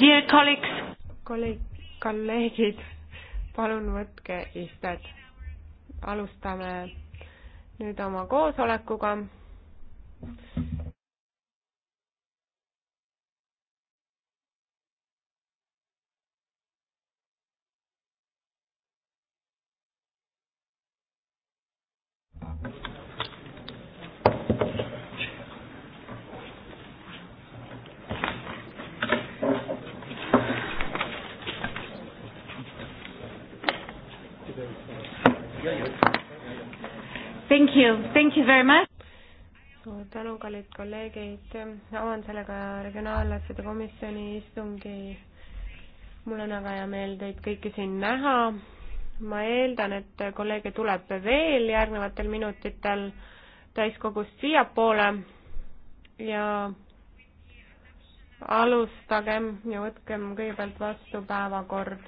Dear colleagues. kolleeg, kolleegid, palun võtke istet. alustame nüüd oma koosolekuga. you, thank you very much. suur tänu, kallid kolleegid, avan sellega Regionaalasjade Komisjoni istungi. mul on väga hea meel teid kõiki siin näha. ma eeldan, et kolleege tuleb veel järgnevatel minutitel täiskogust siiapoole ja alustagem ja võtkem kõigepealt vastu päevakord.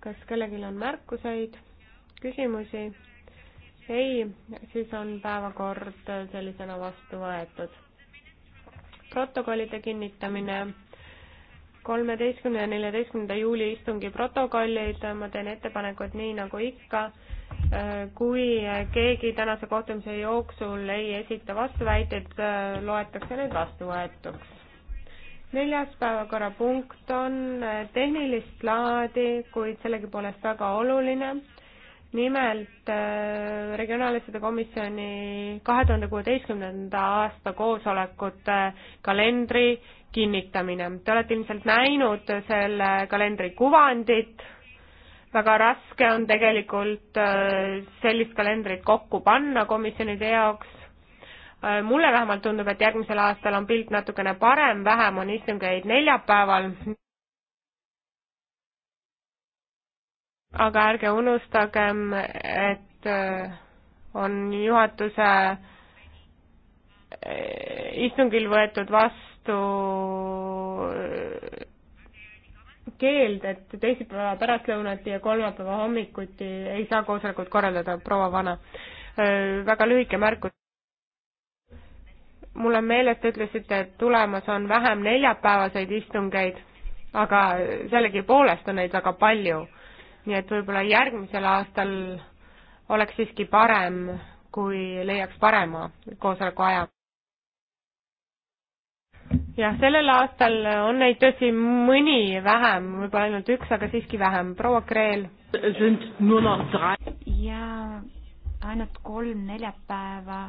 kas kellelgi on märkuseid, küsimusi? ei, siis on päevakord sellisena vastu võetud. protokollide kinnitamine kolmeteistkümne ja neljateistkümnenda juuli istungi protokollid, ma teen ettepanekud nii nagu ikka, kui keegi tänase kohtumise jooksul ei esita vastuväiteid, loetakse need vastuvõetuks. neljas päevakorrapunkt on tehnilist laadi, kuid sellegipoolest väga oluline nimelt äh, Regionaalasjade Komisjoni kahe tuhande kuueteistkümnenda aasta koosolekute kalendri kinnitamine. Te olete ilmselt näinud selle kalendri kuvandit, väga raske on tegelikult äh, sellist kalendrit kokku panna komisjonide jaoks, äh, mulle vähemalt tundub, et järgmisel aastal on pilt natukene parem, vähem on istungeid neljapäeval aga ärge unustagem, et äh, on juhatuse äh, istungil võetud vastu äh, keeld, et teisipäeva pärastlõunati ja kolmapäeva hommikuti ei saa koosolekut korraldada, proua Vana. väga lühike märkus. mul on meeles, te ütlesite, et tulemas on vähem neljapäevaseid istungeid, aga sellegipoolest on neid väga palju nii et võib-olla järgmisel aastal oleks siiski parem, kui leiaks parema koosoleku aja. jah, sellel aastal on neid tõsi mõni vähem, võib-olla ainult üks, aga siiski vähem. proua Kreel. ja ainult kolm neljapäeva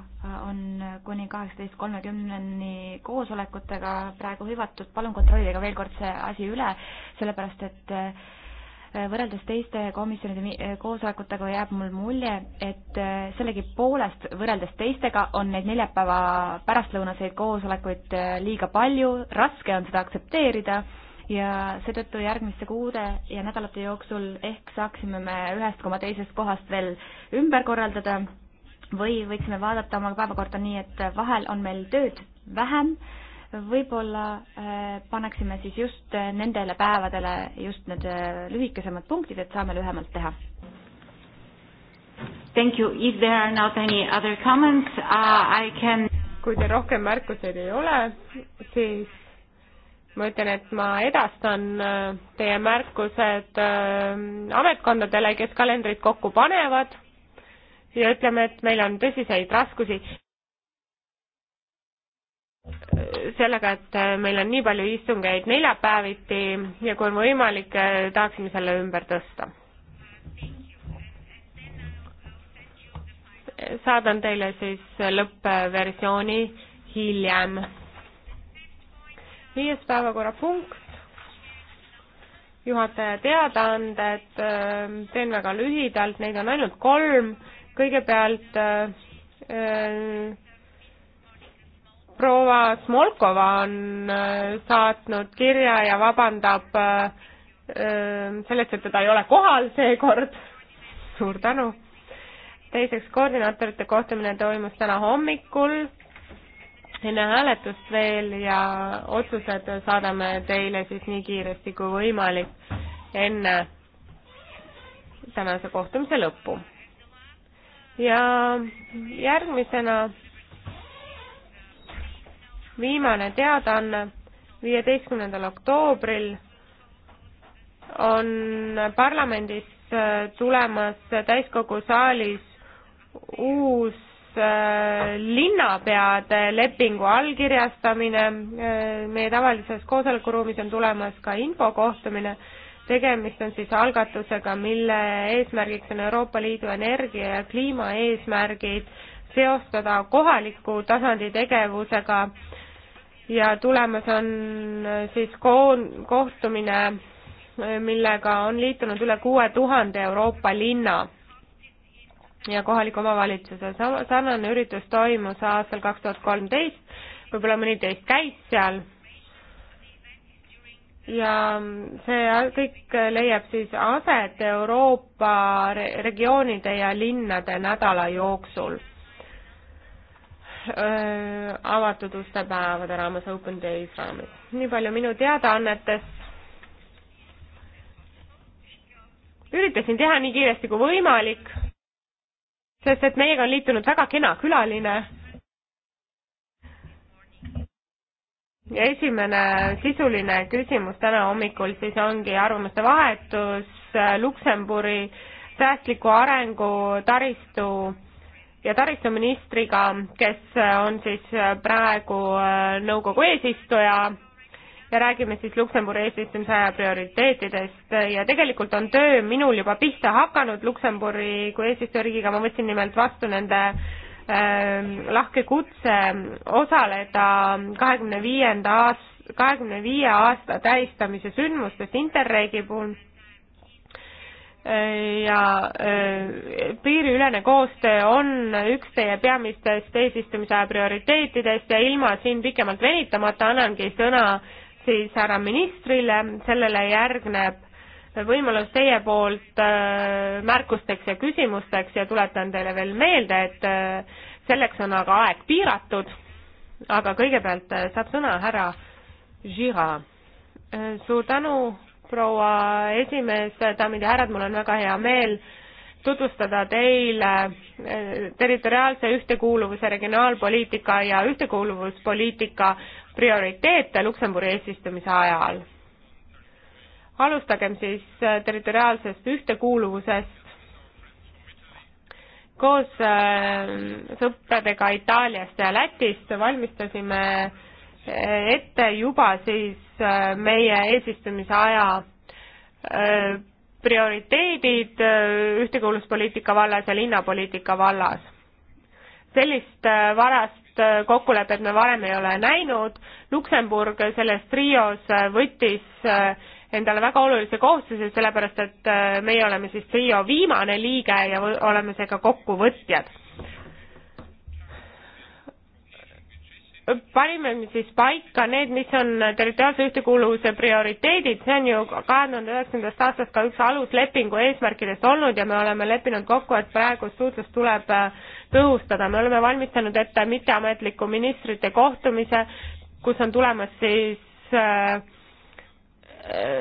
on kuni kaheksateist kolmekümneni koosolekutega praegu hõivatud. palun kontrollige veel kord see asi üle, sellepärast et äh, Äh, võrreldes teiste komisjonide äh, koosolekutega jääb mul mulje, et äh, sellegipoolest võrreldes teistega on neid neljapäeva pärastlõunaseid koosolekuid liiga palju, raske on seda aktsepteerida ja seetõttu järgmiste kuude ja nädalate jooksul ehk saaksime me ühest koma teisest kohast veel ümber korraldada või võiksime vaadata oma päevakorda nii, et vahel on meil tööd vähem võib-olla äh, paneksime siis just äh, nendele päevadele just need äh, lühikesemad punktid, et saame lühemalt teha. Thank you, if there are not any other comments uh,, I can. kui teil rohkem märkuseid ei ole, siis ma ütlen, et ma edastan teie märkused ametkondadele, kes kalendrid kokku panevad ja ütleme, et meil on tõsiseid raskusi sellega, et meil on nii palju istungeid neljapäeviti ja kui on võimalik, tahaksime selle ümber tõsta. saadan teile siis lõppversiooni hiljem. viies päevakorrapunkt, juhataja teadaanded, teen väga lühidalt, neid on ainult kolm, kõigepealt öö, äh, proua Smolkova on äh, saatnud kirja ja vabandab äh, äh, sellest, et teda ei ole kohal seekord. suur tänu. teiseks, koordinaatorite kohtumine toimus täna hommikul enne hääletust veel ja otsused saadame teile siis nii kiiresti kui võimalik enne tänase kohtumise lõppu. ja järgmisena viimane teadaanne viieteistkümnendal oktoobril on parlamendis äh, tulemas täiskogu saalis uus äh, linnapeade lepingu allkirjastamine, äh, meie tavalises koosolekuruumis on tulemas ka infokohtumine, tegemist on siis algatusega, mille eesmärgiks on Euroopa Liidu energia ja kliimaeesmärgid seostada kohaliku tasandi tegevusega äh, ja tulemas on äh, siis koon-, kohtumine, äh, millega on liitunud üle kuue tuhande Euroopa linna ja kohaliku omavalitsuse. sarnane üritus toimus aastal kaks tuhat kolmteist, võib-olla mõni teist käis seal ja see kõik leiab siis aset Euroopa regioonide ja linnade nädala jooksul Äh, avatud ustepäevade raames Open Days raames. nii palju minu teadaannetest. üritasin teha nii kiiresti kui võimalik, sest et meiega on liitunud väga kena külaline. ja esimene sisuline küsimus täna hommikul siis ongi arvamuste vahetus Luksemburi säästliku arengu taristu ja taristuministriga, kes on siis praegu äh, nõukogu eesistuja ja räägime siis Luksemburgi eesistumise aja prioriteetidest ja tegelikult on töö minul juba pihta hakanud Luksemburgi kui eesistujariigiga, ma võtsin nimelt vastu nende äh, lahke kutse osaleda kahekümne viienda aasta, kahekümne viie aasta tähistamise sündmustes Interregi puhul ja eh, piiriülene koostöö on üks teie peamistest eesistumise aja prioriteetidest ja ilma siin pikemalt venitamata annangi sõna siis härra ministrile, sellele järgneb võimalus teie poolt eh, märkusteks ja küsimusteks ja tuletan teile veel meelde, et eh, selleks on aga aeg piiratud. aga kõigepealt saab sõna härra Žira. suur tänu proua esimees, daamid ja härrad, mul on väga hea meel tutvustada teile eh, territoriaalse ühtekuuluvuse regionaalpoliitika ja ühtekuuluvuspoliitika prioriteete Luksemburi eesistumise ajal. alustagem siis eh, territoriaalsest ühtekuuluvusest. koos eh, sõpradega Itaaliast ja Lätist valmistasime Eh, ette juba siis eh, meie eesistumise aja eh, prioriteedid ühtekuuluvuspoliitika vallas ja linnapoliitika vallas. sellist varast kokkulepet me varem ei ole näinud, Luksemburg selles trios võttis endale väga olulise kohustuse, sellepärast et meie oleme siis trio viimane liige ja oleme seega kokkuvõtjad panime siis paika need, mis on territoriaalse ühtekuuluvuse prioriteedid, see on ju kahe tuhande üheksandast aastast ka üks aluslepingu eesmärkidest olnud ja me oleme leppinud kokku, et praegust suhtlust tuleb äh, tõhustada, me oleme valmistanud ette mitteametliku ministrite kohtumise, kus on tulemas siis äh, äh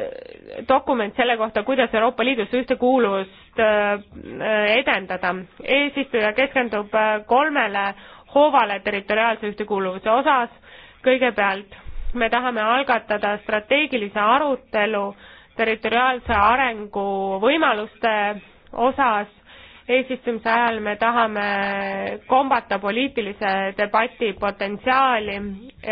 dokument selle kohta, kuidas Euroopa Liidus ühtekuuluvust äh, edendada. eesistuja keskendub kolmele hoovale territoriaalse ühtekuuluvuse osas. kõigepealt me tahame algatada strateegilise arutelu territoriaalse arengu võimaluste osas. eesistumise ajal me tahame kombata poliitilise debati potentsiaali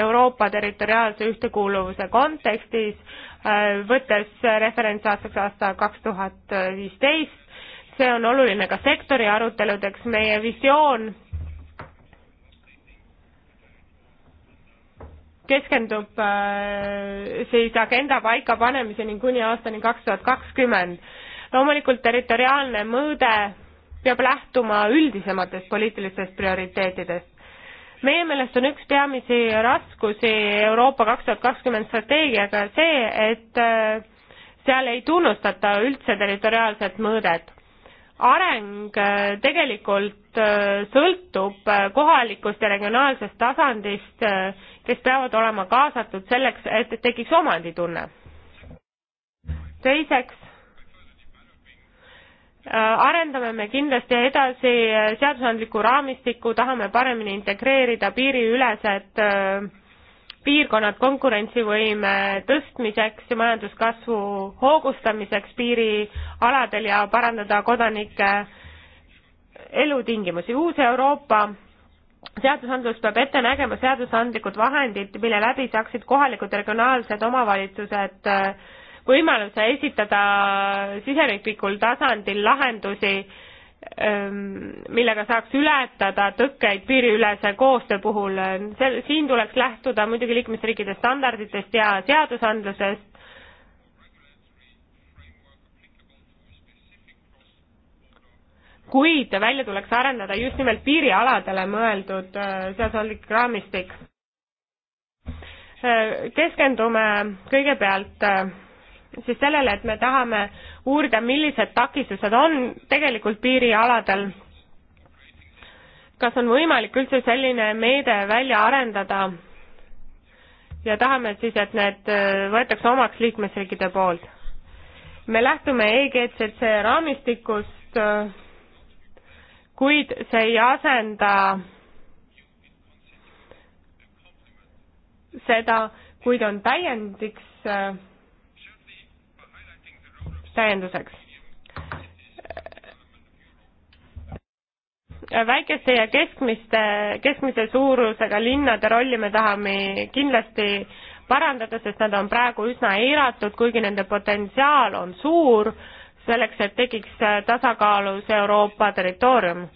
Euroopa territoriaalse ühtekuuluvuse kontekstis, äh, võttes referents aastaks aasta kaks tuhat viisteist see on oluline ka sektori aruteludeks, meie visioon keskendub äh, siis agenda paikapanemiseni kuni aastani kaks tuhat kakskümmend. loomulikult territoriaalne mõõde peab lähtuma üldisematest poliitilistest prioriteetidest. meie meelest on üks peamisi raskusi Euroopa kaks tuhat kakskümmend strateegiaga see, et äh, seal ei tunnustata üldse territoriaalset mõõdet areng äh, tegelikult sõltub kohalikust ja regionaalsest tasandist kes peavad olema kaasatud selleks, et tekiks omanditunne. teiseks äh, arendame me kindlasti edasi seadusandliku raamistikku, tahame paremini integreerida piiriülesed äh, piirkonnad konkurentsivõime tõstmiseks ja majanduskasvu hoogustamiseks piirialadel ja parandada kodanike elutingimusi. uus Euroopa seadusandlus peab ette nägema seadusandlikud vahendid, mille läbi saaksid kohalikud regionaalsed omavalitsused äh, võimaluse esitada siseriiklikul tasandil lahendusi, ähm, millega saaks ületada tõkkeid piiriülese koostöö puhul. Äh, siin tuleks lähtuda muidugi liikmesriikide standarditest ja seadusandlusest, kuid välja tuleks arendada just nimelt piirialadele mõeldud äh, seadusandlik raamistik. Äh, keskendume kõigepealt äh, siis sellele, et me tahame uurida, millised takistused on tegelikult piirialadel. kas on võimalik üldse selline meede välja arendada? ja tahame siis, et need võetakse omaks liikmesriikide poolt. me lähtume EGCC raamistikust kuid see ei asenda seda, kuid on täiendiks, täienduseks. väikeste ja keskmiste, keskmise suurusega linnade rolli me tahame kindlasti parandada, sest nad on praegu üsna eiratud, kuigi nende potentsiaal on suur selleks, et tekiks äh, tasakaalus Euroopa territoorium.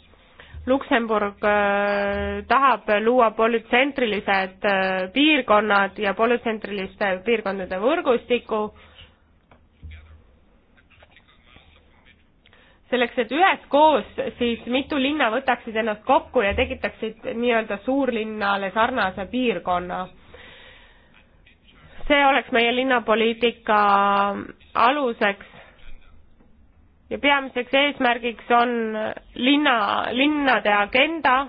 Luksemburg äh, tahab luua polütsentrilised äh, piirkonnad ja polütsentriliste piirkondade võrgustiku, selleks, et üheskoos siis mitu linna võtaksid ennast kokku ja tekitaksid nii-öelda suurlinnale sarnase piirkonna. see oleks meie linnapoliitika aluseks ja peamiseks eesmärgiks on linna, linnade agenda.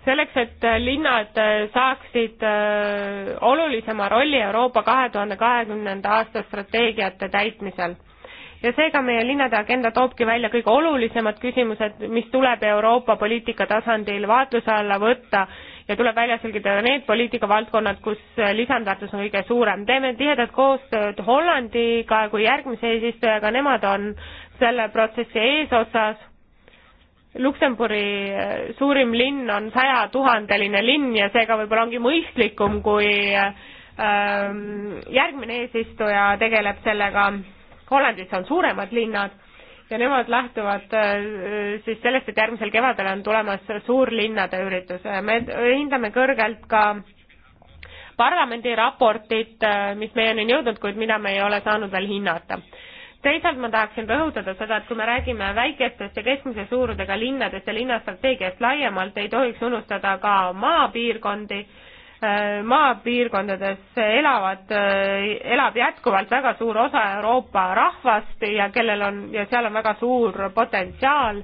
selleks, et linnad saaksid äh, olulisema rolli Euroopa kahe tuhande kahekümnenda aasta strateegiate täitmisel. ja seega meie linnade agenda toobki välja kõige olulisemad küsimused, mis tuleb Euroopa poliitika tasandil vaatluse alla võtta ja tuleb välja selgitada need poliitikavaldkonnad, kus lisandväärtus on kõige suurem. teeme tihedat koostööd Hollandiga kui järgmise eesistujaga, nemad on selle protsessi eesotsas. Luksemburi eh, suurim linn on sajatuhandeline linn ja seega võib-olla ongi mõistlikum, kui ehm, järgmine eesistuja tegeleb sellega. Hollandis on suuremad linnad ja nemad lähtuvad äh, siis sellest, et järgmisel kevadel on tulemas suurlinnade üritus. me hindame kõrgelt ka parlamendi raportit, äh, mis meieni on jõudnud, kuid mida me ei ole saanud veel hinnata. teisalt ma tahaksin rõhutada seda, et kui me räägime väikestest ja keskmise suurusega linnadest ja linnastrateegiast laiemalt, ei tohiks unustada ka maapiirkondi Äh, maapiirkondades elavad, äh, elab jätkuvalt väga suur osa Euroopa rahvast ja kellel on, ja seal on väga suur potentsiaal,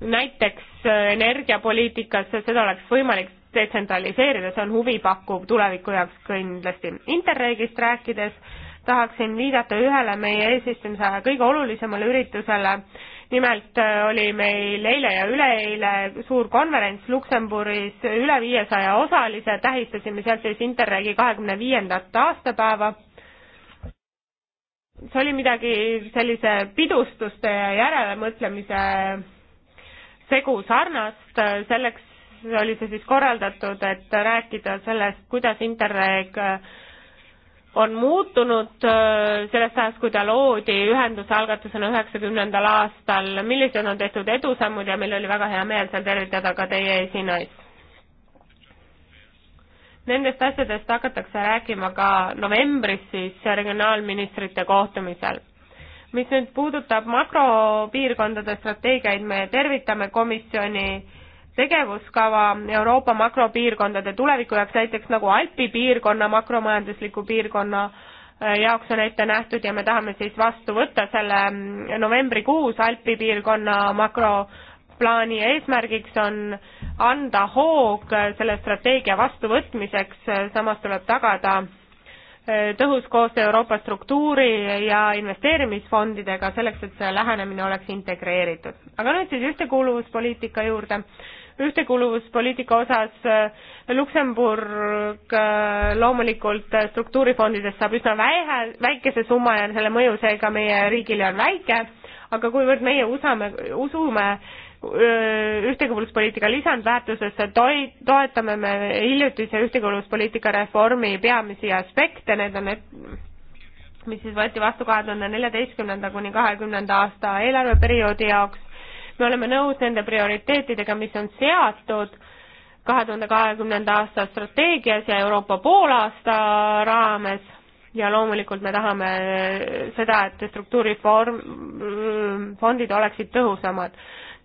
näiteks äh, energiapoliitikas, seda oleks võimalik detsentraliseerida, see on huvipakkuv tuleviku jaoks kindlasti. Interregist rääkides tahaksin viidata ühele meie eesistumise aja kõige olulisemale üritusele äh, nimelt äh, oli meil eile ja üleeile suur konverents Luksemburgis, üle viiesaja osalise, tähistasime seal siis Interregi kahekümne viiendat aastapäeva. see oli midagi sellise pidustuste ja järelemõtlemise segu sarnast, selleks oli see siis korraldatud, et rääkida sellest, kuidas Interreg on muutunud äh, sellest ajast, kui ta loodi ühenduse algatusena üheksakümnendal aastal, millised on tehtud edusammud ja meil oli väga hea meel seal tervitada ka teie esinaist. Nendest asjadest hakatakse rääkima ka novembris siis regionaalministrite kohtumisel. mis nüüd puudutab makropiirkondade strateegiaid, me tervitame komisjoni äh, tegevuskava Euroopa makropiirkondade tuleviku jaoks, näiteks nagu Alpi piirkonna, makromajandusliku piirkonna äh, jaoks on ette nähtud ja me tahame siis vastu võtta selle mm, novembrikuus Alpi piirkonna makroplaani eesmärgiks on anda hoog äh, selle strateegia vastuvõtmiseks, äh, samas tuleb tagada tõhus koostöö Euroopa struktuuri ja investeerimisfondidega selleks, et see lähenemine oleks integreeritud. aga nüüd siis ühtekuuluvuspoliitika juurde ühtekuuluvuspoliitika osas äh, Luksemburg äh, loomulikult äh, struktuurifondidest saab üsna vähe, väikese summa ja selle mõju seega meie riigile on väike, aga kuivõrd meie usame, usume ühtekuuluvuspoliitika lisandväärtusesse toi-, toetame me hiljutise ühtekuuluvuspoliitika reformi peamisi aspekte, need on need mis siis võeti vastu kahe tuhande neljateistkümnenda kuni kahekümnenda aasta eelarveperioodi jaoks me oleme nõus nende prioriteetidega, mis on seatud kahe tuhande kahekümnenda aasta strateegias ja Euroopa poolaasta raames ja loomulikult me tahame seda, et struktuuriform, fondid oleksid tõhusamad.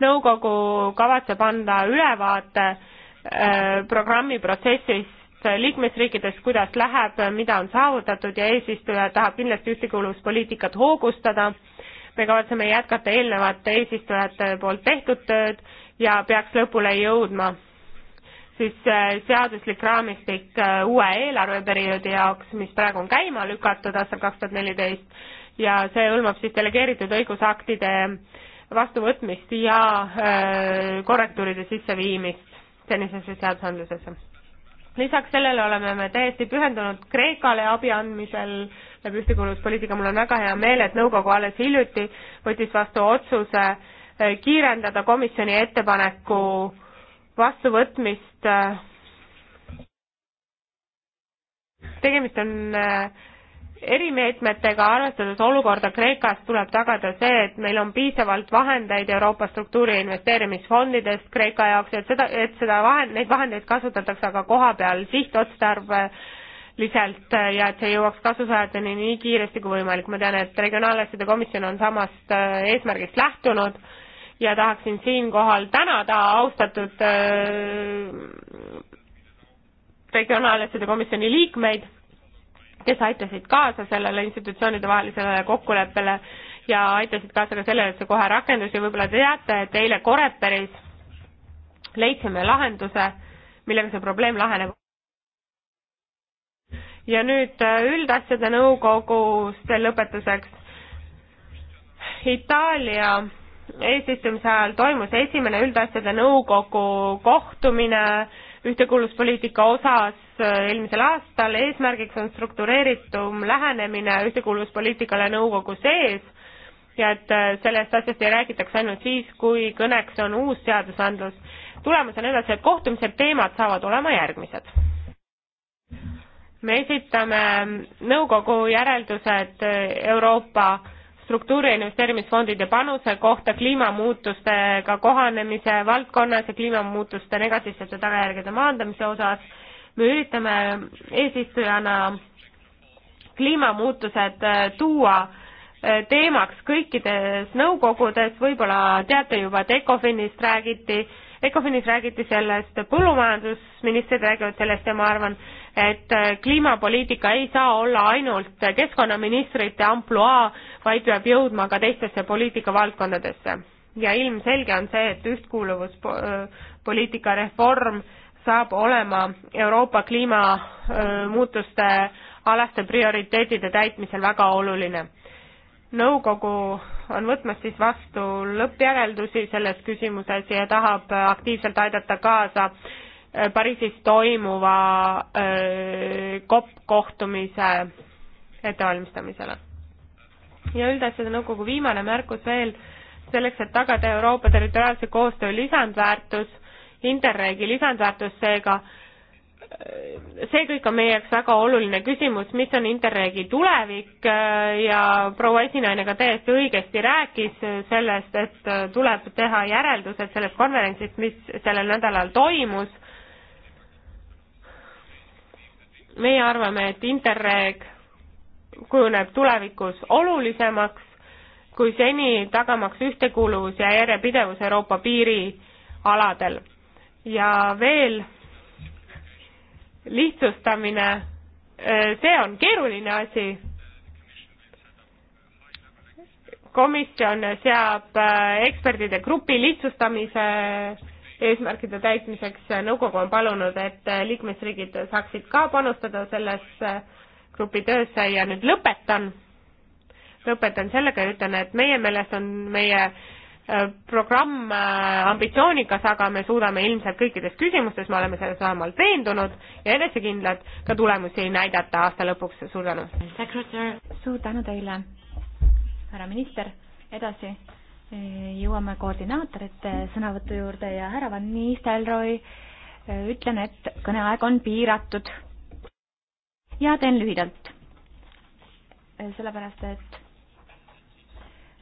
nõukogu kavatseb anda ülevaate äh, programmi protsessist liikmesriikides, kuidas läheb, mida on saavutatud ja eesistuja tahab kindlasti ühtekuuluvuspoliitikat hoogustada me kavatseme jätkata eelnevate eesistujate poolt tehtud tööd ja peaks lõpule jõudma siis äh, seaduslik raamistik äh, uue eelarveperioodi jaoks, mis praegu on käima lükatud aastal kaks tuhat neliteist ja see hõlmab siis delegeeritud õigusaktide vastuvõtmist ja äh, korrektuuride sisseviimist senisesse seadusandlusesse. lisaks sellele oleme me täiesti pühendunud Kreekale abi andmisel äh, läbi ühtekuuluvuspoliitika, mul on väga hea meel, et nõukogu alles hiljuti võttis vastu otsuse eh, kiirendada komisjoni ettepaneku vastuvõtmist. Eh. tegemist on eh, erimeetmetega, arvestades olukorda Kreekas, tuleb tagada see, et meil on piisavalt vahendeid Euroopa struktuuri investeerimisfondidest Kreeka jaoks, et seda, et seda vahend, neid vahendeid kasutatakse aga koha peal sihtotstarve liselt äh, ja et see jõuaks kasusaajateni nii kiiresti kui võimalik. ma tean, et Regionaalasjade Komisjon on samast äh, eesmärgist lähtunud ja tahaksin siinkohal tänada austatud äh, Regionaalasjade Komisjoni liikmeid, kes aitasid kaasa sellele institutsioonide vahelisele kokkuleppele ja aitasid kaasa ka sellele, et see kohe rakendus ja võib-olla te teate, et eile Koreperis leidsime lahenduse, millega see probleem laheneb ja nüüd äh, üldasjade nõukogust lõpetuseks. Itaalia eesistumise ajal toimus esimene üldasjade nõukogu kohtumine ühtekuuluvuspoliitika osas äh, eelmisel aastal, eesmärgiks on struktureeritum lähenemine ühtekuuluvuspoliitikale nõukogu sees ja et äh, sellest asjast ei räägitaks ainult siis, kui kõneks on uus seadusandlus. tulemus on edasi, et kohtumised teemad saavad olema järgmised me esitame nõukogu järeldused Euroopa struktuuri investeerimisfondide panuse kohta kliimamuutustega kohanemise valdkonnas ja kliimamuutuste negatiivsete tagajärgede maandamise osas. me üritame eesistujana kliimamuutused äh, tuua äh, teemaks kõikides nõukogudes, võib-olla teate juba, et Ecofinist räägiti, Ecofinis räägiti sellest, põllumajandusministrid räägivad sellest ja ma arvan, et äh, kliimapoliitika ei saa olla ainult keskkonnaministrite ampluaa, vaid peab jõudma ka teistesse poliitikavaldkondadesse. ja ilmselge on see, et ühtkuuluvuspoliitika reform saab olema Euroopa kliimamuutuste äh, alaste prioriteetide täitmisel väga oluline. nõukogu on võtmas siis vastu lõppjäreldusi selles küsimuses ja tahab aktiivselt aidata kaasa Äh, Pariisis toimuva äh, COP kohtumise ettevalmistamisele. ja üldasjade nõukogu viimane märkus veel, selleks, et tagada Euroopa territoriaalse koostöö lisandväärtus, Interregi lisandväärtus seega, äh, see kõik on meie jaoks väga oluline küsimus, mis on Interregi tulevik ja proua esinaine ka täiesti õigesti rääkis sellest, et tuleb teha järeldused sellest konverentsist, mis sellel nädalal toimus meie arvame, et Interreg kujuneb tulevikus olulisemaks kui seni, tagamaks ühtekuuluvus ja järjepidevus Euroopa piirialadel. ja veel lihtsustamine, äh, see on keeruline asi. komisjon seab äh, ekspertide grupi lihtsustamise eesmärkide täitmiseks. nõukogu on palunud, et liikmesriigid saaksid ka panustada sellesse grupi töösse ja nüüd lõpetan, lõpetan sellega ja ütlen, et meie meelest on meie äh, programm äh, ambitsioonikas, aga me suudame ilmselt kõikides küsimustes, me oleme selles vähemalt veendunud ja enesekindlad ka tulemusi näidata aasta lõpuks. suur tänu! suur tänu teile, härra minister, edasi jõuame koordinaatorite sõnavõtu juurde ja härra Van Nistelrooy, äh, ütlen, et kõneaeg on piiratud. ja teen lühidalt. Äh, sellepärast, et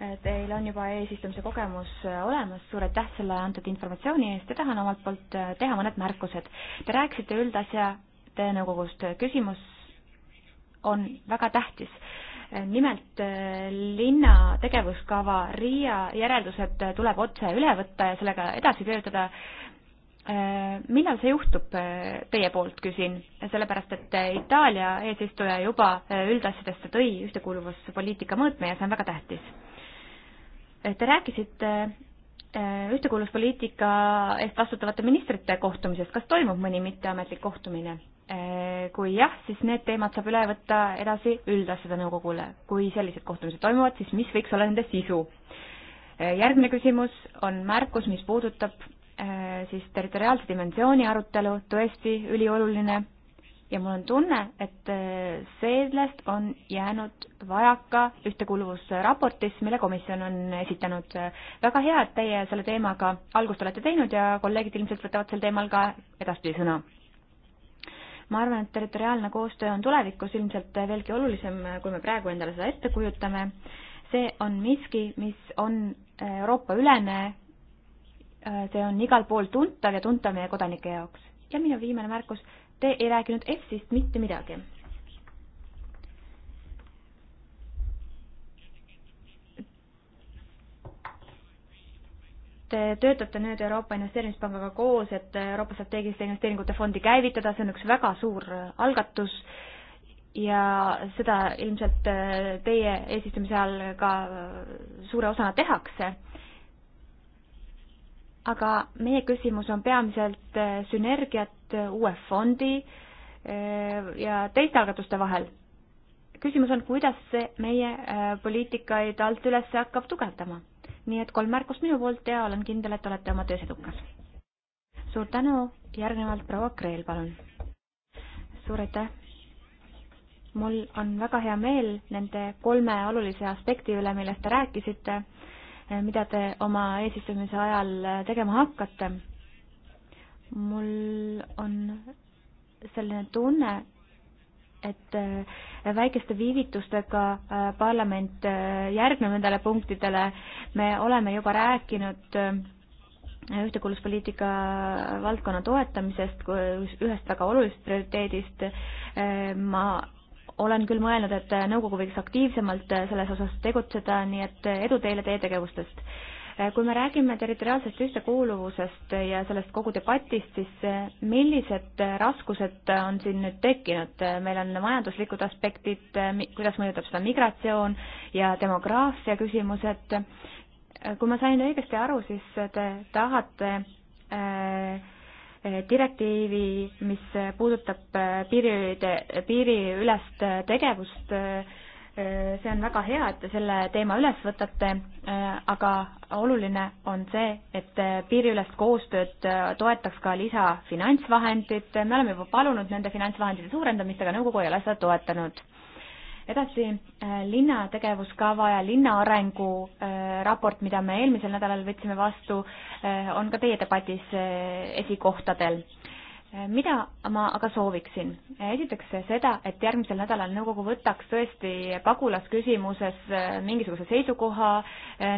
äh, teil on juba eesistumise kogemus olemas, suur aitäh selle antud informatsiooni eest ja tahan omalt poolt teha mõned märkused. Te rääkisite üldasjade nõukogust, küsimus on väga tähtis nimelt äh, linna tegevuskava RIA järeldused tuleb otse üle võtta ja sellega edasi töötada. Äh, millal see juhtub, äh, teie poolt küsin, sellepärast et Itaalia eesistuja juba üldasjadesse tõi ühtekuuluvuspoliitika mõõtme ja see on väga tähtis. Te rääkisite ühtekuuluvuspoliitika eest vastutavate ministrite kohtumisest, kas toimub mõni mitteametlik kohtumine? Äh, kui jah, siis need teemad saab üle võtta edasi üldasjade nõukogule. kui sellised kohtumised toimuvad, siis mis võiks olla nende sisu? Äh, järgmine küsimus on märkus, mis puudutab äh, siis territoriaalse dimensiooni arutelu, tõesti ülioluline ja mul on tunne, et sellest on jäänud vajaka ühtekuuluvusraportis, mille komisjon on esitanud. väga hea, et teie selle teemaga algust olete teinud ja kolleegid ilmselt võtavad sel teemal ka edaspidi sõna ma arvan, et territoriaalne koostöö on tulevikus ilmselt veelgi olulisem, kui me praegu endale seda ette kujutame. see on miski, mis on äh, Euroopa-ülene, äh, see on igal pool tuntav ja tuntav meie kodanike jaoks. ja minu viimane märkus, te ei rääkinud EFSist mitte midagi Te töötate nüüd Euroopa Investeerimispangaga koos, et Euroopa strateegiliste investeeringute fondi käivitada, see on üks väga suur algatus ja seda ilmselt äh, teie eesistumise ajal ka äh, suure osana tehakse. aga meie küsimus on peamiselt äh, sünergiat uue fondi ja teiste algatuste vahel. küsimus on, kuidas see meie poliitikaid alt üles hakkab tugevdama nii et kolm märkust minu poolt ja olen kindel, et olete oma töös edukas. suur tänu, järgnevalt proua Kreel, palun. suur aitäh. mul on väga hea meel nende kolme olulise aspekti üle, millest te rääkisite, mida te oma eesistumise ajal tegema hakkate. mul on selline tunne, et äh, väikeste viivitustega äh, parlament äh, järgneb nendele punktidele. me oleme juba rääkinud ühtekuuluvuspoliitika valdkonna toetamisest kui ühest väga olulisest prioriteedist. ma olen küll mõelnud, et nõukogu võiks aktiivsemalt selles osas tegutseda, nii et edu teile teie tegevustest Eh, kui me räägime territoriaalsest ühtekuuluvusest ja sellest kogu debatist, siis eh, millised raskused on siin nüüd tekkinud, eh, meil on majanduslikud aspektid, kuidas mõjutab seda migratsioon ja demograafia küsimused. kui ma sain õigesti aru, siis te tahate äh, direktiivi, mis puudutab piiride, piiriülest tegevust äh, Äh, see on väga hea, et te selle teema üles võtate, äh, aga oluline on see, et äh, piiriülest koostööd toetaks ka lisafinantsvahendid, me oleme juba palunud nende finantsvahendite suurendamist, aga nõukogu ei ole seda toetanud. edasi, linna tegevuskava ja linna arengu raport, mida me eelmisel nädalal võtsime vastu, on ka teie debatis esikohtadel Äh, mida ma aga sooviksin? Äh, esiteks seda, et järgmisel nädalal nõukogu võtaks tõesti pagulasküsimuses äh, mingisuguse seisukoha,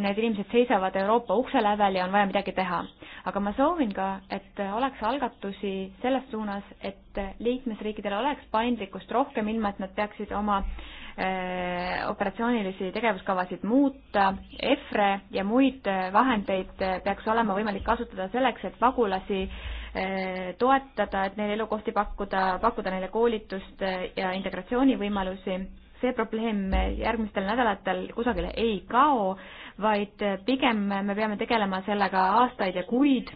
need inimesed seisavad Euroopa ukse lävel ja on vaja midagi teha. aga ma soovin ka, et oleks algatusi selles suunas, et liikmesriikidel oleks paindlikkust rohkem, ilma et nad peaksid oma operatsioonilisi tegevuskavasid muuta, EFRE ja muid vahendeid peaks olema võimalik kasutada selleks, et pagulasi Eh, toetada, et neile elukohti pakkuda, pakkuda neile koolitust eh, ja integratsioonivõimalusi. see probleem järgmistel nädalatel kusagile ei kao, vaid eh, pigem me peame tegelema sellega aastaid ja kuid.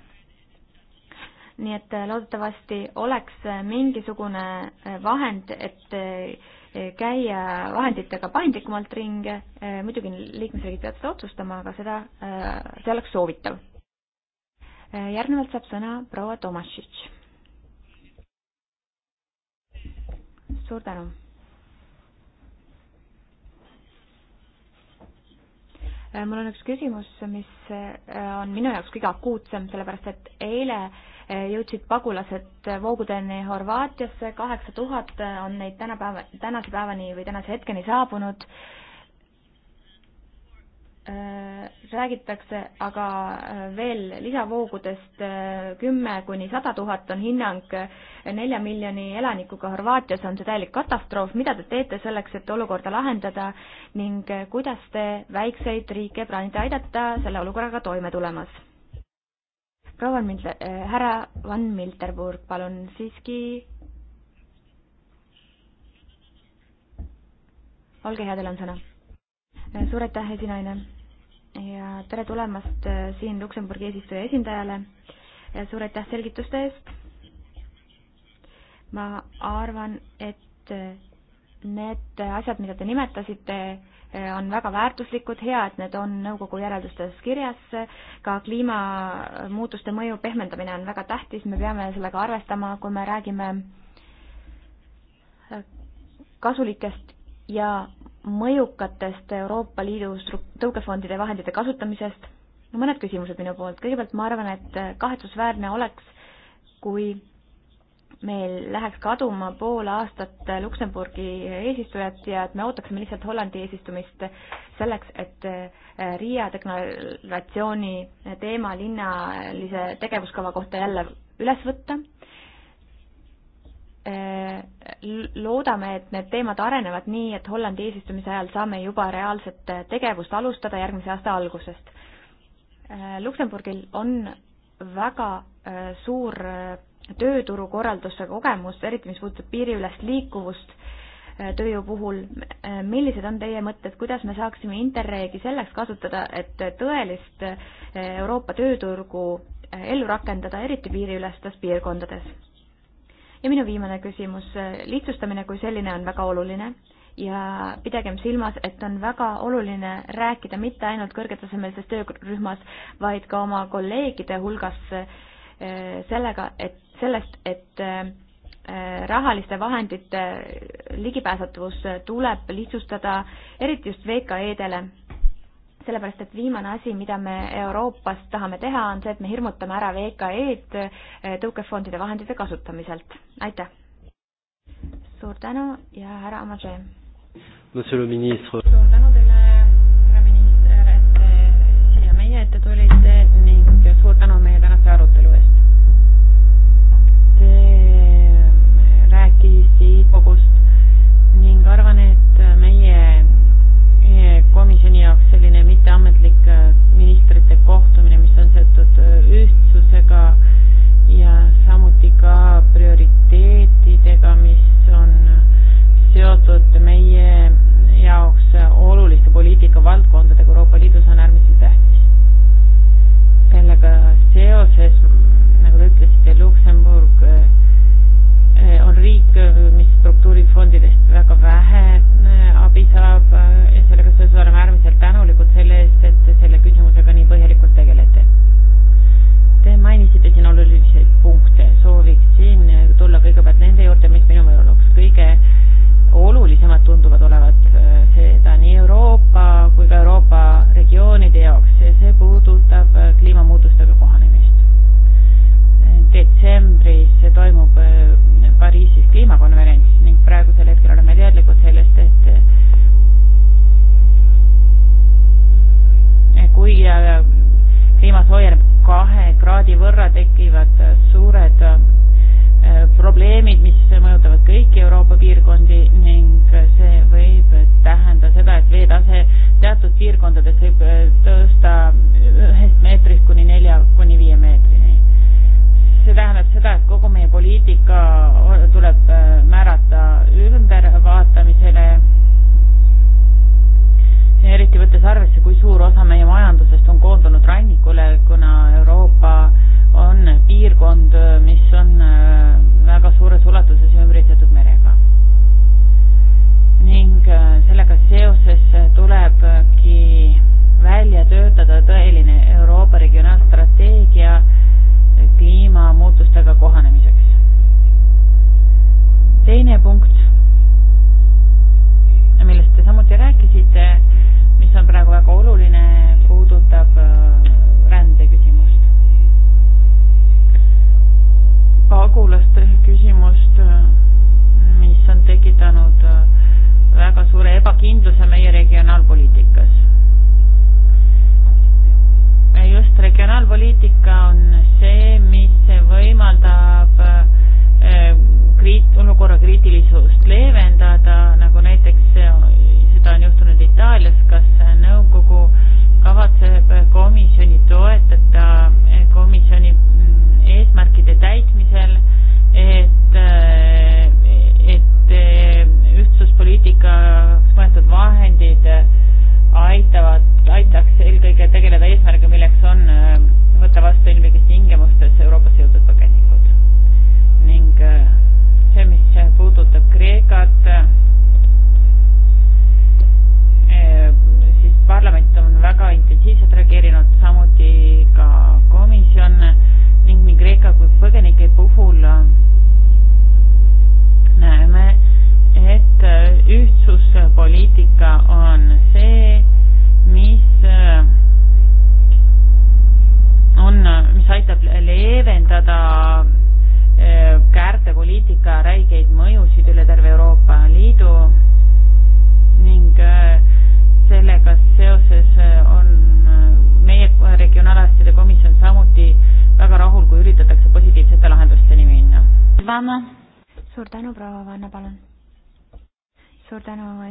nii et loodetavasti oleks mingisugune vahend, et käia vahenditega paindlikumalt ringi, muidugi liikmesriigid peavad seda otsustama, aga seda, see oleks soovitav Eh, järgnevalt saab sõna proua Tomašitš. suur tänu. Eh, mul on üks küsimus, mis eh, on minu jaoks kõige akuutsem, sellepärast et eile jõudsid pagulased voogudeni Horvaatiasse, kaheksa tuhat on neid tänapäeva, tänase päevani või tänase hetkeni saabunud Äh, räägitakse aga äh, veel lisavoogudest äh, kümme kuni sada tuhat on hinnang nelja miljoni elanikuga Horvaatias on see täielik katastroof, mida te teete selleks, et olukorda lahendada ning kuidas te väikseid riike plaanite aidata selle olukorraga toime tulemas? proua Van Milter äh,, härra Van Milterburg, palun siiski. olge hea, teil on sõna. suur aitäh, esinaine ja tere tulemast äh, siin Luksemburgi eesistuja esindajale. suur aitäh selgituste eest. ma arvan, et äh, need asjad, mida te nimetasite, äh, on väga väärtuslikud, hea, et need on nõukogu järeldustes kirjas. ka kliimamuutuste mõju pehmendamine on väga tähtis, me peame sellega arvestama, kui me räägime kasulikest ja mõjukatest Euroopa Liidu tõukefondide vahendite kasutamisest. no mõned küsimused minu poolt, kõigepealt ma arvan, et kahetsusväärne oleks, kui meil läheks kaduma pool aastat Luksemburgi eesistujat ja et me ootaksime lihtsalt Hollandi eesistumist selleks, et äh, Riia deklaratsiooni teema linnalise tegevuskava kohta jälle üles võtta Äh, loodame, et need teemad arenevad nii, et Hollandi eesistumise ajal saame juba reaalset äh, tegevust alustada järgmise aasta algusest. Äh, Luksemburgil on väga suur tööturukorralduse kogemus, eriti mis puudutab piiriülest liikuvust tööjõu puhul. millised on teie mõtted, kuidas me saaksime Interregi selleks kasutada, et tõelist Euroopa tööturgu ellu rakendada, eriti piiriülestes piirkondades? ja minu viimane küsimus, lihtsustamine kui selline on väga oluline ja pidagem silmas, et on väga oluline rääkida mitte ainult kõrgetasemelises töörühmas, vaid ka oma kolleegide hulgas eh, sellega, et sellest, et eh, rahaliste vahendite ligipääsetavus tuleb lihtsustada, eriti just VKE-dele sellepärast, et viimane asi, mida me Euroopas tahame teha, on see, et me hirmutame ära VKE-d eh, tõukefondide vahendite kasutamiselt. aitäh! suur tänu ja härra Amage! suur tänu teile, härra minister, et te siia meie ette tulite ning suur tänu meie tänase arutelu eest. Te eh, rääkisite kogust ning arvan, et meie komisjoni jaoks selline mitteametlik äh, ministrite kohtumine, mis on seotud äh, ühtsusega ja samuti ka prioriteetidega, mis on seotud meie jaoks äh, oluliste poliitikavaldkondadega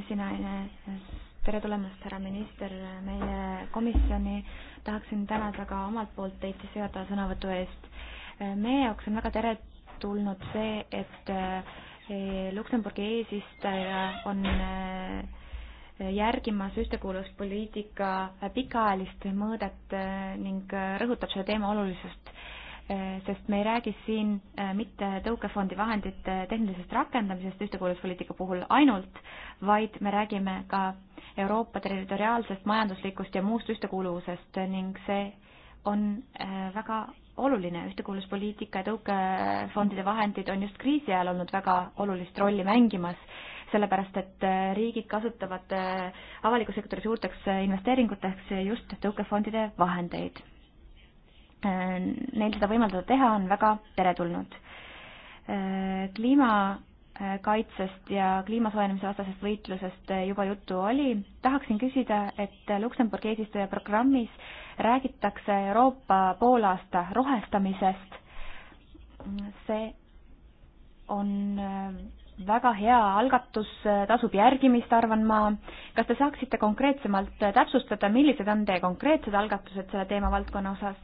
esinaine. tere tulemast, härra minister, meie komisjoni. tahaksin tänada ka omalt poolt teid sissejuhatava sõnavõtu eest. meie jaoks on väga teretulnud see, et e, Luksemburgi eesistuja on e, järgimas ühtekuuluvuspoliitika pikaajalist mõõdet e, ning rõhutab selle teema olulisust Äh, sest me ei räägi siin äh, mitte tõukefondi vahendite äh, tehnilisest rakendamisest ühtekuuluvuspoliitika puhul ainult, vaid me räägime ka Euroopa territoriaalsest, majanduslikust ja muust ühtekuuluvusest ning see on väga oluline, ühtekuuluvuspoliitika ja tõukefondide vahendid on just kriisi ajal olnud väga olulist rolli mängimas, sellepärast et riigid kasutavad avaliku sektori suurteks investeeringuteks just tõukefondide vahendeid Äh, neil seda võimaldada teha, on väga teretulnud. Äh, kliimakaitsest äh, ja kliima soojenemise vastasest võitlusest juba juttu oli. tahaksin küsida, et Luksemburgi eesistuja programmis räägitakse Euroopa poolaasta rohestamisest. see on väga hea algatus, tasub järgimist, arvan ma. kas te saaksite konkreetsemalt täpsustada, millised on teie konkreetsed algatused selle teemavaldkonna osas?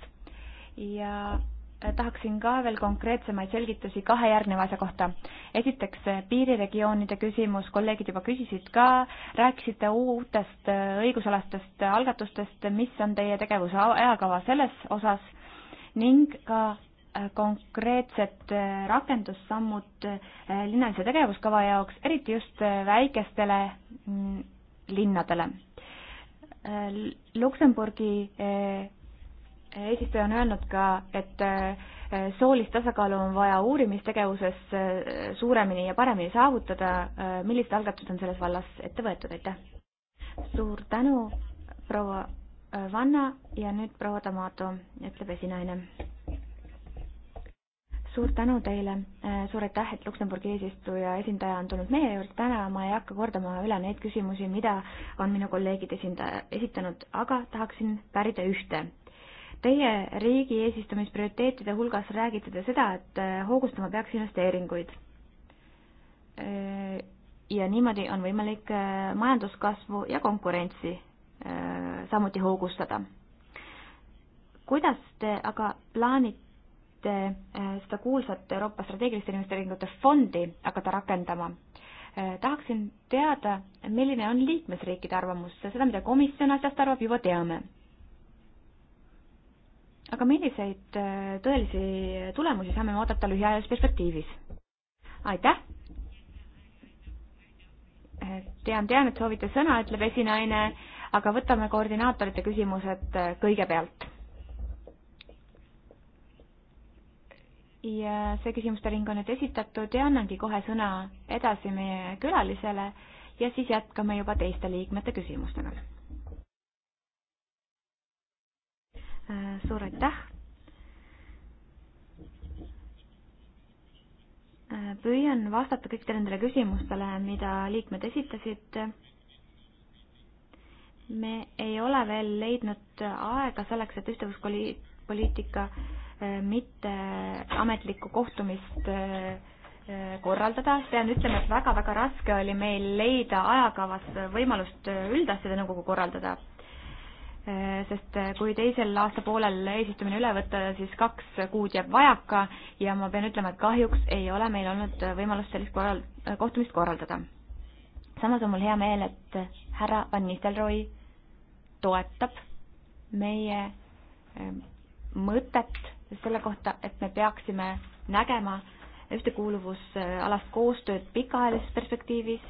ja äh, tahaksin ka veel konkreetsemaid selgitusi kahe järgneva asja kohta. esiteks äh, piiriregioonide küsimus, kolleegid juba küsisid ka, rääkisite uutest äh, õigusalastest algatustest, mis on teie tegevuse ajakava selles osas ning ka konkreetsed rakendussammud linnalise tegevuskava jaoks, eriti just väikestele mm, linnadele. Luksemburgi eesistuja on öelnud ka, et eh, soolist tasakaalu on vaja uurimistegevuses eh, suuremini ja paremini saavutada. Eh, millised algatused on selles vallas ette võetud, aitäh! suur tänu, proua Vanna ja nüüd proua Tamato, ütleb esinaine. suur tänu teile, suur aitäh, et Luksemburgi eesistuja esindaja on tulnud meie juurde täna, ma ei hakka kordama üle neid küsimusi, mida on minu kolleegid esindaja esitanud, aga tahaksin pärida ühte Teie riigi eesistumisprioriteetide hulgas räägite te seda, et äh, hoogustama peaks investeeringuid. Äh, ja niimoodi on võimalik äh, majanduskasvu ja konkurentsi samuti hoogustada. kuidas te aga plaanite seda kuulsat Euroopa strateegiliste investeeringute fondi hakata rakendama? tahaksin teada, milline on liikmesriikide arvamus, seda, mida komisjon asjast arvab, juba teame aga milliseid äh, tõelisi tulemusi saame vaadata lühiajalises perspektiivis? aitäh! Äh, tean, tean, et soovite sõna, ütleb esinaine, aga võtame koordinaatorite küsimused äh, kõigepealt. ja see küsimuste ring on nüüd esitatud ja annangi kohe sõna edasi meie külalisele ja siis jätkame juba teiste liikmete küsimustega Äh, suur aitäh. Äh, püüan vastata kõikidele nendele küsimustele, mida liikmed esitasid. me ei ole veel leidnud aega selleks, et ühtevuspoliitika äh, mitte ametlikku kohtumist korraldada, pean ütlema, et väga-väga raske oli meil leida ajakavas võimalust üldasjade nõukogu korraldada Äh, sest äh, kui teisel aastapoolel eesistumine üle võtta, siis kaks kuud jääb vajaka ja ma pean ütlema, et kahjuks ei ole meil olnud äh, võimalust sellist korral-, kohtumist korraldada. samas on mul hea meel, et härra Van Nistelrooy toetab meie ähm, mõtet selle kohta, et me peaksime nägema ühtekuuluvusalast koostööd pikaajalises perspektiivis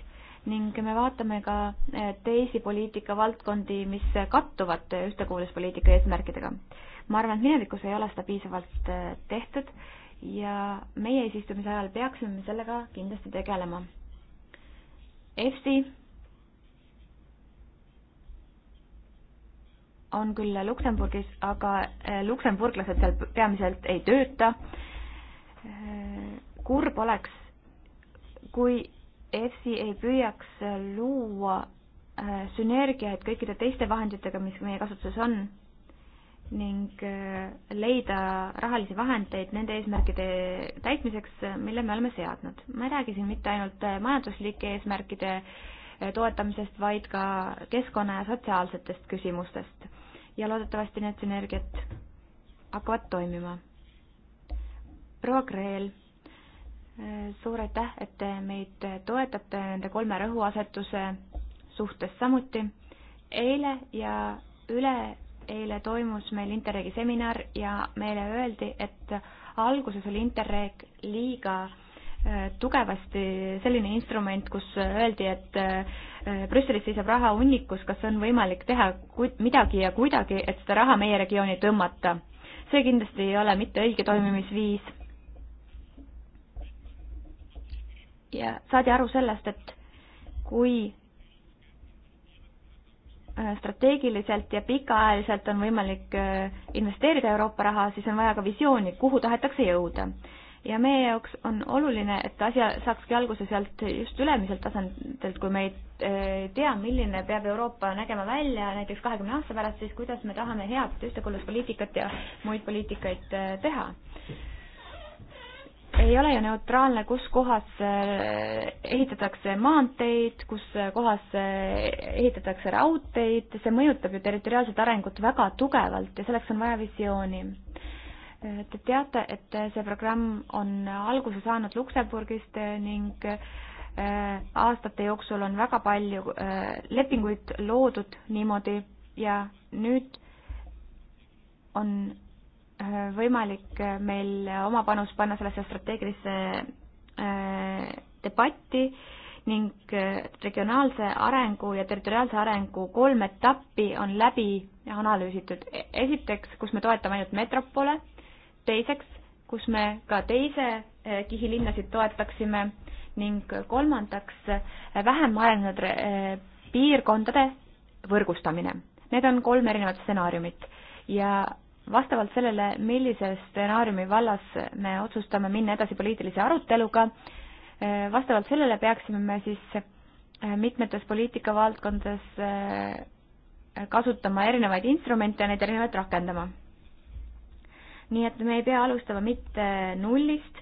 ning me vaatame ka eh, teisi poliitikavaldkondi, mis kattuvad ühtekuuluvuspoliitika eesmärkidega. ma arvan, et minevikus ei ole seda piisavalt eh, tehtud ja meie eesistumise ajal peaksime sellega kindlasti tegelema. EFSI on küll Luksemburgis, aga eh, luksemburglased seal peamiselt ei tööta. kurb oleks, kui EFSI ei püüaks äh, luua äh, sünergiaid kõikide teiste vahenditega, mis meie kasutuses on ning äh, leida rahalisi vahendeid nende eesmärkide täitmiseks, mille me oleme seadnud. ma ei räägi siin mitte ainult majanduslike eesmärkide toetamisest, vaid ka keskkonna ja sotsiaalsetest küsimustest. ja loodetavasti need sünergiad hakkavad toimima. proua Kreel suur aitäh, et te meid toetate nende kolme rõhuasetuse suhtes samuti. eile ja üleeile toimus meil Interregi seminar ja meile öeldi, et alguses oli Interreg liiga äh, tugevasti selline instrument, kus öeldi, et äh, Brüsselis seisab raha hunnikus, kas on võimalik teha midagi ja kuidagi, et seda raha meie regiooni tõmmata. see kindlasti ei ole mitte õige toimimisviis ja saadi aru sellest, et kui äh, strateegiliselt ja pikaajaliselt on võimalik äh, investeerida Euroopa raha, siis on vaja ka visiooni, kuhu tahetakse jõuda. ja meie jaoks on oluline, et asi saakski alguse sealt just ülemiselt tasandilt, kui me ei äh, tea, milline peab Euroopa nägema välja näiteks kahekümne aasta pärast, siis kuidas me tahame head ühtekuuluvuspoliitikat ja muid poliitikaid teha ei ole ju neutraalne, kus kohas äh, ehitatakse maanteid, kus kohas äh, ehitatakse raudteid, see mõjutab ju territoriaalset arengut väga tugevalt ja selleks on vaja visiooni. Äh, te teate, et see programm on alguse saanud Luksemburgist ning aastate jooksul on väga palju lepinguid loodud niimoodi ja nüüd on võimalik äh, meil oma panus panna sellesse strateegilisse äh, debatti ning äh, regionaalse arengu ja territoriaalse arengu kolm etappi on läbi analüüsitud. E-, esiteks, kus me toetame ainult metropole, teiseks, kus me ka teise kihi linnasid toetaksime ning kolmandaks, vähem arenenud piirkondade võrgustamine. Need on kolm erinevat stsenaariumit ja vastavalt sellele, millise stsenaariumi vallas me otsustame minna edasi poliitilise aruteluga, vastavalt sellele peaksime me siis äh, mitmetes poliitikavaldkondades äh, kasutama erinevaid instrumente ja neid erinevaid rakendama. nii et me ei pea alustama mitte nullist,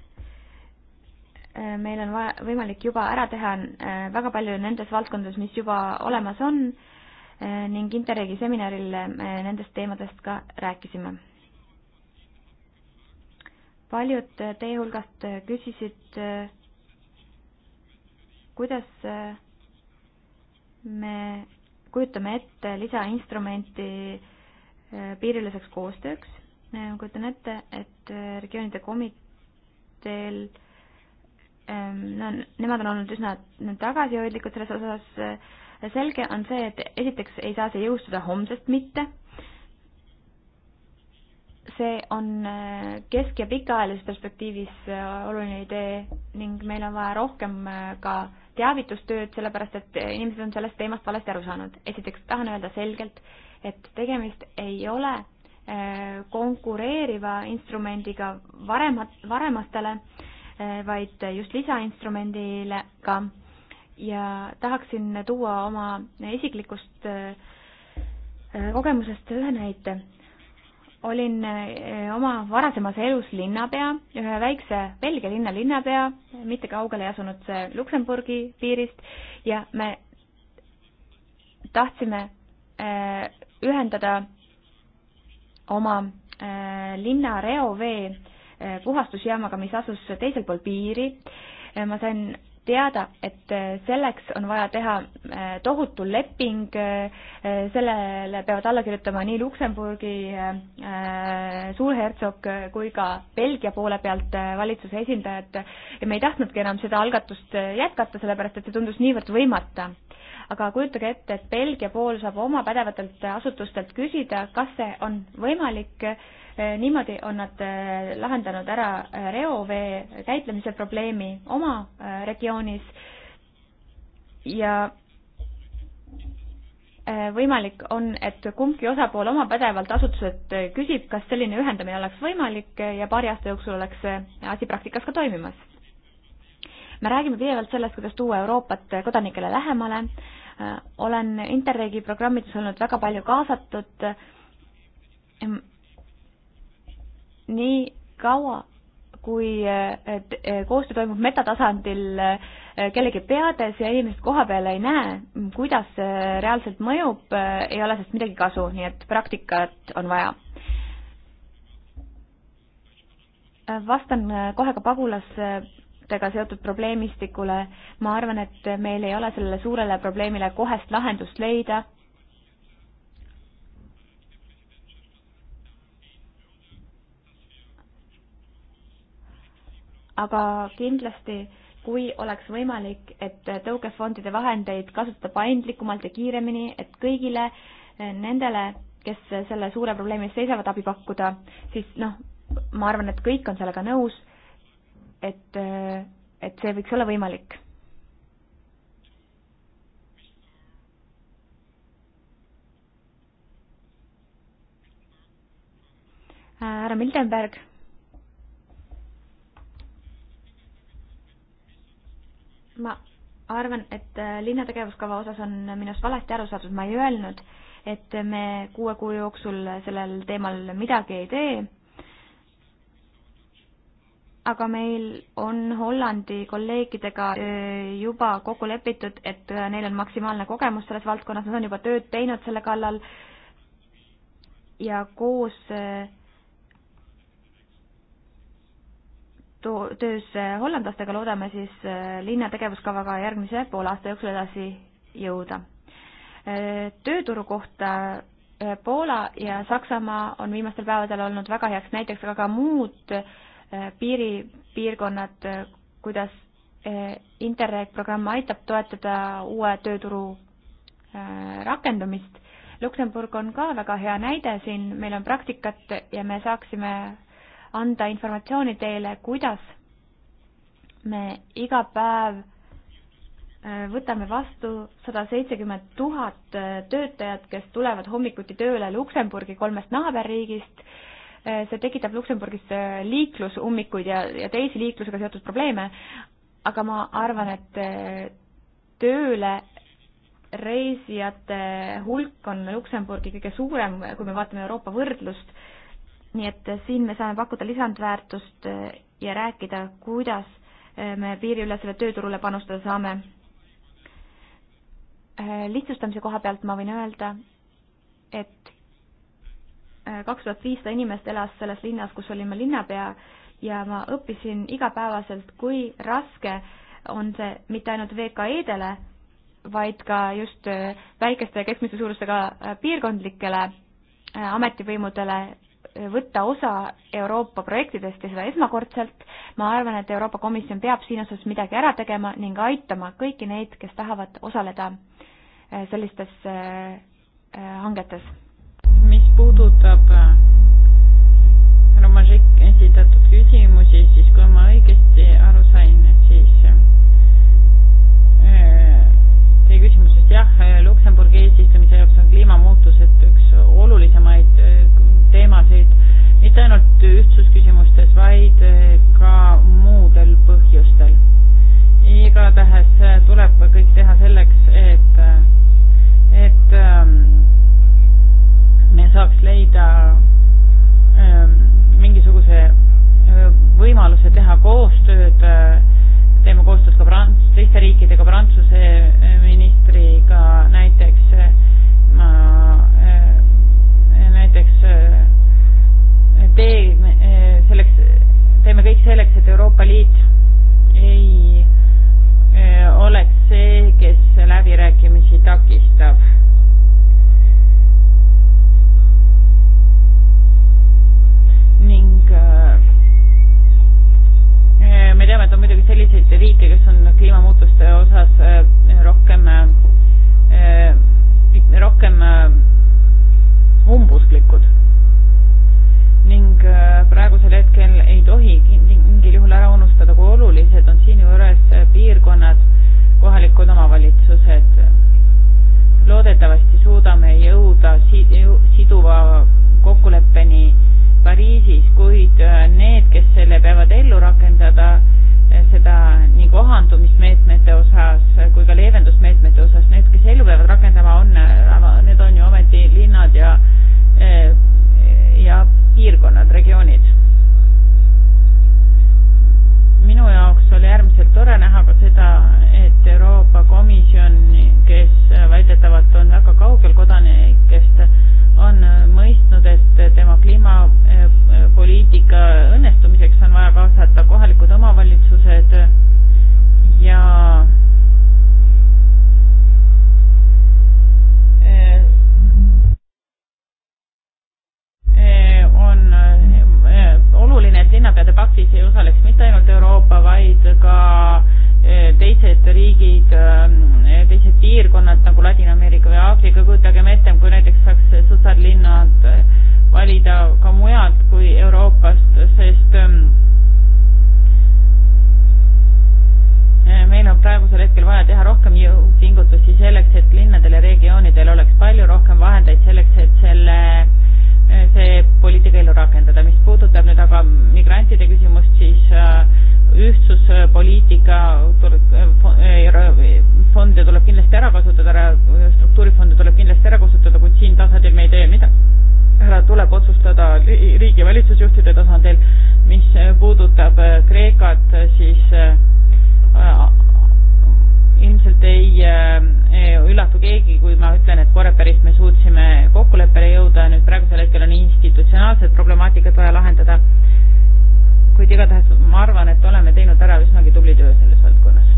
äh, meil on vaja, võimalik juba ära teha väga palju nendes valdkondades, mis juba olemas on Eh, ning Interregi seminaril me eh, nendest teemadest ka rääkisime. paljud eh, teie hulgast küsisid, kuidas me kujutame ette lisainstrumenti piiriliseks koostööks. kujutan ette, et regioonide komiteel no nemad on olnud üsna tagasihoidlikud selles osas selge on see, et esiteks ei saa see jõustuda homsest mitte. see on äh, kesk- ja pikaajalises perspektiivis äh, oluline idee ning meil on vaja rohkem äh, ka teavitustööd, sellepärast et inimesed on sellest teemast valesti aru saanud. esiteks tahan öelda selgelt, et tegemist ei ole konkureeriva instrumendiga varemat-, varemastele, vaid just lisainstrumendile ka ja tahaksin tuua oma isiklikust äh, kogemusest ühe näite. olin äh, oma varasemas elus linnapea, ühe väikse Belgia linna linnapea, mitte kaugele ei asunud see Luksemburgi piirist ja me tahtsime äh, ühendada oma linna reovee puhastusjaamaga, mis asus teisel pool piiri. ma sain teada, et äh, selleks on vaja teha äh, tohutu leping, äh, sellele peavad alla kirjutama nii Luksemburgi suurhertsog kui ka Belgia poole pealt valitsuse esindajad ja me ei tahtnudki enam seda algatust jätkata, sellepärast et see tundus niivõrd võimata aga kujutage ette, et Belgia pool saab oma pädevatelt asutustelt küsida, kas see on võimalik. Äh, niimoodi on nad äh, lahendanud ära äh, reovee käitlemise probleemi oma regioonis ja võimalik on, et kumbki osapool oma pädevalt asutuselt küsib, kas selline ühendamine oleks võimalik ja paari aasta jooksul oleks see asi praktikas ka toimimas. me räägime pidevalt sellest, kuidas tuua Euroopat kodanikele lähemale Äh, olen Interregi programmides olnud väga palju kaasatud. Ehm, nii kaua, kui äh, äh, koostöö toimub metatasandil kellegi peades ja inimesed kohapeal ei näe, kuidas see reaalselt mõjub, ei ole sellest midagi kasu, nii et praktikat on vaja. vastan kohe ka pagulase rändega seotud probleemistikule. ma arvan, et meil ei ole sellele suurele probleemile kohest lahendust leida. aga kindlasti, kui oleks võimalik, et tõukefondide vahendeid kasutada paindlikumalt ja kiiremini, et kõigile nendele, kes selle suure probleemi ees seisavad, abi pakkuda, siis noh, ma arvan, et kõik on sellega nõus et, et see võiks olla võimalik. härra Mildenberg ma arvan, et äh, linna tegevuskava osas on minust valesti aru saadud, ma ei öelnud, et me kuue kuu jooksul sellel teemal midagi ei tee aga meil on Hollandi kolleegidega äh, juba kokku lepitud, et äh, neil on maksimaalne kogemus selles valdkonnas, nad on juba tööd teinud selle kallal ja koos äh, töös hollandlastega loodame siis linna tegevuskavaga järgmise poole aasta jooksul edasi jõuda. tööturu kohta Poola ja Saksamaa on viimastel päevadel olnud väga heaks näiteks, aga ka muud äh, piiripiirkonnad, kuidas eh, Interreg programm aitab toetada uue tööturu eh, rakendumist. Luksemburg on ka väga hea näide siin, meil on praktikat ja me saaksime anda informatsiooni teile, kuidas me iga päev eh, võtame vastu sada seitsekümmend tuhat töötajat, kes tulevad hommikuti tööle Luksemburgi kolmest naaberriigist Eh, see tekitab Luksemburgis eh, liiklusummikuid ja, ja teisi liiklusega seotud probleeme, aga ma arvan, et eh, tööle reisijate hulk on Luksemburgi kõige suurem, kui me vaatame Euroopa võrdlust, nii et siin me saame pakkuda lisandväärtust ja rääkida, kuidas me piiriülesele tööturule panustada saame. lihtsustamise koha pealt ma võin öelda, et kaks tuhat viissada inimest elas selles linnas, kus olin ma linnapea ja ma õppisin igapäevaselt, kui raske on see mitte ainult VKE-dele, vaid ka just äh, väikeste ja keskmise suurusega äh, piirkondlikele äh, ametivõimudele võtta osa Euroopa projektidest ja seda esmakordselt. ma arvan, et Euroopa Komisjon peab siin osas midagi ära tegema ning aitama kõiki neid, kes tahavad osaleda sellistes hangetes mis puudutab härra äh, Mažik esitatud küsimusi, siis kui ma õigesti aru sain, siis äh, teie küsimusest jah, äh, Luksemburgi eesistumise jaoks on kliimamuutused üks olulisemaid teemasid, mitte ainult ühtsusküsimustes, vaid ka muudel põhjustel. igatahes tuleb kõik teha selleks, et, et ähm, me saaks leida ähm, mingisuguse äh, võimaluse teha koostööd, äh, teeme koostööd ka Prants-, teiste riikidega, Prantsuse äh, ministriga näiteks, ma näiteks tee-, selleks, teeme kõik selleks, et Euroopa Liit ei oleks see, kes läbirääkimisi takistab ning äh, äh, me teame, et on muidugi selliseid riike, kes on kliimamuutuste osas äh, rohkem, rohkem umbusklikud. ning praegusel hetkel ei tohi mingil juhul ära unustada, kui olulised on siinjuures piirkonnad, kohalikud omavalitsused. loodetavasti suudame jõuda siduva kokkuleppeni Pariisis, kuid äh, need, kes selle peavad ellu rakendada, äh, seda nii kohandumismeetmete osas äh, kui ka leevendusmeetmete osas, need, kes ellu peavad rakendama, on, need on ju ometi linnad ja, ja piirkonnad, regioonid minu jaoks oli äärmiselt tore näha ka seda, et Euroopa Komisjon, kes väidetavalt on väga kaugel kodanikest, on mõistnud, et tema kliimapoliitika õnnestumiseks on vaja kaasata kohalikud omavalitsused ja eh, eh, on et linnapeade paktis ei osaleks mitte ainult Euroopa, vaid ka eh, teised riigid, eh, teised piirkonnad nagu Ladina-Ameerika või Aafrika, kujutagem ette, kui näiteks saaks sõsarlinnad eh, valida ka mujalt kui Euroopast, sest meil on praegusel hetkel vaja teha rohkem jõupingutusi selleks, et linnadel ja regioonidel oleks palju rohkem vahendeid selleks, et selle see poliitika ellu rakendada. mis puudutab nüüd aga migrantide küsimust, siis äh, ühtsuspoliitika äh, fonde tuleb kindlasti ära kasutada, struktuurifonde tuleb kindlasti ära kasutada, kuid siin tasandil me ei tee midagi. ära tuleb otsustada riigi valitsusjuhtide tasandil, mis äh, puudutab Kreekat, siis ilmselt ei äh, üllatu keegi, kui ma ütlen, et Koreperist me suutsime kokkuleppele jõuda, nüüd praegusel hetkel on institutsionaalsed problemaatikat vaja lahendada, kuid igatahes ma arvan, et oleme teinud ära üsnagi tubli töö selles valdkonnas.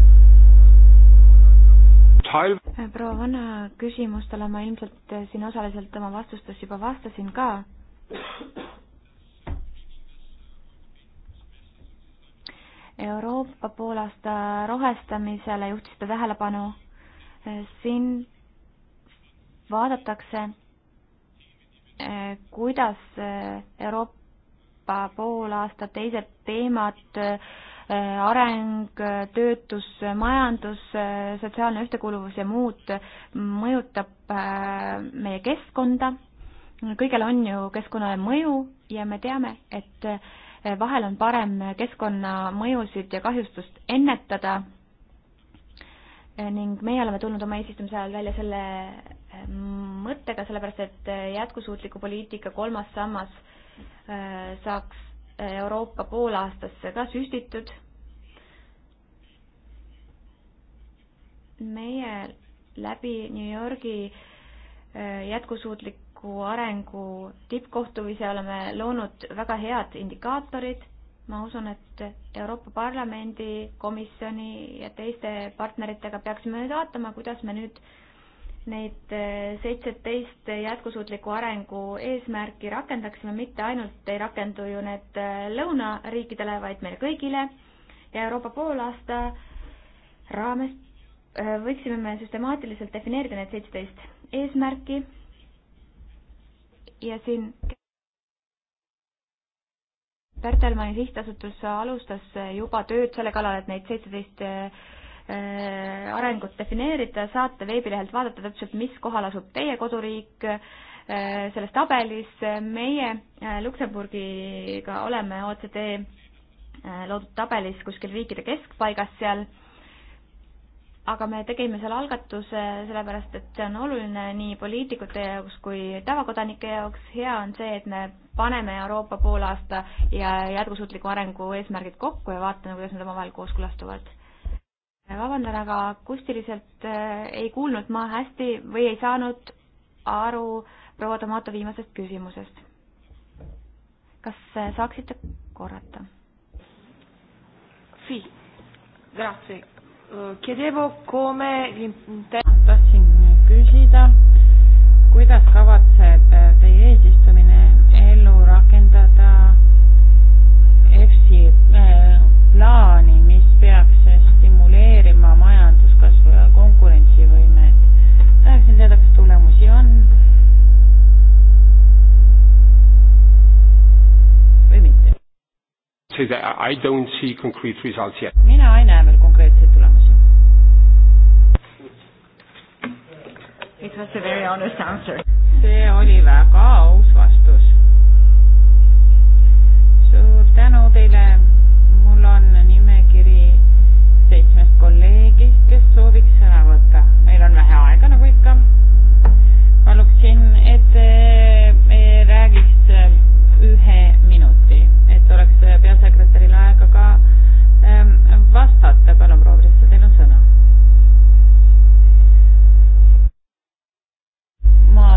Äh, proua Vana küsimustele ma ilmselt äh, siin osaliselt oma vastustes juba vastasin ka Euroopa poolaasta rohestamisele juhtisite tähelepanu. siin vaadatakse, kuidas Euroopa poolaasta teised teemad, areng, töötus, majandus, sotsiaalne ühtekuuluvus ja muud mõjutab meie keskkonda. kõigel on ju keskkonnale mõju ja me teame, et Eh, vahel on parem keskkonnamõjusid ja kahjustust ennetada eh, ning meie oleme tulnud oma eesistumise ajal välja selle eh, mõttega, sellepärast et jätkusuutliku poliitika kolmas sammas saaks Euroopa poolaastasse ka süstitud. meie läbi New Yorgi jätkusuutlik kestliku arengu tippkohtumise oleme loonud väga head indikaatorid. ma usun, et Euroopa Parlamendi, komisjoni ja teiste partneritega peaksime nüüd vaatama, kuidas me nüüd neid eh, seitseteist jätkusuutliku arengu eesmärki rakendaksime, mitte ainult ei rakendu ju need eh, lõunariikidele, vaid meile kõigile ja Euroopa poolaasta raames eh, võiksime me süstemaatiliselt defineerida need seitseteist eesmärki ja siin Pärtelmanni sihtasutus alustas juba tööd selle kallal, et neid seitseteist äh, arengut defineerida, saate veebilehelt vaadata täpselt, mis kohal asub teie koduriik äh, selles tabelis. meie äh, Luksemburgiga oleme OCD loodud tabelis kuskil riikide keskpaigas seal aga me tegime selle algatuse sellepärast, et see on oluline nii poliitikute jaoks kui tavakodanike jaoks. hea on see, et me paneme Euroopa poolaasta ja jätkusuutliku arengu eesmärgid kokku ja vaatame, kuidas need omavahel kooskõlastuvad. vabandan, aga akustiliselt äh, ei kuulnud ma hästi või ei saanud aru proua Tomato viimasest küsimusest. kas äh, saaksite korrata? Grazie Chiedevo come tahtsin küsida, kuidas kavatseb eh, teie eesistumine ellu rakendada EFSI eh, plaani, mis peaks stimuleerima majanduskasvu ja konkurentsivõimet. tahaksin teada, kas tulemusi on või mitte. mina ei näe veel konkreetseid It was a very honest answer. see oli väga aus vastus. suur tänu teile. mul on nimekiri seitsmest kolleegist, kes sooviks sõna võtta. meil on vähe aega, nagu ikka. paluksin, et te räägiks ühe minuti, et oleks peasekretäril aega ka ähm, vastata. palun, proua Kristel, teil on sõna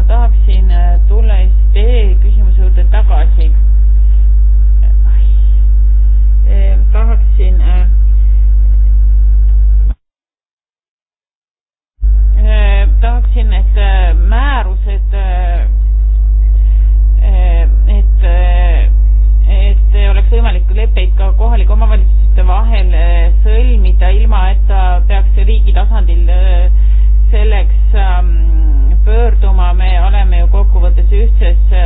tahaksin äh, tulla SD küsimuse juurde tagasi. Äh, tahaksin äh, tahaksin, et määrused, et, et oleks võimalik leppeid ka kohalike omavalitsuste vahel sõlmida, ilma et ta peaks riigi tasandil selleks seitses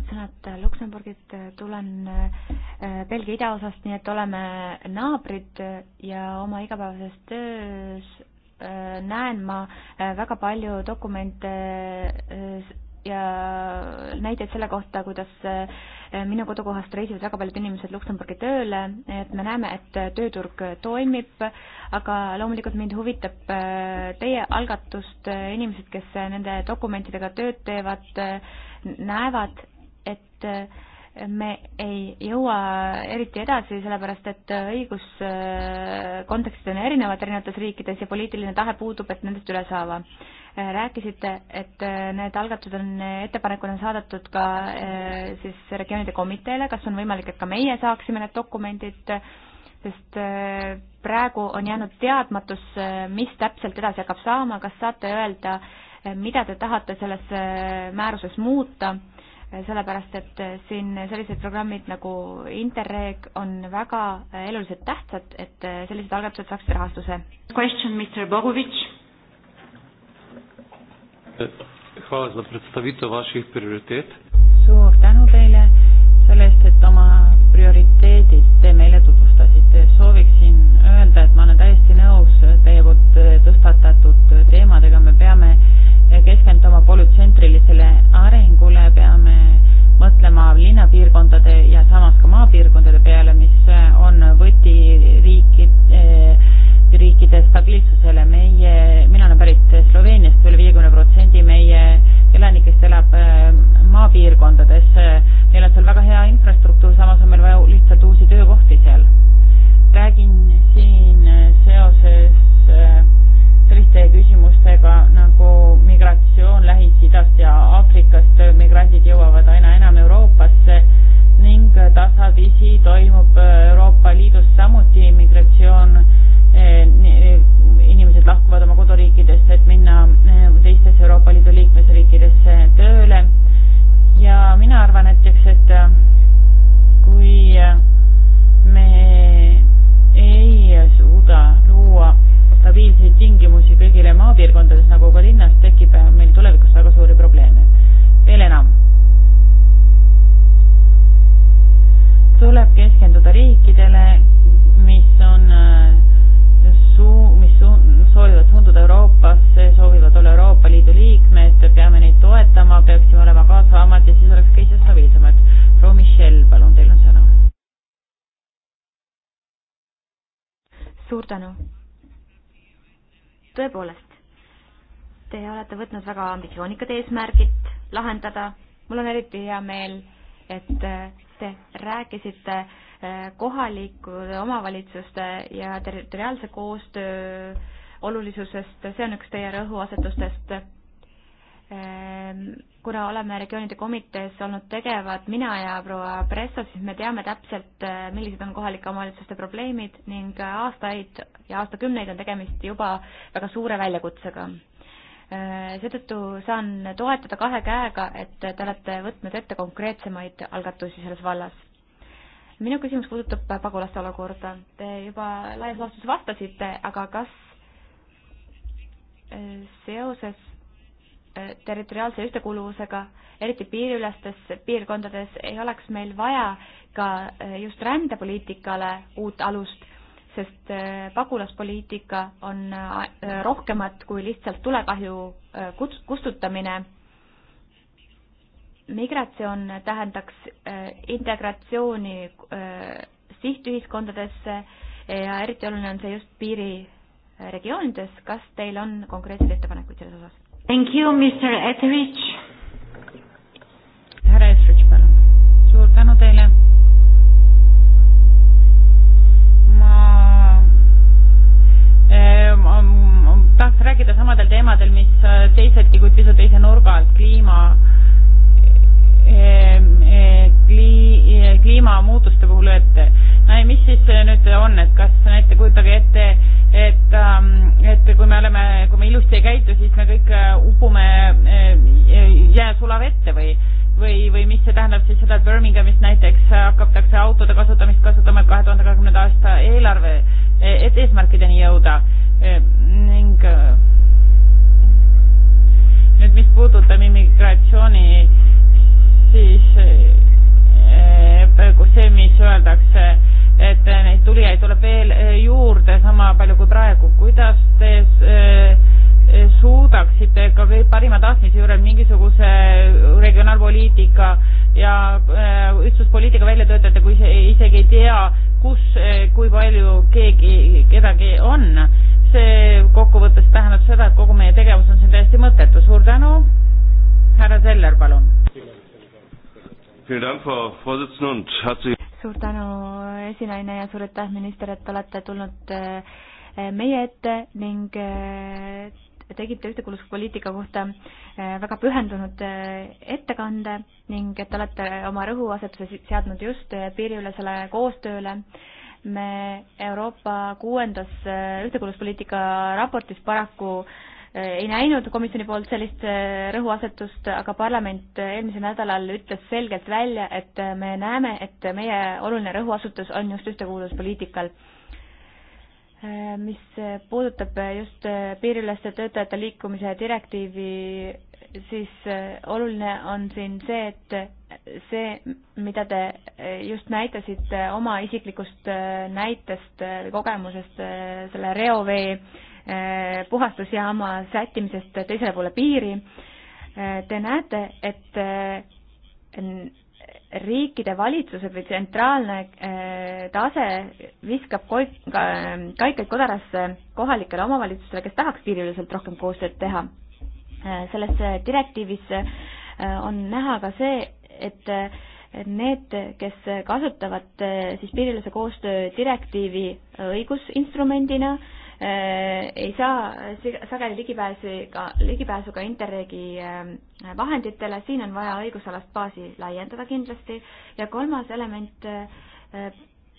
nüüd sõnad äh, Luksemburgist, äh, tulen äh, Belgia idaosast, nii et oleme naabrid ja oma igapäevases töös näen ma väga palju dokumente ja näiteid selle kohta, kuidas minu kodukohast reisivad väga paljud inimesed Luksemburgi tööle, et me näeme, et tööturg toimib, aga loomulikult mind huvitab teie algatust, inimesed, kes nende dokumentidega tööd teevad, näevad, et äh, me ei jõua eriti edasi, sellepärast et äh, õiguskontekstid on erinevad erinevates riikides ja poliitiline tahe puudub, et nendest üle saada. Äh, rääkisite, et need algatused on, ettepanekud on saadetud ka siis regioonide komiteele, kas on võimalik, et ka meie saaksime need dokumendid, sest praegu on jäänud teadmatus, mis täpselt edasi hakkab saama, kas saate öelda, mida te tahate selles määruses muuta sellepärast et siin sellised programmid nagu Interreg on väga eluliselt tähtsad, et sellised algatused saaksid rahastuse. Question, Mr Bogovic. Hvala za predstavitev vaših prioriteet. suur tänu teile selle eest, et oma prioriteedid te meile tutvustasite. sooviksin öelda, et ma olen täiesti nõus teie poolt tõstatatud teemadega, me peame keskenduma polütsentrilisele arengule, peame mõtlema linnapiirkondade ja samas ka maapiirkondade peale, mis eh, on võti riiki, eh, riikide stabiilsusele. meie, mina olen pärit Sloveeniast, üle viiekümne protsendi meie elanikest elab eh, maapiirkondades. meil on seal väga hea infrastruktuur, samas on meil vaja lihtsalt uusi töökohti seal. räägin siin seoses äh, selliste küsimustega nagu migratsioon Lähis-Idast ja Aafrikast, migrandid jõuavad aina enam Euroopasse ning tasapisi toimub Euroopa Liidus samuti migratsioon. inimesed lahkuvad oma koduriikidest, et minna teistesse Euroopa Liidu liikmesriikidesse tööle ja mina arvan näiteks, et kui me ei suuda luua stabiilseid tingimusi kõigile maapiirkondades nagu ka linnas, tekib äh, meil tulevikus väga suuri probleeme. veel enam, tuleb keskenduda riikidele, mis on äh, suu-, mis su-, soovivad suunduda Euroopasse, soovivad olla Euroopa Liidu liikmed, peame neid toetama, peaksime olema kaasavamad ja siis oleks ka ise stabiilsemad. proua Michelle, palun, teil on sõna. suur tänu tõepoolest, te olete võtnud väga ambitsioonikad eesmärgid lahendada. mul on eriti hea meel, et äh, te rääkisite äh, kohalikude omavalitsuste ja territoriaalse koostöö olulisusest, see on üks teie rõhuasetustest ähm, kuna oleme regioonide komitees olnud tegevad mina ja proua Presso, siis me teame täpselt, äh, millised on kohalike omavalitsuste probleemid ning äh, aastaid ja aastakümneid on tegemist juba väga suure väljakutsega. Äh, seetõttu saan toetada kahe käega, et te olete võtnud ette konkreetsemaid algatusi selles vallas. minu küsimus puudutab pagulaste olukorda. Te juba laias laastus vastasite, aga kas seoses Äh, territoriaalse ühtekuuluvusega, eriti piiriülestes piirkondades, ei oleks meil vaja ka äh, just rändepoliitikale uut alust, sest äh, pagulaspoliitika on rohkemat kui lihtsalt tulekahju kustutamine. migratsioon tähendaks integratsiooni sihtühiskondadesse ja eriti oluline on see just piiriregioonides. kas teil on konkreetseid ettepanekuid selles osas? Thank you, Mr Etheridge. härra Etheridge, palun. suur tänu teile. ma eh, tahaks rääkida samadel teemadel, mis eh, teisedki, kuid pisut teise nurga alt, kliima eh, eh, kli-, eh, kliimamuutuste puhul ette. no ja mis siis eh, nüüd on, et kas näite, kujutage ette, et, ähm, et kui me oleme, kui me ilusti ei käitu, siis me kõik äh, upume äh, äh, jääsulavette või, või, või mis see tähendab siis seda, et Birminghamis näiteks hakatakse autode kasutamist kasutama, et kahe tuhande kahekümnenda aasta eelarve, eh, et eesmärkideni jõuda ning nüüd, mis puudutab immigratsiooni, siis Eh, kus see, mis öeldakse, et eh, neid tulijaid tuleb veel eh, juurde sama palju kui praegu, kuidas te suudaksite ka parima tahtmise juures mingisuguse regionaalpoliitika ja ühtsuspoliitika välja töötada, kui isegi ei tea, kus, kui palju keegi, kedagi on. see kokkuvõttes tähendab seda, et kogu meie tegevus on siin täiesti mõttetu. suur tänu, härra Seller, palun suur tänu, esinaine ja suur aitäh, minister, et olete tulnud äh, meie ette ning äh, tegite ühtekuuluvuspoliitika kohta äh, väga pühendunud ettekande ning et olete oma rõhuasetuse seadnud just piiriülesele koostööle. me Euroopa kuuendas ühtekuuluvuspoliitika raportis paraku äh, Äh, ei näinud komisjoni poolt sellist äh, rõhuasetust, aga parlament äh, eelmisel nädalal ütles selgelt välja, et me näeme, et meie oluline rõhuasutus on just ühtekuuluvuspoliitikal. mis puudutab just piiriüleste töötajate liikumise direktiivi, siis oluline on siin see, et see, mida te just näitasite oma isiklikust näitest, kogemusest selle reovee Eh, puhastusjaama sättimisest teisele poole piiri. Eh, te näete, et eh, riikide valitsused või tsentraalne tase viskab kaikaid kodarasse kohalikele omavalitsustele, kes tahaks piiriüleselt rohkem koostööd teha. selles direktiivis on näha ka see, et need, kes kasutavad siis piirilise koostöö direktiivi õigusinstrumendina äh, Äh, ei saa sageli ligipääsu ka, ligipääsu ka Interregi äh, vahenditele, siin on vaja õigusalast baasi laiendada kindlasti ja kolmas element, äh,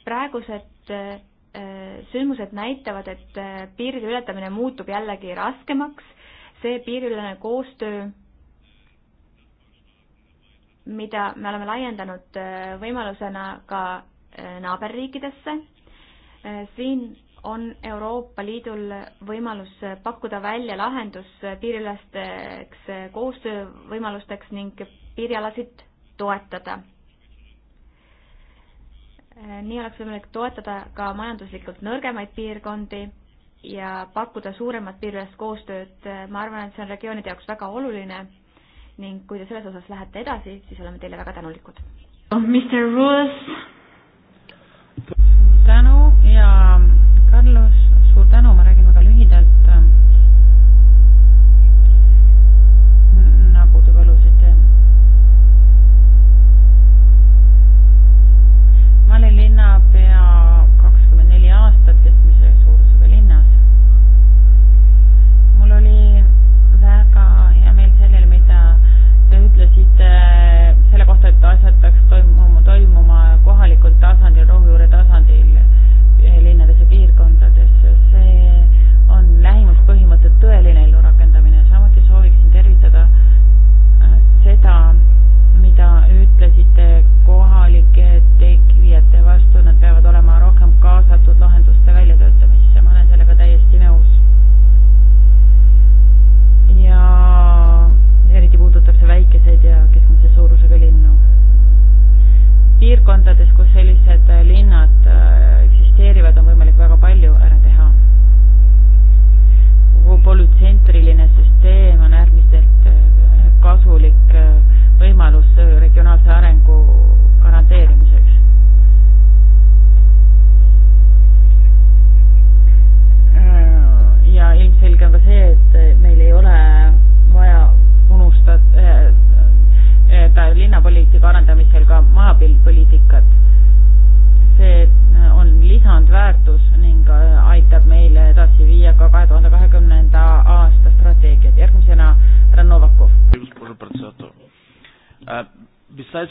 praegused sündmused näitavad, et piiride ületamine muutub jällegi raskemaks, see piiriülene koostöö, mida me oleme laiendanud võimalusena ka naaberriikidesse, siin on Euroopa Liidul võimalus pakkuda välja lahendus piiriülesteks koostöövõimalusteks ning piirialasid toetada. nii oleks võimalik toetada ka majanduslikult nõrgemaid piirkondi ja pakkuda suuremat piiriülest koostööd. ma arvan, et see on regioonide jaoks väga oluline ning kui te selles osas lähete edasi, siis oleme teile väga tänulikud. Mr Rules. tänu ja Carlos, suur tänu, ma räägin väga lühidalt. nagu te palusite. ma olin linnapea kakskümmend neli aastat keskmise suurusega linnas. mul oli väga hea meel sellele, mida te ütlesite selle kohta, et asjad peaks toimuma, toimuma kohalikul tasandil, rohujuure tasandil piirkondades, see on lähimuspõhimõtte tõeline ellurakendamine, samuti sooviksin tervitada äh, seda, mida ütlesite kohali-,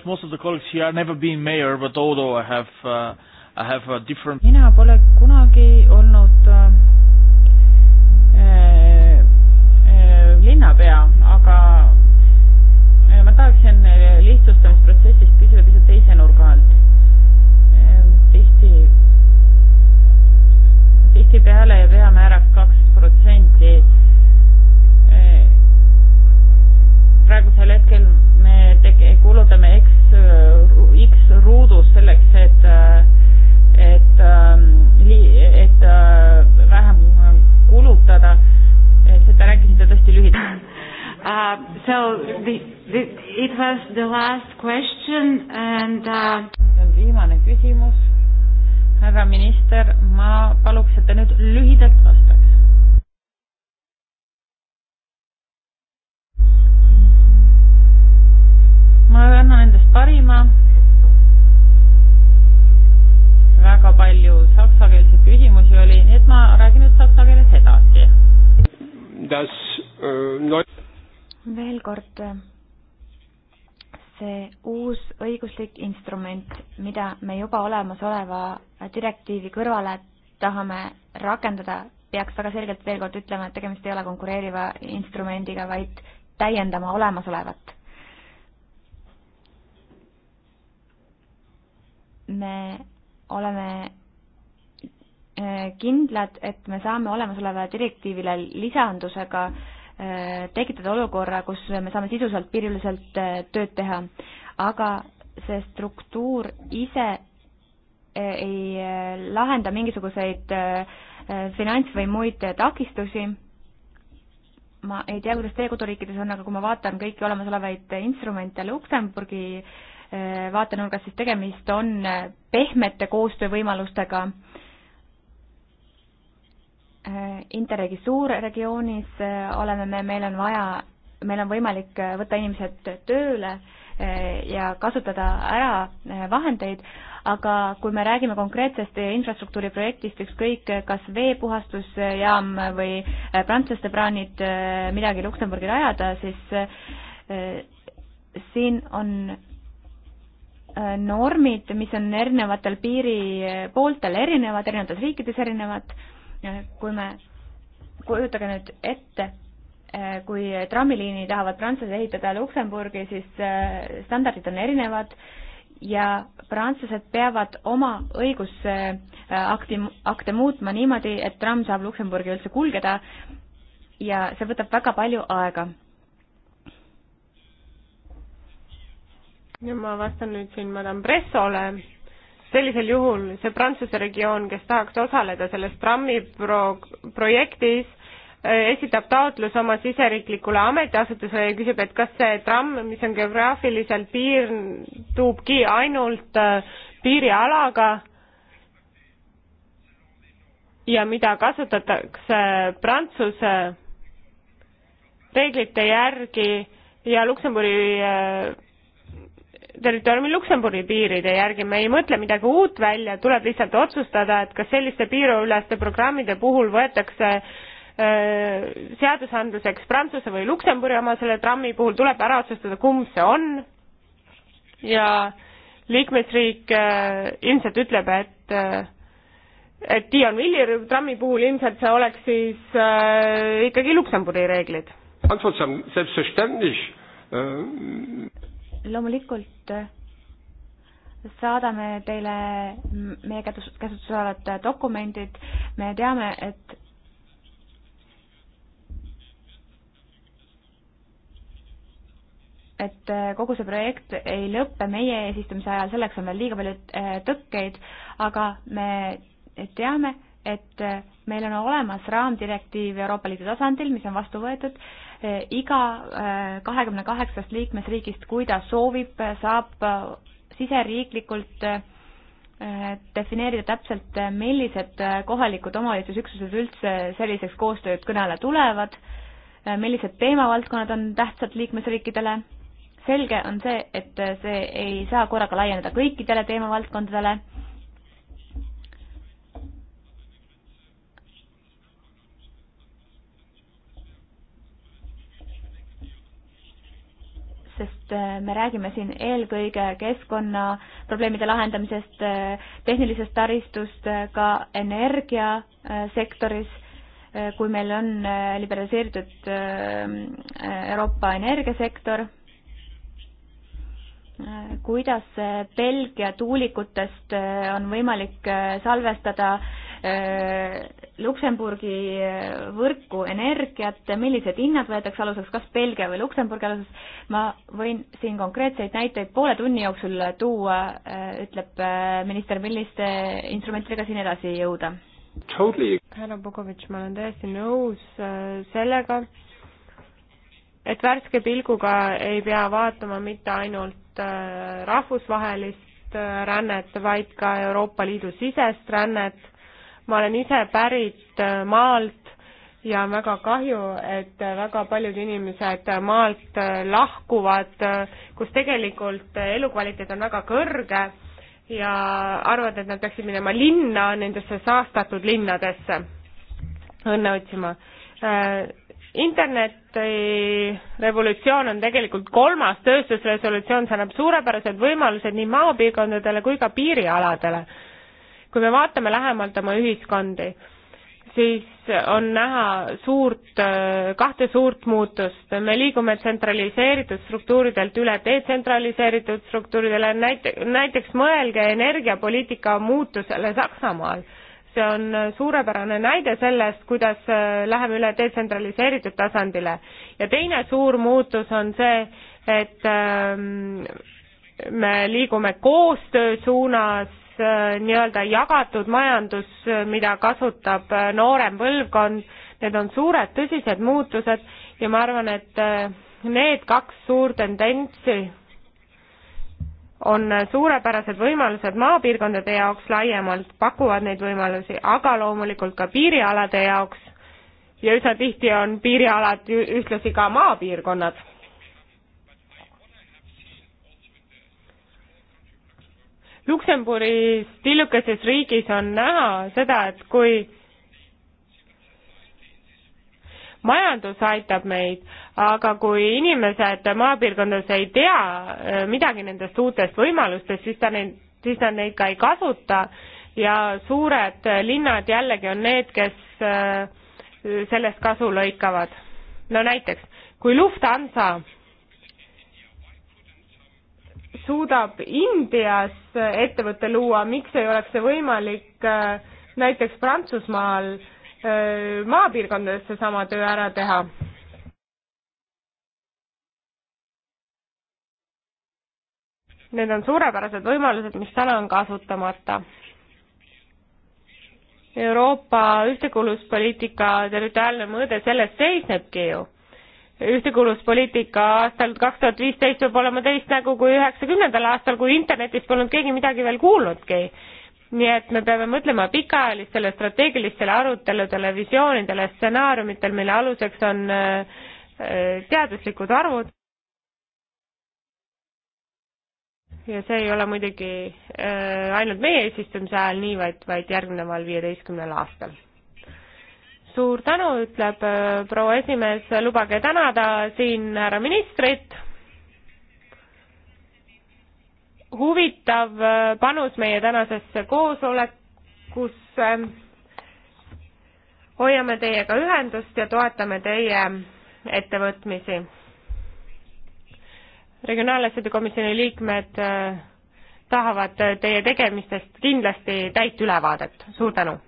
most of the colleagues here, I've never been mayor, but although I have uh, I have a different mina pole kunagi olnud äh, äh, linnapea, aga äh, ma tahaksin äh, lihtsustamisprotsessist küsida pisut teise nurga alt äh,. tihti, tihtipeale veamääraks kaks protsenti äh,. praegusel hetkel me tege-, kulutame X, äh, X ruudus selleks, et, äh, et, ähm, et äh, vähem kulutada, et te rääkisite tõesti lühidalt uh,. So the, the, it was the last question and uh.... see on viimane küsimus. härra minister, ma paluks, et te nüüd lühidalt vastaks ma annan endast parima. väga palju saksakeelseid küsimusi oli, nii et ma räägin nüüd saksa keeles edasi. Das äh, no... veel kord, see uus õiguslik instrument, mida me juba olemasoleva direktiivi kõrvale tahame rakendada, peaks väga selgelt veel kord ütlema, et tegemist ei ole konkureeriva instrumendiga, vaid täiendama olemasolevat me oleme äh, kindlad, et me saame olemasoleva direktiivile lisandusega äh, tekitada olukorra, kus me saame sisuliselt piiriüleselt äh, tööd teha. aga see struktuur ise ei lahenda mingisuguseid finants- või muid takistusi. ma ei tea, kuidas teie koduriikides on, aga kui ma vaatan kõiki olemasolevaid instrumente Luksemburgi vaatenurgast, siis tegemist on pehmete koostöövõimalustega. Interregi suurregioonis oleme me, meil on vaja, meil on võimalik võtta inimesed tööle ja kasutada ära vahendeid, aga kui me räägime konkreetsest infrastruktuuriprojektist, ükskõik kas veepuhastusjaam või prantslaste plaanid midagi Luksemburgi rajada, siis eh, siin on Äh, normid, mis on erinevatel piiripooltel äh, erinevad, erinevates riikides erinevad. Äh, kui me, kujutage nüüd ette, kui trammiliini tahavad prantslased ehitada Luksemburgi, siis standardid on erinevad ja prantslased peavad oma õigusakti, akte muutma niimoodi, et tramm saab Luksemburgi üldse kulgeda ja see võtab väga palju aega ja ma vastan nüüd siin Madame Bressole. sellisel juhul see Prantsuse regioon, kes tahaks osaleda selles trammi pro-, projektis, esitab taotluse oma siseriiklikule ametiasutusele ja küsib, et kas see tramm, mis on geograafiliselt piirdubki ainult äh, piirialaga, ja mida kasutatakse Prantsuse reeglite järgi ja Luksemburgi äh, territooriumi Luksemburi piiride järgi, me ei mõtle midagi uut välja, tuleb lihtsalt otsustada, et kas selliste piiriüleste programmide puhul võetakse seadusandluseks Prantsuse või Luksemburi oma selle trammi puhul, tuleb ära otsustada, kumb see on ja liikmesriik ilmselt ütleb, et et Dion Villeri trammi puhul ilmselt see oleks siis äh, ikkagi Luksemburi reeglid loomulikult äh, saadame teile meie käsutuses olevad äh, dokumendid, me teame, et et äh, kogu see projekt ei lõppe meie eesistumise ajal, selleks on veel liiga palju tõkkeid, aga me teame, et meil on olemas raamdirektiiv Euroopa Liidu tasandil, mis on vastu võetud, eh, iga eh, kahekümne kaheksast liikmesriigist, kui ta soovib, eh, saab siseriiklikult defineerida täpselt, millised kohalikud omavalitsusüksused üldse selliseks koostööd kõne alla tulevad, millised teemavaldkonnad on tähtsad liikmesriikidele, selge on see, et see ei saa korraga laieneda kõikidele teemavaldkondadele sest äh, me räägime siin eelkõige keskkonnaprobleemide lahendamisest, äh, tehnilisest taristust, äh, ka energiasektoris, kui meil on liberaliseeritud ähm, Euroopa energiasektor, kuidas Belgia tuulikutest on võimalik salvestada Äh, Luksemburgi äh, võrku energiat, millised hinnad võetakse aluseks, kas Belgia või Luksemburgi aluseks, ma võin siin konkreetseid näiteid poole tunni jooksul tuua, äh, ütleb minister, milliste instrumentidega siin edasi jõuda? Totally. härra Bogovitš, ma olen täiesti nõus sellega, et värske pilguga ei pea vaatama mitte ainult rahvusvahelist rännet, vaid ka Euroopa Liidu sisest rännet ma olen ise pärit äh, maalt ja on väga kahju, et äh, väga paljud inimesed maalt äh, lahkuvad, kus tegelikult elukvaliteet on väga kõrge ja arvavad, et nad peaksid minema linna, nendesse saastatud linnadesse õnne otsima. Interneti revolutsioon on tegelikult kolmas tööstusresolutsioon, see annab suurepärased võimalused nii maapiirkondadele kui ka piirialadele kui me vaatame lähemalt oma ühiskondi, siis on näha suurt, äh, kahte suurt muutust. me liigume tsentraliseeritud struktuuridelt üle detsentraliseeritud struktuuridele, näite-, näiteks mõelge energiapoliitika muutusele Saksamaal see on äh, suurepärane näide sellest, kuidas äh, läheme üle detsentraliseeritud tasandile. ja teine suur muutus on see, et ähm, me liigume koostöö suunas Äh, nii-öelda jagatud majandus, äh, mida kasutab äh, noorem põlvkond, need on suured tõsised muutused ja ma arvan, et need kaks suurtendentsi on suurepärased võimalused maapiirkondade jaoks laiemalt, pakuvad neid võimalusi, aga loomulikult ka piirialade jaoks ja üsna tihti on piirialad ühtlasi ka maapiirkonnad Luksemburis tillukeses riigis on näha seda, et kui majandus aitab meid, aga kui inimesed maapiirkondades ei tea äh, midagi nendest uutest võimalustest, siis ta neid, siis nad neid ka ei kasuta ja suured linnad jällegi on need, kes äh, sellest kasu lõikavad. no näiteks, kui Lufthansa suudab Indias ettevõte luua, miks ei oleks see võimalik äh, näiteks Prantsusmaal äh, maapiirkondades seesama töö ära teha? Need on suurepärased võimalused, mis täna on kasutamata. Euroopa ühtekuuluvuspoliitika territoriaalne mõõde selles seisnebki ju ühtekuuluvuspoliitika aastal kaks tuhat viisteist peab olema teist nägu kui üheksakümnendal aastal, kui internetist polnud keegi midagi veel kuulnudki. nii et me peame mõtlema pikaajalistele strateegilistele aruteludele, visioonidele, stsenaariumitel, mille aluseks on äh, äh, teaduslikud arvud. ja see ei ole muidugi äh, ainult meie eesistumise ajal nii, vaid, vaid järgneval viieteistkümnel aastal suur tänu, ütleb äh, proua esimees, lubage tänada siin härra ministrit. huvitav äh, panus meie tänasesse koosolekusse. hoiame teiega ühendust ja toetame teie ettevõtmisi. regionaalasjade komisjoni liikmed äh, tahavad teie tegemistest kindlasti täit ülevaadet, suur tänu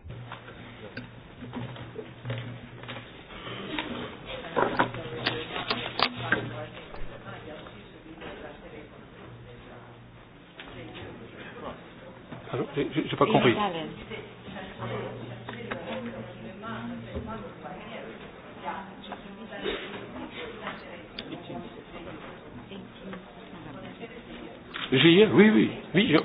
Alors, j'ai pas compris. J'y ai, oui, oui, oui. Je...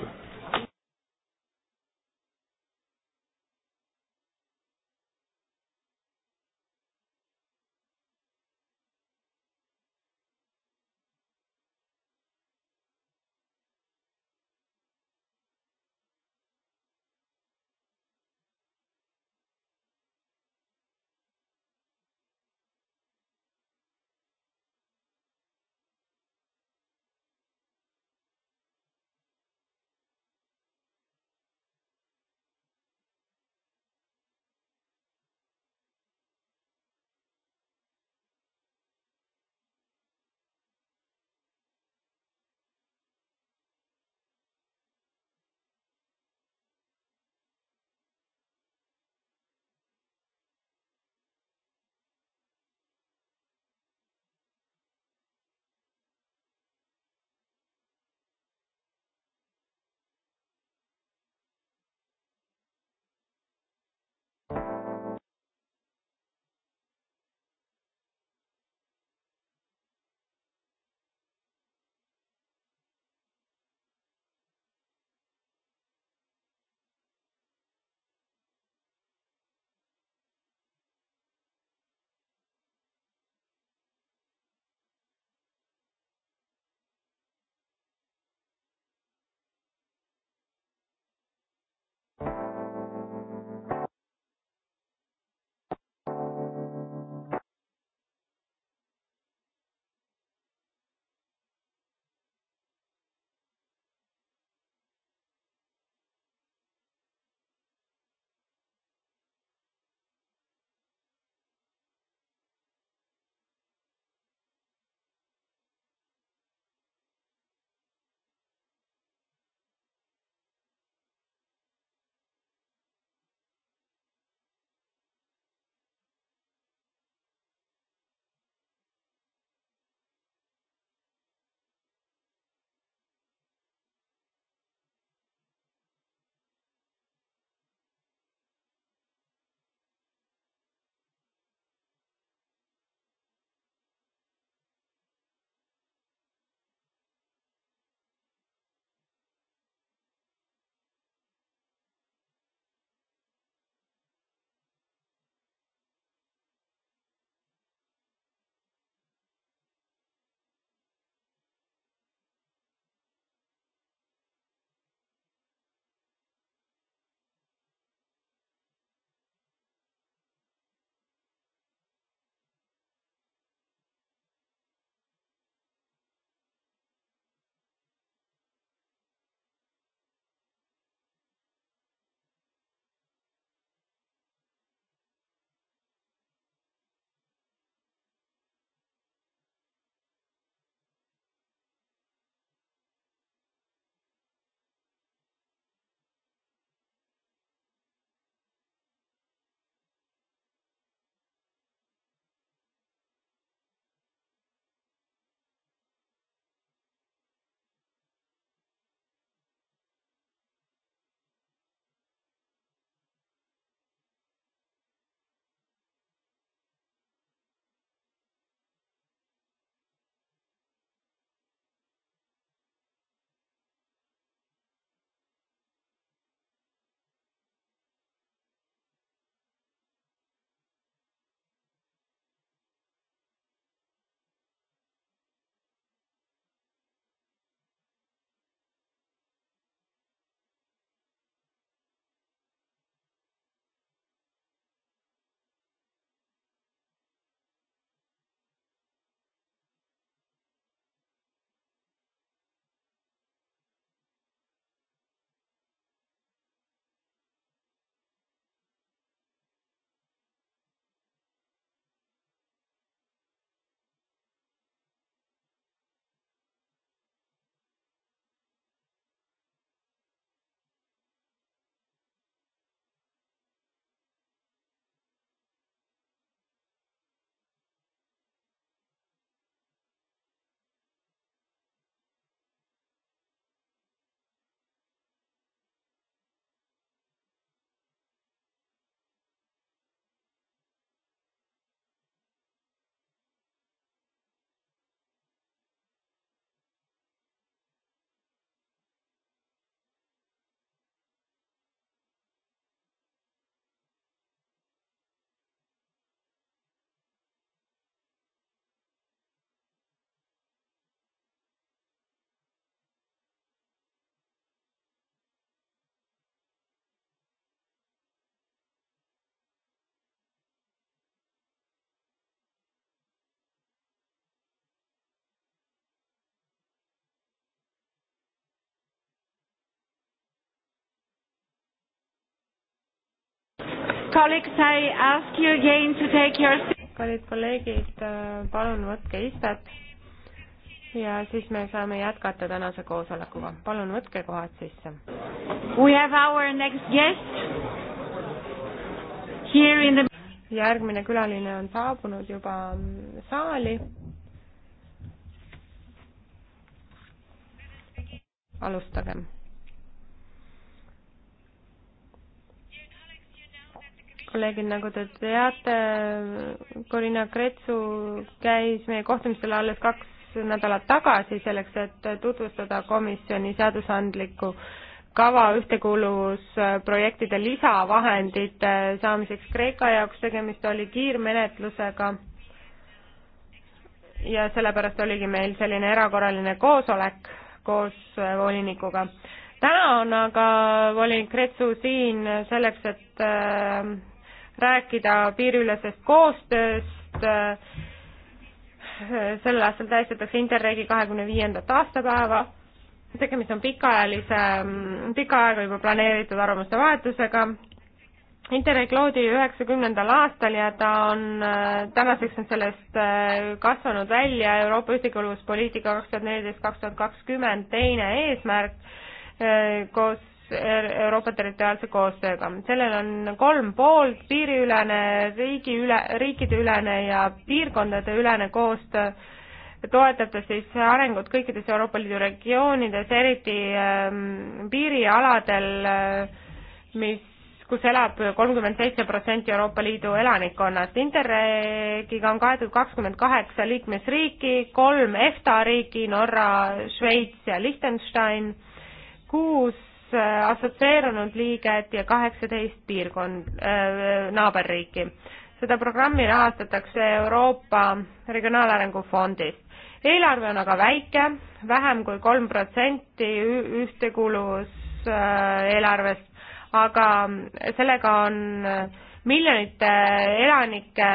colleagues, I ask you again to take your kallid kolleegid, äh, palun võtke istet ja siis me saame jätkata tänase koosolekuga. palun võtke kohad sisse. We have our next guest here in the järgmine külaline on saabunud juba saali. alustagem kolleegid, nagu te teate, Corina Kretsu käis meie kohtumistel alles kaks nädalat tagasi selleks, et tutvustada komisjoni seadusandlikku kava ühtekuuluvusprojektide lisavahendite saamiseks Kreeka jaoks, tegemist oli kiirmenetlusega ja sellepärast oligi meil selline erakorraline koosolek koos volinikuga täna on aga volinik Kretsu siin selleks, et äh, rääkida piiriülesest koostööst, sel aastal tähistatakse Interregi kahekümne viiendat aastapäeva, tegemist on pikaajalise, pikka aega juba planeeritud arvamuste vahetusega, Interreg loodi üheksakümnendal aastal ja ta on, tänaseks on sellest äh, kasvanud välja Euroopa ühtekuuluvuspoliitika kaks tuhat neliteist, kaks tuhat kakskümmend teine eesmärk äh, koos Euroopa territoriaalse koostööga. sellel on kolm poolt, piiriülene, riigi üle, riikideülene ja piirkondadeülene koostöö, toetate siis arengut kõikides Euroopa Liidu regioonides, eriti ähm, piirialadel äh,, mis, kus elab kolmkümmend seitse protsenti Euroopa Liidu elanikkonnast. Interregiga on kaetud kakskümmend kaheksa liikmesriiki, kolm EFTA riiki, Norra, Šveits ja Liechtenstein, kuus Äh, assotsieerunud liiget ja kaheksateist piirkond äh,, naaberriiki. seda programmi rahastatakse Euroopa Regionaalarengu Fondist. eelarve on aga väike, vähem kui kolm protsenti ühtekuuluvuseelarvest, äh, aga sellega on miljonite elanike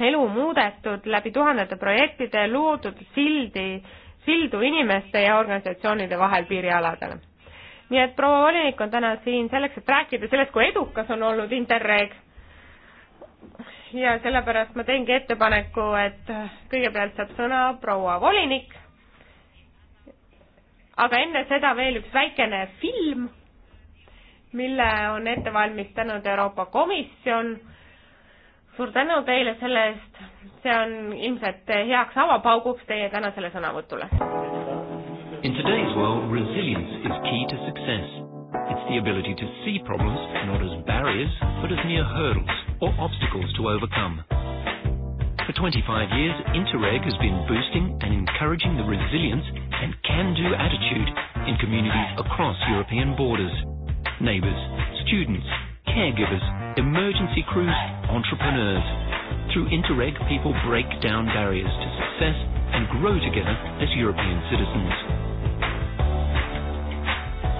elu muudetud läbi tuhandete projektide, loodud sildi sildu inimeste ja organisatsioonide vahel piirialadel nii et proua volinik on täna siin selleks, et rääkida sellest, kui edukas on olnud Interreg. ja sellepärast ma teengi ettepaneku, et kõigepealt saab sõna proua volinik. aga enne seda veel üks väikene film, mille on ette valmistanud Euroopa Komisjon. suur tänu teile selle eest, see on ilmselt heaks avapauguks teie tänasele sõnavõtule In today's world, resilience is key to success. It's the ability to see problems not as barriers, but as mere hurdles or obstacles to overcome. For 25 years, Interreg has been boosting and encouraging the resilience and can-do attitude in communities across European borders. Neighbours, students, caregivers, emergency crews, entrepreneurs. Through Interreg, people break down barriers to success and grow together as European citizens.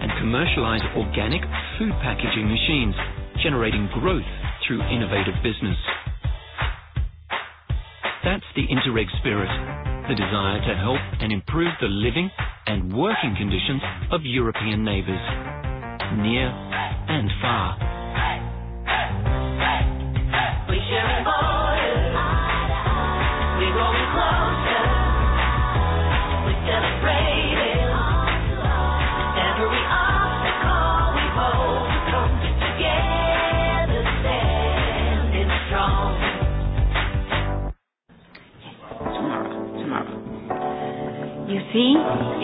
and commercialize organic food packaging machines, generating growth through innovative business. That's the Interreg spirit, the desire to help and improve the living and working conditions of European neighbors, near and far. We share a border. We're going close. see,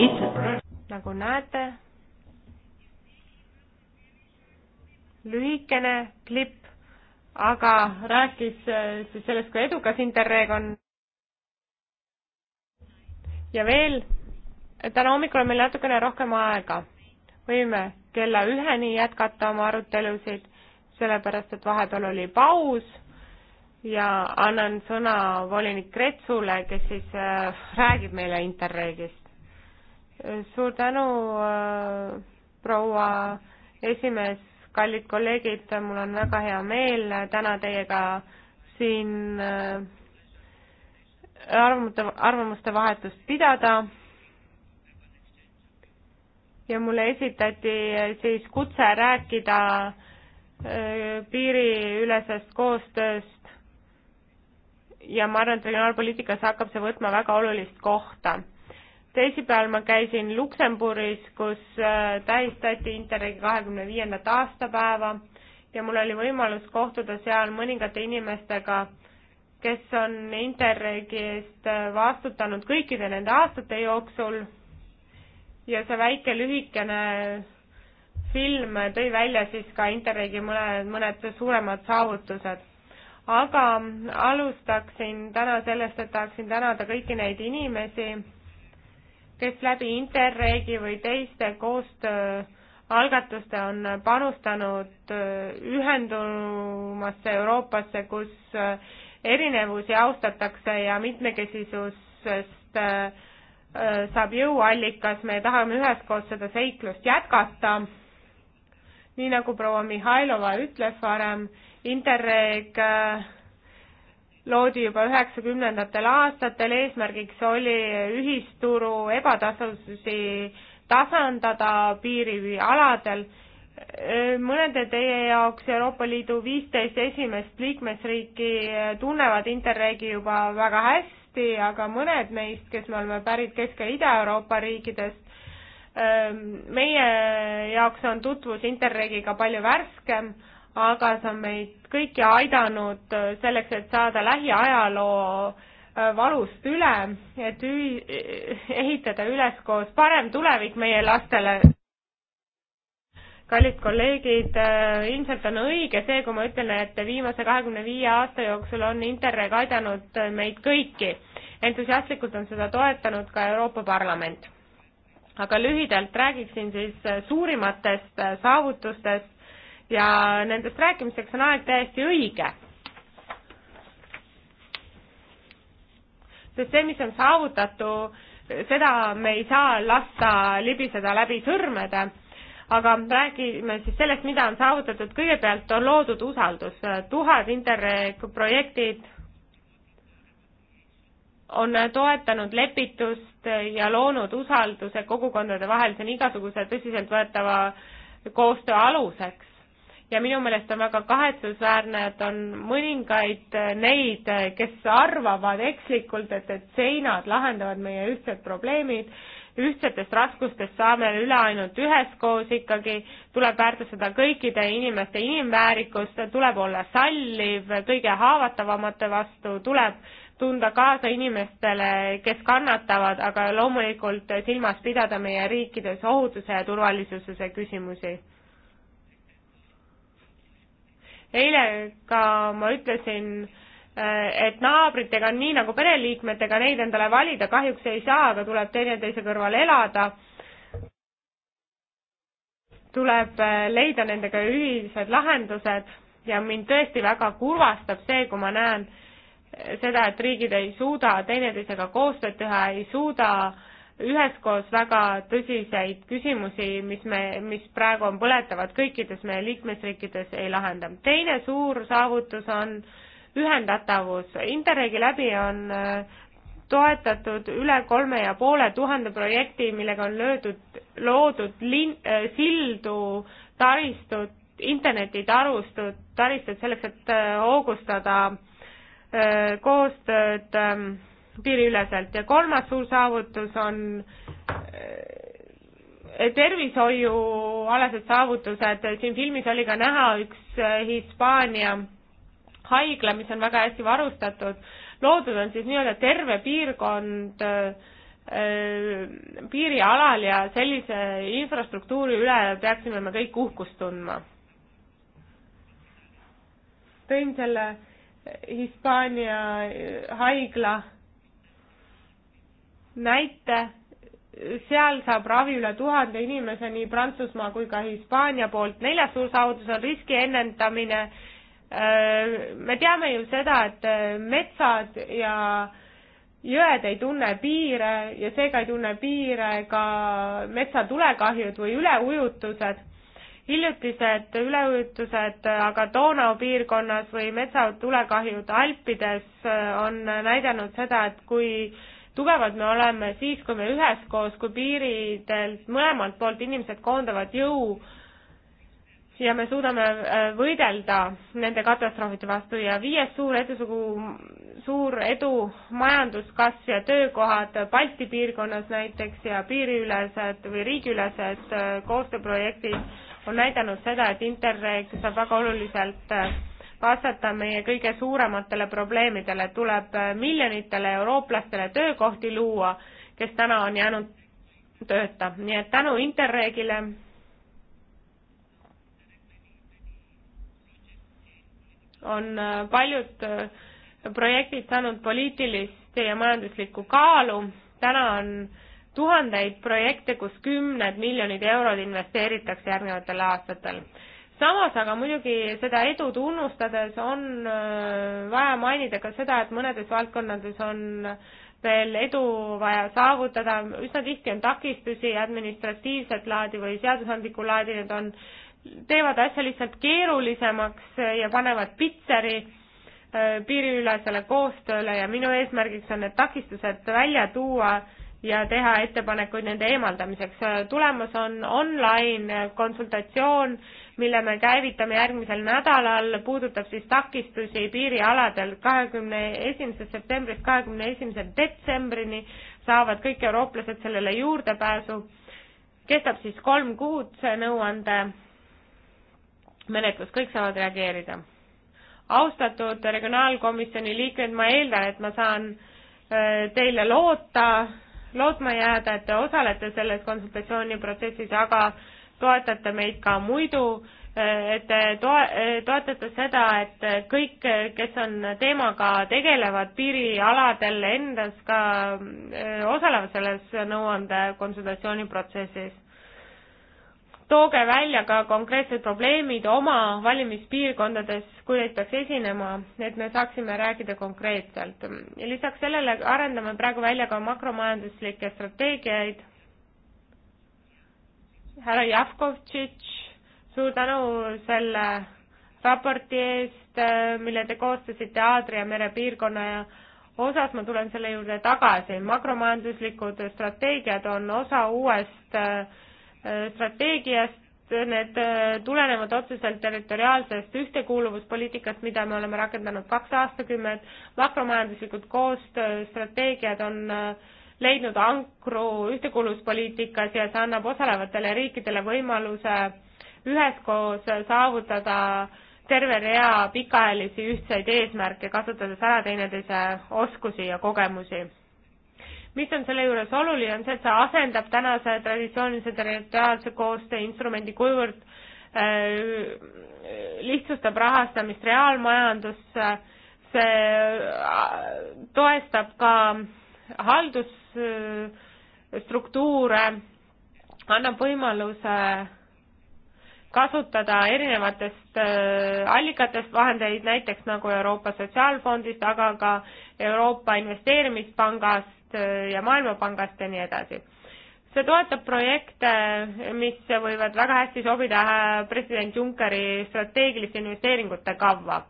it nagu näete, lühikene klipp, aga rääkis äh, siis sellest, kui edukas Interreg on. ja veel, täna hommikul on meil natukene rohkem aega. võime kella üheni jätkata oma arutelusid, sellepärast et vahepeal oli paus ja annan sõna volinik Kretsule, kes siis äh, räägib meile Interregist. suur tänu, äh, proua esimees, kallid kolleegid, mul on väga hea meel täna teiega siin äh, arvamute, arvamuste vahetust pidada ja mulle esitati siis kutse rääkida piiriülesest koostööst ja ma arvan, et regionaalpoliitikas hakkab see võtma väga olulist kohta. teisipäeval ma käisin Luksemburgis, kus äh, tähistati Interregi kahekümne viiendat aastapäeva ja mul oli võimalus kohtuda seal mõningate inimestega, kes on Interregi eest äh, vastutanud kõikide nende aastate jooksul ja see väike lühikene film tõi välja siis ka Interregi mõned, mõned suuremad saavutused aga alustaksin täna sellest, et tahaksin tänada kõiki neid inimesi, kes läbi Interregi või teiste koostööalgatuste on panustanud äh, ühendumasse Euroopasse, kus äh, erinevusi austatakse ja mitmekesisusest äh, saab jõuallikas, me tahame üheskoos seda seiklust jätkata, nii nagu proua Mihhailova ütles varem, Interreg äh, loodi juba üheksakümnendatel aastatel, eesmärgiks oli ühisturu ebatasasusi tasandada piirialadel. Äh, mõnede teie jaoks Euroopa Liidu viisteist esimest liikmesriiki äh, tunnevad Interregi juba väga hästi, aga mõned meist, kes me oleme pärit Kesk- ja Ida-Euroopa riikidest, meie jaoks on tutvus Interregiga palju värskem aga see on meid kõiki aidanud äh, selleks, et saada lähiajaloo äh, valust üle, et ühi-, ehitada üleskoos parem tulevik meie lastele. kallid kolleegid, äh, ilmselt on õige see, kui ma ütlen, et viimase kahekümne viie aasta jooksul on Interreg aidanud meid kõiki. entusiastlikult on seda toetanud ka Euroopa Parlament. aga lühidalt räägiksin siis suurimatest saavutustest, ja nendest rääkimiseks on aeg täiesti õige. sest see, mis on saavutatu, seda me ei saa lasta libiseda läbi sõrmede, aga räägime siis sellest, mida on saavutatud, kõigepealt on loodud usaldus, tuhat Interreg projektid on toetanud lepitust ja loonud usalduse kogukondade vahel, see on igasuguse tõsiseltvõetava koostöö aluseks ja minu meelest on väga kahetsusväärne, et on mõningaid äh, neid, äh, kes arvavad ekslikult, et, et seinad lahendavad meie ühtsed probleemid, ühtsetest raskustest saame üle ainult üheskoos ikkagi, tuleb väärtustada kõikide inimeste inimväärikust, tuleb olla salliv kõige haavatavamate vastu, tuleb tunda kaasa inimestele, kes kannatavad, aga loomulikult silmas pidada meie riikides ohutuse ja turvalisuse küsimusi eile ka ma ütlesin, äh, et naabritega on nii nagu pereliikmetega, neid endale valida kahjuks ei saa, aga tuleb teineteise kõrval elada. tuleb äh, leida nendega ühised lahendused ja mind tõesti väga kurvastab see, kui ma näen äh, seda, et riigid ei suuda teineteisega koostööd teha, ei suuda äh, üheskoos väga tõsiseid küsimusi, mis me, mis praegu on põletavad kõikides meie liikmesriikides, ei lahenda. teine suur saavutus on ühendatavus. Interregi läbi on äh, toetatud üle kolme ja poole tuhande projekti, millega on löödud, loodud lin-, äh, sildu, taristut, internetitarustut, taristut selleks, et äh, hoogustada koostööd äh, piiriüleselt ja kolmas suur saavutus on eh, tervishoiualased saavutused, siin filmis oli ka näha üks eh, Hispaania haigla, mis on väga hästi varustatud, loodud on siis nii-öelda terve piirkond eh, piirialal ja sellise infrastruktuuri üle peaksime me kõik uhkust tundma. tõin selle Hispaania haigla näite, seal saab ravi üle tuhande inimese nii Prantsusmaa kui ka Hispaania poolt. neljas suur saavutus on riski ennendamine. Äh, me teame ju seda, et äh, metsad ja jõed ei tunne piire ja seega ei tunne piire ka metsatulekahjud või üleujutused. hiljutised üleujutused äh, aga Donau piirkonnas või metsatulekahjud Alpides on näidanud seda, et kui äh, tugevad me oleme siis, kui me üheskoos, kui piiridelt mõlemalt poolt inimesed koondavad jõu ja me suudame äh, võidelda nende katastroofide vastu ja viies suur edusugu, suur edu, majanduskasv ja töökohad Balti piirkonnas näiteks ja piiriülesed või riigiülesed äh, koostööprojektid on näidanud seda, et Interreg saab väga oluliselt äh, vastata meie kõige suurematele probleemidele, tuleb äh, miljonitele eurooplastele töökohti luua, kes täna on jäänud tööta, nii et tänu Interregile on äh, paljud äh, projektid saanud poliitilist ja majanduslikku kaalu, täna on tuhandeid projekte, kus kümned miljonid eurod investeeritakse järgnevatel aastatel samas aga muidugi seda edu tunnustades on äh, vaja mainida ka seda, et mõnedes valdkondades on veel edu vaja saavutada, üsna tihti on takistusi administratiivset laadi või seadusandlikku laadi, need on, teevad asja lihtsalt keerulisemaks ja panevad pitseri äh, piiriülesele koostööle ja minu eesmärgiks on need takistused välja tuua ja teha ettepanekuid nende eemaldamiseks. tulemas on online konsultatsioon mille me käivitame järgmisel nädalal, puudutab siis takistusi piirialadel kahekümne esimesest septembrist kahekümne esimese detsembrini saavad kõik eurooplased sellele juurdepääsu. kestab siis kolm kuud see nõuande menetlus, kõik saavad reageerida. austatud regionaalkomisjoni liikmed, ma eeldan, et ma saan äh, teile loota, lootma jääda, et te osalete selles konsultatsiooniprotsessis, aga toetate meid ka muidu, et te toe-, toetate seda, et kõik, kes on teemaga tegelevad piirialadel endas ka osalevad selles nõuande konsultatsiooniprotsessis tooge välja ka konkreetsed probleemid oma valimispiirkondades, kui neid peaks esinema, et me saaksime rääkida konkreetselt. lisaks sellele arendame praegu välja ka makromajanduslikke strateegiaid härra Javkovtšitš, suur tänu selle raporti eest, mille te koostasite Aadria mere piirkonna ja osas ma tulen selle juurde tagasi, makromajanduslikud strateegiad on osa uuest äh, strateegiast, need äh, tulenevad otseselt territoriaalsest ühtekuuluvuspoliitikast, mida me oleme rakendanud kaks aastakümmet, makromajanduslikud koostööstrateegiad on äh, leidnud ankru ühtekuuluvuspoliitikas ja see annab osalevatele riikidele võimaluse üheskoos saavutada terve rea pikaajalisi ühtseid eesmärke, kasutades ära teineteise oskusi ja kogemusi. mis on selle juures oluline, on see, et see asendab tänase traditsioonilise territoriaalse koostöö instrumendi, kuivõrd äh, lihtsustab rahastamist reaalmajandusse, see äh, toestab ka haldus Äh, struktuure, annab võimaluse kasutada erinevatest äh, allikatest vahendeid, näiteks nagu Euroopa Sotsiaalfondist, aga ka Euroopa Investeerimispangast äh, ja Maailmapangast ja nii edasi. see toetab projekte, mis võivad väga hästi sobida president Junckeri strateegiliste investeeringute kavva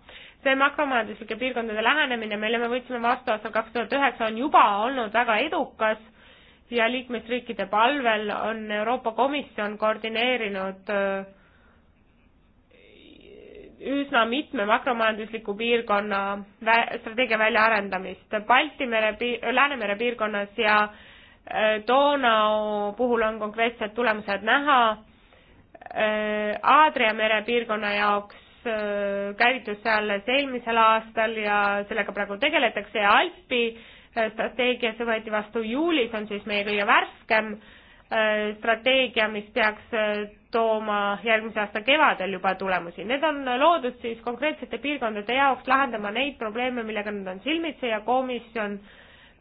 see makromajanduslike piirkondade lähenemine, mille me võtsime vastu aastal kaks tuhat üheksa, on juba olnud väga edukas ja liikmesriikide palvel on Euroopa Komisjon koordineerinud äh, üsna mitme makromajandusliku piirkonna strateegia väljaarendamist. Balti mere, Läänemere piirkonnas ja äh, Donau puhul on konkreetsed tulemused näha äh, Aadria mere piirkonna jaoks Äh, käivitus see alles eelmisel aastal ja sellega praegu tegeletakse ja Alpi äh, strateegia, see võeti vastu juulis, on siis meie kõige värskem äh, strateegia, mis peaks tooma järgmise aasta kevadel juba tulemusi. Need on loodud siis konkreetsete piirkondade jaoks lahendama neid probleeme, millega nad on silmitsi ja komisjon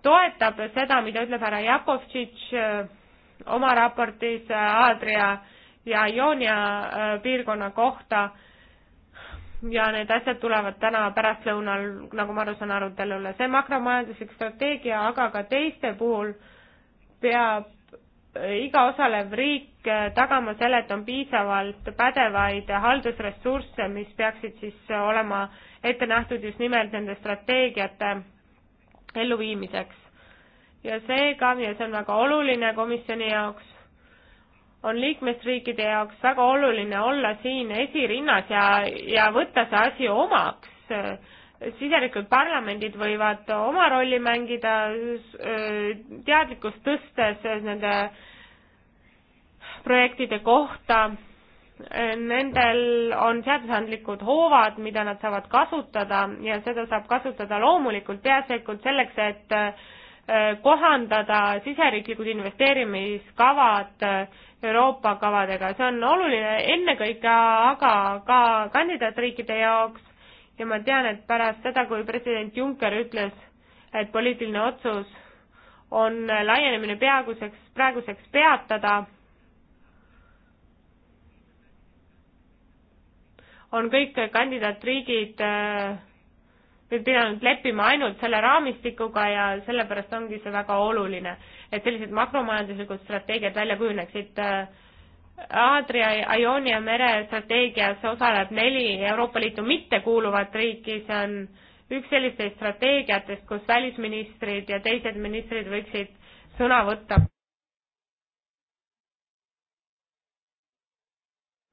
toetab seda, mida ütleb härra Jakovtšitš oma raportis Aadria ja Joonia piirkonna kohta ja need asjad tulevad täna pärastlõunal, nagu ma aru saan, arutelule. see makromajanduslik strateegia, aga ka teiste puhul peab iga osalev riik tagama selle, et on piisavalt pädevaid haldusressursse, mis peaksid siis olema ette nähtud just nimelt nende strateegiate elluviimiseks. ja seega, ja see on väga oluline komisjoni jaoks, on liikmesriikide jaoks väga oluline olla siin esirinnas ja, ja võtta see asi omaks. siseriiklikud parlamendid võivad oma rolli mängida, teadlikkust tõstes nende projektide kohta, nendel on seadusandlikud hoovad, mida nad saavad kasutada ja seda saab kasutada loomulikult peaasjalikult selleks, et eh, kohandada siseriiklikud investeerimiskavad Euroopa kavadega, see on oluline ennekõike aga ka kandidaatriikide jaoks ja ma tean, et pärast seda, kui president Juncker ütles, et poliitiline otsus on laienemine peaguseks, praeguseks peatada, on kõik kandidaatriigid äh, pidanud leppima ainult selle raamistikuga ja sellepärast ongi see väga oluline, et sellised makromajanduslikud strateegiad välja kujuneksid. Aadria ja Ioonia mere strateegias osaleb neli Euroopa Liitu mittekuuluvat riiki, see on üks sellistest strateegiatest, kus välisministrid ja teised ministrid võiksid sõna võtta.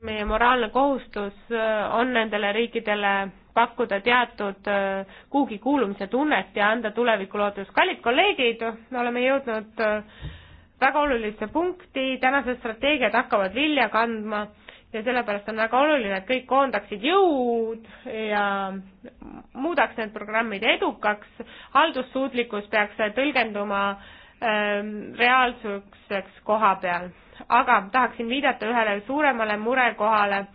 meie moraalne kohustus on nendele riikidele pakkuda teatud äh, kuhugi kuulumise tunnet ja anda tulevikulootus. kallid kolleegid, me oleme jõudnud äh, väga olulisse punkti, tänased strateegiad hakkavad vilja kandma ja sellepärast on väga oluline, et kõik koondaksid jõud ja muudaks need programmid edukaks. haldussuutlikkus peaks tõlgenduma ähm, reaalsuseks koha peal, aga tahaksin viidata ühele suuremale murekohale äh,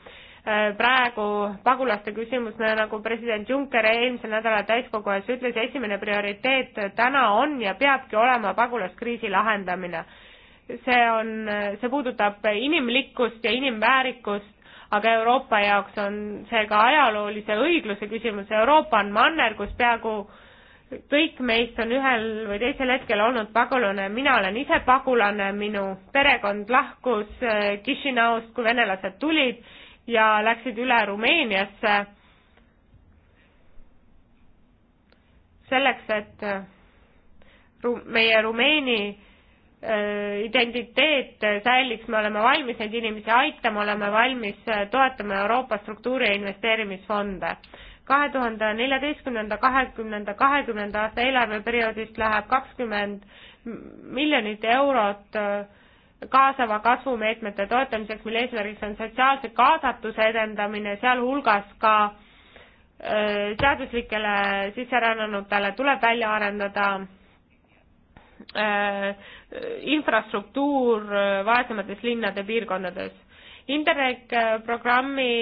Äh, praegu pagulaste küsimus, nagu, nagu president Juncker eelmisel nädalal täiskogu ees ütles, esimene prioriteet täna on ja peabki olema pagulaskriisi lahendamine. see on, see puudutab inimlikkust ja inimväärikust, aga Euroopa jaoks on see ka ajaloolise õigluse küsimus, Euroopa on manner, kus peaaegu kõik meist on ühel või teisel hetkel olnud pagulane, mina olen ise pagulane, minu perekond lahkus Kišinaost, äh, kui venelased tulid ja läksid üle Rumeeniasse selleks, et äh, meie Rumeeni äh, identiteet säiliks, me oleme valmis neid inimesi aitama, oleme valmis äh, toetama Euroopa struktuuri- ja investeerimisfonde. kahe tuhande neljateistkümnenda, kahekümnenda, kahekümnenda aasta eelarveperioodist läheb kakskümmend miljonit eurot äh, kaasava kasvu meetmete toetamiseks, mille eesmärgiks on sotsiaalse kaasatuse edendamine, sealhulgas ka seaduslikele sisserännanutele tuleb välja arendada infrastruktuur vaesemates linnade piirkondades. Interreg programmi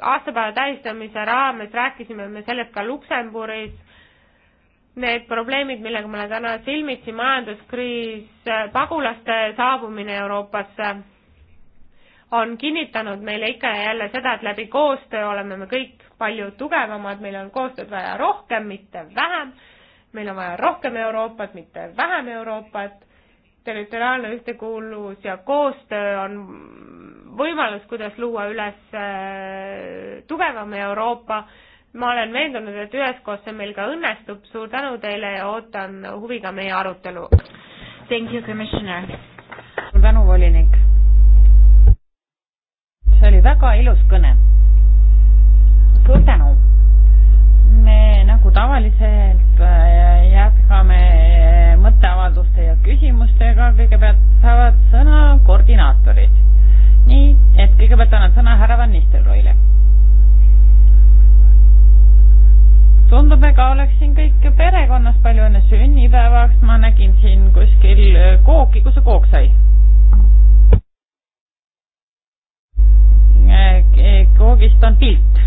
aastapäeva tähistamise raames rääkisime me sellest ka Luksemburis need probleemid, millega me oleme täna silmitsi, majanduskriis, pagulaste saabumine Euroopasse, on kinnitanud meile ikka ja jälle seda, et läbi koostöö oleme me kõik palju tugevamad, meil on koostööd vaja rohkem, mitte vähem, meil on vaja rohkem Euroopat, mitte vähem Euroopat, territoriaalne ühtekuuluvus ja koostöö on võimalus, kuidas luua üles äh, tugevam Euroopa ma olen veendunud, et üheskoos see meil ka õnnestub, suur tänu teile ja ootan huviga meie arutelu. Thank you, commissioner. suur tänu, volinik. see oli väga ilus kõne. suur tänu. me nagu tavaliselt äh, jätkame äh, mõtteavalduste ja küsimustega, kõigepealt saavad sõna koordinaatorid. nii, et kõigepealt annan sõna härra Van Nistelrooile tundub, ega oleks siin kõik perekonnas, palju õnne sünnipäevaks, ma nägin siin kuskil äh, kooki, kus see kook sai? Äh, koogist on pilt.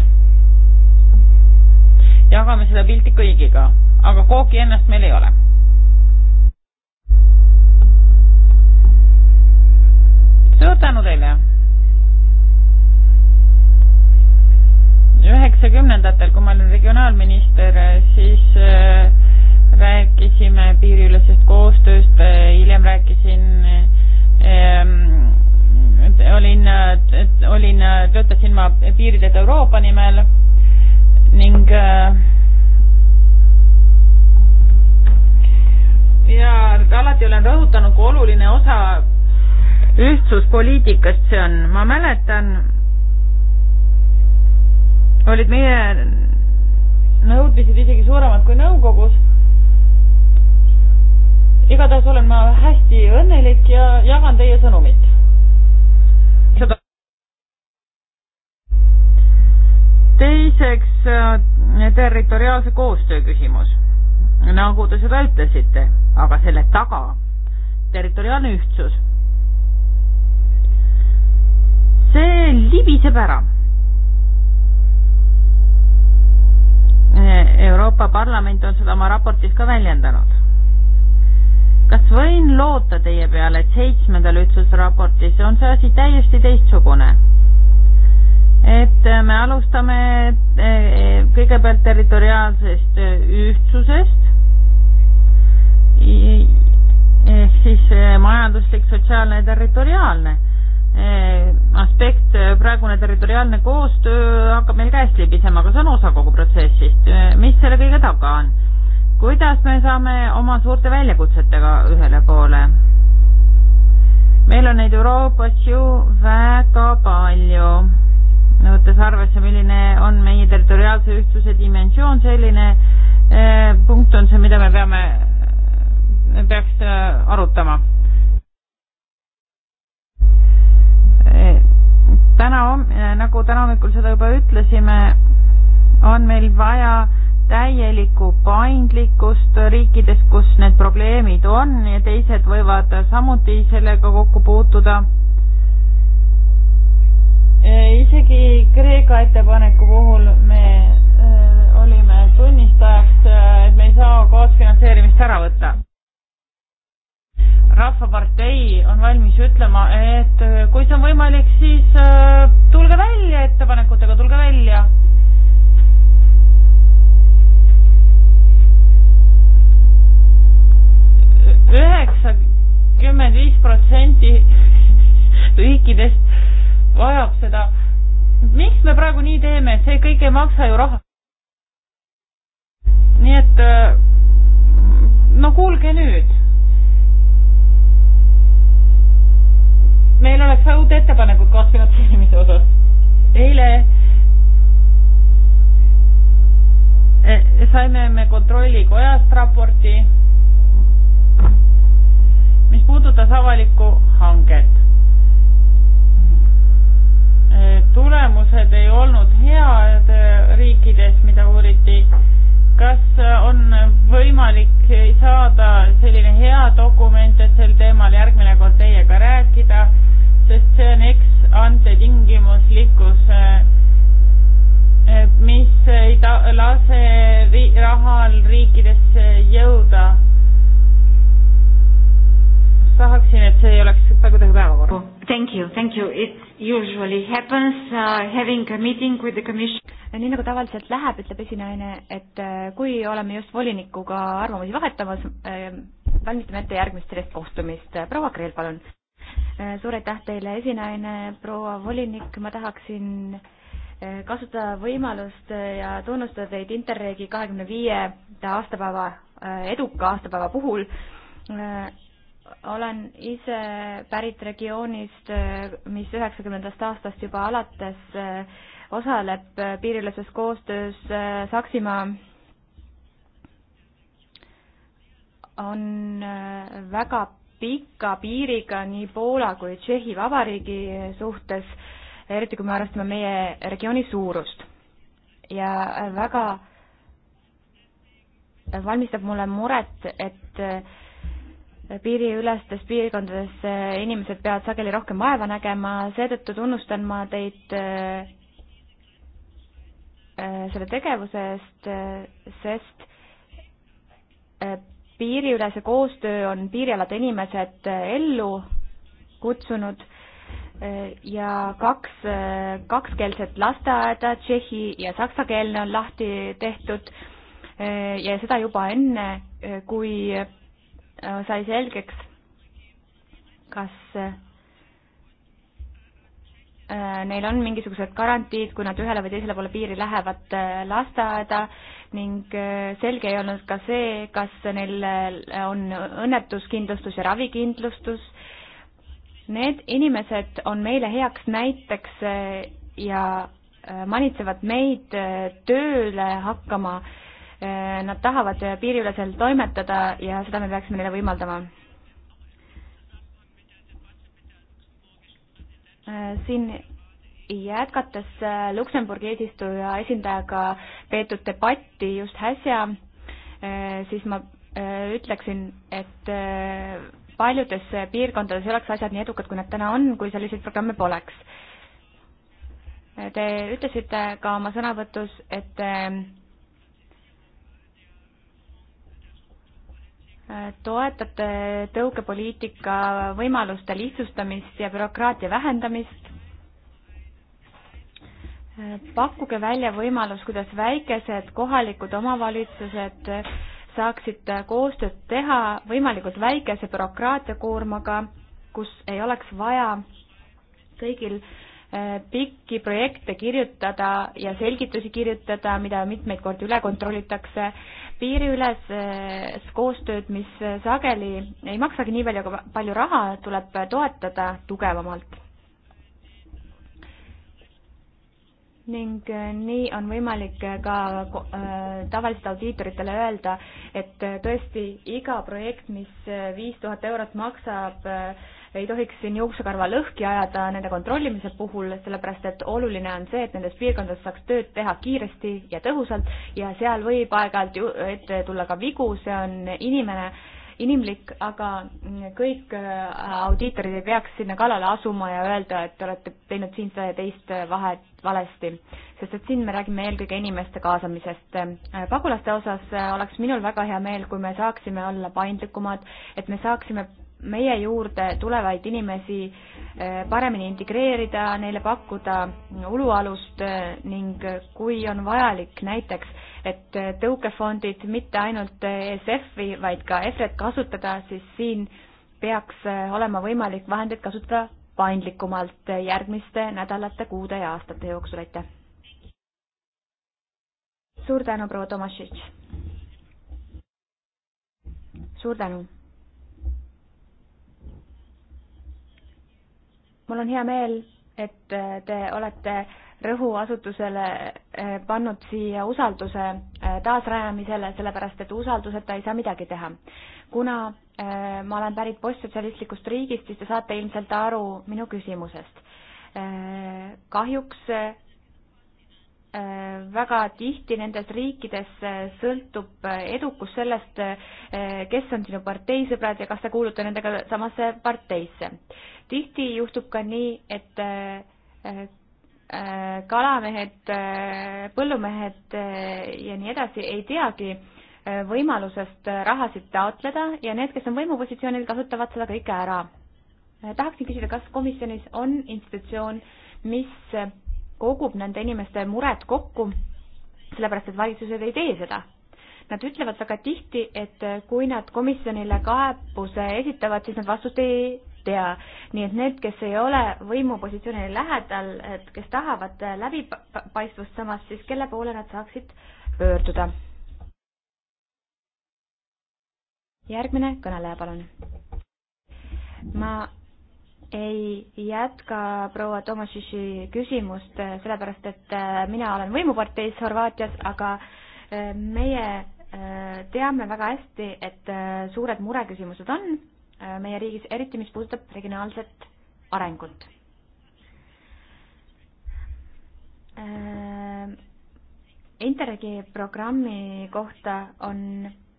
jagame seda pilti kõigiga, aga kooki ennast meil ei ole. suur tänu teile üheksakümnendatel, kui ma olin regionaalminister, siis äh, rääkisime piiriülesest koostööst, äh, hiljem rääkisin ähm, olin, olin, töötasin ma Piirideta Euroopa nimel ning äh, ja alati olen rõhutanud, kui oluline osa ühtsuspoliitikast see on. ma mäletan, olid meie nõudmised isegi suuremad kui nõukogus. igatahes olen ma hästi õnnelik ja jagan teie sõnumit. seda. teiseks äh, territoriaalse koostöö küsimus, nagu te seda ütlesite, aga selle taga territoriaalne ühtsus. see libiseb ära Eh, Euroopa Parlament on seda oma raportis ka väljendanud. kas võin loota teie peale, et seitsmendal ütlusraportis on see asi täiesti teistsugune? et eh, me alustame eh, kõigepealt territoriaalsest ühtsusest ehk siis majanduslik, sotsiaalne ja territoriaalne Eh, aspekt, eh, praegune territoriaalne koostöö hakkab meil käest libisema, aga see on osa kogu protsessist. Eh, mis selle kõige taga on? kuidas me saame oma suurte väljakutsetega ühele poole? meil on neid Euroopas ju väga palju, võttes arvesse, milline on meie territoriaalse ühtsuse dimensioon, selline eh, punkt on see, mida me peame, peaks arutama täna, äh, nagu täna hommikul seda juba ütlesime, on meil vaja täielikku paindlikkust riikides, kus need probleemid on ja teised võivad samuti sellega kokku puutuda. Äh, isegi Kreeka ettepaneku puhul me öö, äh, olime tunnistajaks, et me ei saa kaasfinantseerimist ära võtta rahvapartei on valmis ütlema, et äh, kui see on võimalik, siis äh, tulge välja ettepanekutega, tulge välja. üheksakümmend viis protsenti riikidest vajab seda. miks me praegu nii teeme, see kõik ei maksa ju raha. nii et äh, no kuulge nüüd meil oleks vaja uut ettepanekut kaasfinantseerimise osas. eile e, saime me kontrollikojast raporti, mis puudutas avalikku hanget. E, tulemused ei olnud head riikides, mida uuriti kas äh, on võimalik äh, saada selline hea dokument, et sel teemal järgmine kord teiega rääkida, sest see on eks ante tingimuslikkus, äh, mis ei ta-, lase ri-, rahal riikidesse jõuda. tahaksin, et see ei oleks kuidagi päevakorras. Thank you, thank you, it's usually happens uh, having a meeting with the commission. nii nagu tavaliselt läheb, ütleb esinaine, et äh, kui oleme just volinikuga arvamusi vahetamas, äh, valmistame ette järgmist sellist kohtumist. proua Kreel, palun. Äh, suur aitäh teile, esinaine, proua volinik, ma tahaksin kasutada võimalust ja tunnustada teid Interregi kahekümne viienda aastapäeva, eduka aastapäeva puhul olen ise pärit regioonist, mis üheksakümnendast aastast juba alates eh, osaleb eh, piiriüleses koostöös eh, Saksimaa on väga pika piiriga nii Poola kui Tšehhi Vabariigi suhtes, eriti kui me arvestame meie regiooni suurust. ja väga valmistab mulle muret, et piiriülestes piirkondades eh, inimesed peavad sageli rohkem vaeva nägema, seetõttu tunnustan ma teid eh, eh, selle tegevuse eest, sest piiriülese koostöö on piirialade inimesed ellu kutsunud ja kaks kakskeelset lasteaeda, tšehhi ja saksakeelne on lahti tehtud ja seda juba enne, kui Äh, sai selgeks, kas äh, neil on mingisugused garantiid, kui nad ühele või teisele poole piiri lähevad äh, lasteaeda ning selge ei olnud ka see, kas neil on õnnetuskindlustus ja ravikindlustus. Need inimesed on meile heaks näiteks ja manitsevad meid tööle hakkama äh, Eh, nad tahavad eh, piiriüleselt toimetada ja seda me peaksime neile võimaldama. Eh, siin jätkates Luksemburgi eesistuja esindajaga peetud debatti just äsja, siis ma ütleksin, et paljudes piirkondades ei oleks asjad nii edukad, kui nad täna on, kui selliseid programme poleks. Te ütlesite ka oma sõnavõtus, et toetate tõukepoliitika võimaluste lihtsustamist ja bürokraatia vähendamist. pakkuge välja võimalus, kuidas väikesed kohalikud omavalitsused saaksid koostööd teha võimalikult väikese bürokraatiakoormaga, kus ei oleks vaja kõigil äh, Äh, pikki projekte kirjutada ja selgitusi kirjutada, mida mitmeid kordi üle kontrollitakse, piiriüles äh, koostööd, mis äh, sageli ei maksagi nii palju, palju raha, tuleb toetada tugevamalt. ning nii on võimalik ka tavaliselt audiitoritele öelda, et tõesti iga projekt, mis viis tuhat eurot maksab, ei tohiks siin juuksekarva lõhki ajada nende kontrollimise puhul, sellepärast et oluline on see, et nendes piirkondades saaks tööd teha kiiresti ja tõhusalt ja seal võib aeg-ajalt ette tulla ka vigu, see on inimene, inimlik, aga kõik äh, audiitorid ei peaks sinna kallale asuma ja öelda, et te olete teinud siin seda ja teist vahet valesti, sest et siin me räägime eelkõige inimeste kaasamisest. Äh, pagulaste osas äh, oleks minul väga hea meel, kui me saaksime olla paindlikumad, et me saaksime meie juurde tulevaid inimesi eh, paremini integreerida, neile pakkuda ulualust eh, ning kui on vajalik näiteks, et eh, tõukefondid mitte ainult ESF-i, vaid ka EFRE-t kasutada, siis siin peaks olema võimalik vahendeid kasutada paindlikumalt järgmiste nädalate, kuude ja aastate jooksul, aitäh! suur tänu, proua Tomašitš! suur tänu! mul on hea meel, et äh, te olete rõhuasutusele äh, pannud siia usalduse äh, taasrajamisele, sellepärast et usalduseta ei saa midagi teha. kuna ma olen pärit postsotsialistlikust riigist, siis te saate ilmselt aru minu küsimusest. kahjuks Äh, väga tihti nendes riikides äh, sõltub äh, edukus sellest, kes on sinu partei sõbrad ja kas sa kuulud nendega samasse parteisse. tihti juhtub ka nii, et kalamehed, põllumehed ja nii edasi ei teagi võimalusest rahasid taotleda ja need, kes on võimupositsioonil, kasutavad seda kõike ära. tahaksin küsida, kas komisjonis on institutsioon, mis kogub nende inimeste mured kokku, sellepärast et valitsused ei tee seda. Nad ütlevad väga tihti, et kui nad komisjonile kaebuse esitavad, siis nad vastust ei tea. nii et need, kes ei ole võimupositsioonile lähedal, et kes tahavad läbipaistvust samas, siis kelle poole nad saaksid pöörduda? järgmine kõneleja, palun. ma ei jätka proua Tomašiši küsimust, eh, sellepärast et eh, mina olen võimuparteis Horvaatias, aga eh, meie teame väga hästi, et suured mureküsimused on meie riigis, eriti mis puudutab regionaalset arengut. Interregi programmi kohta on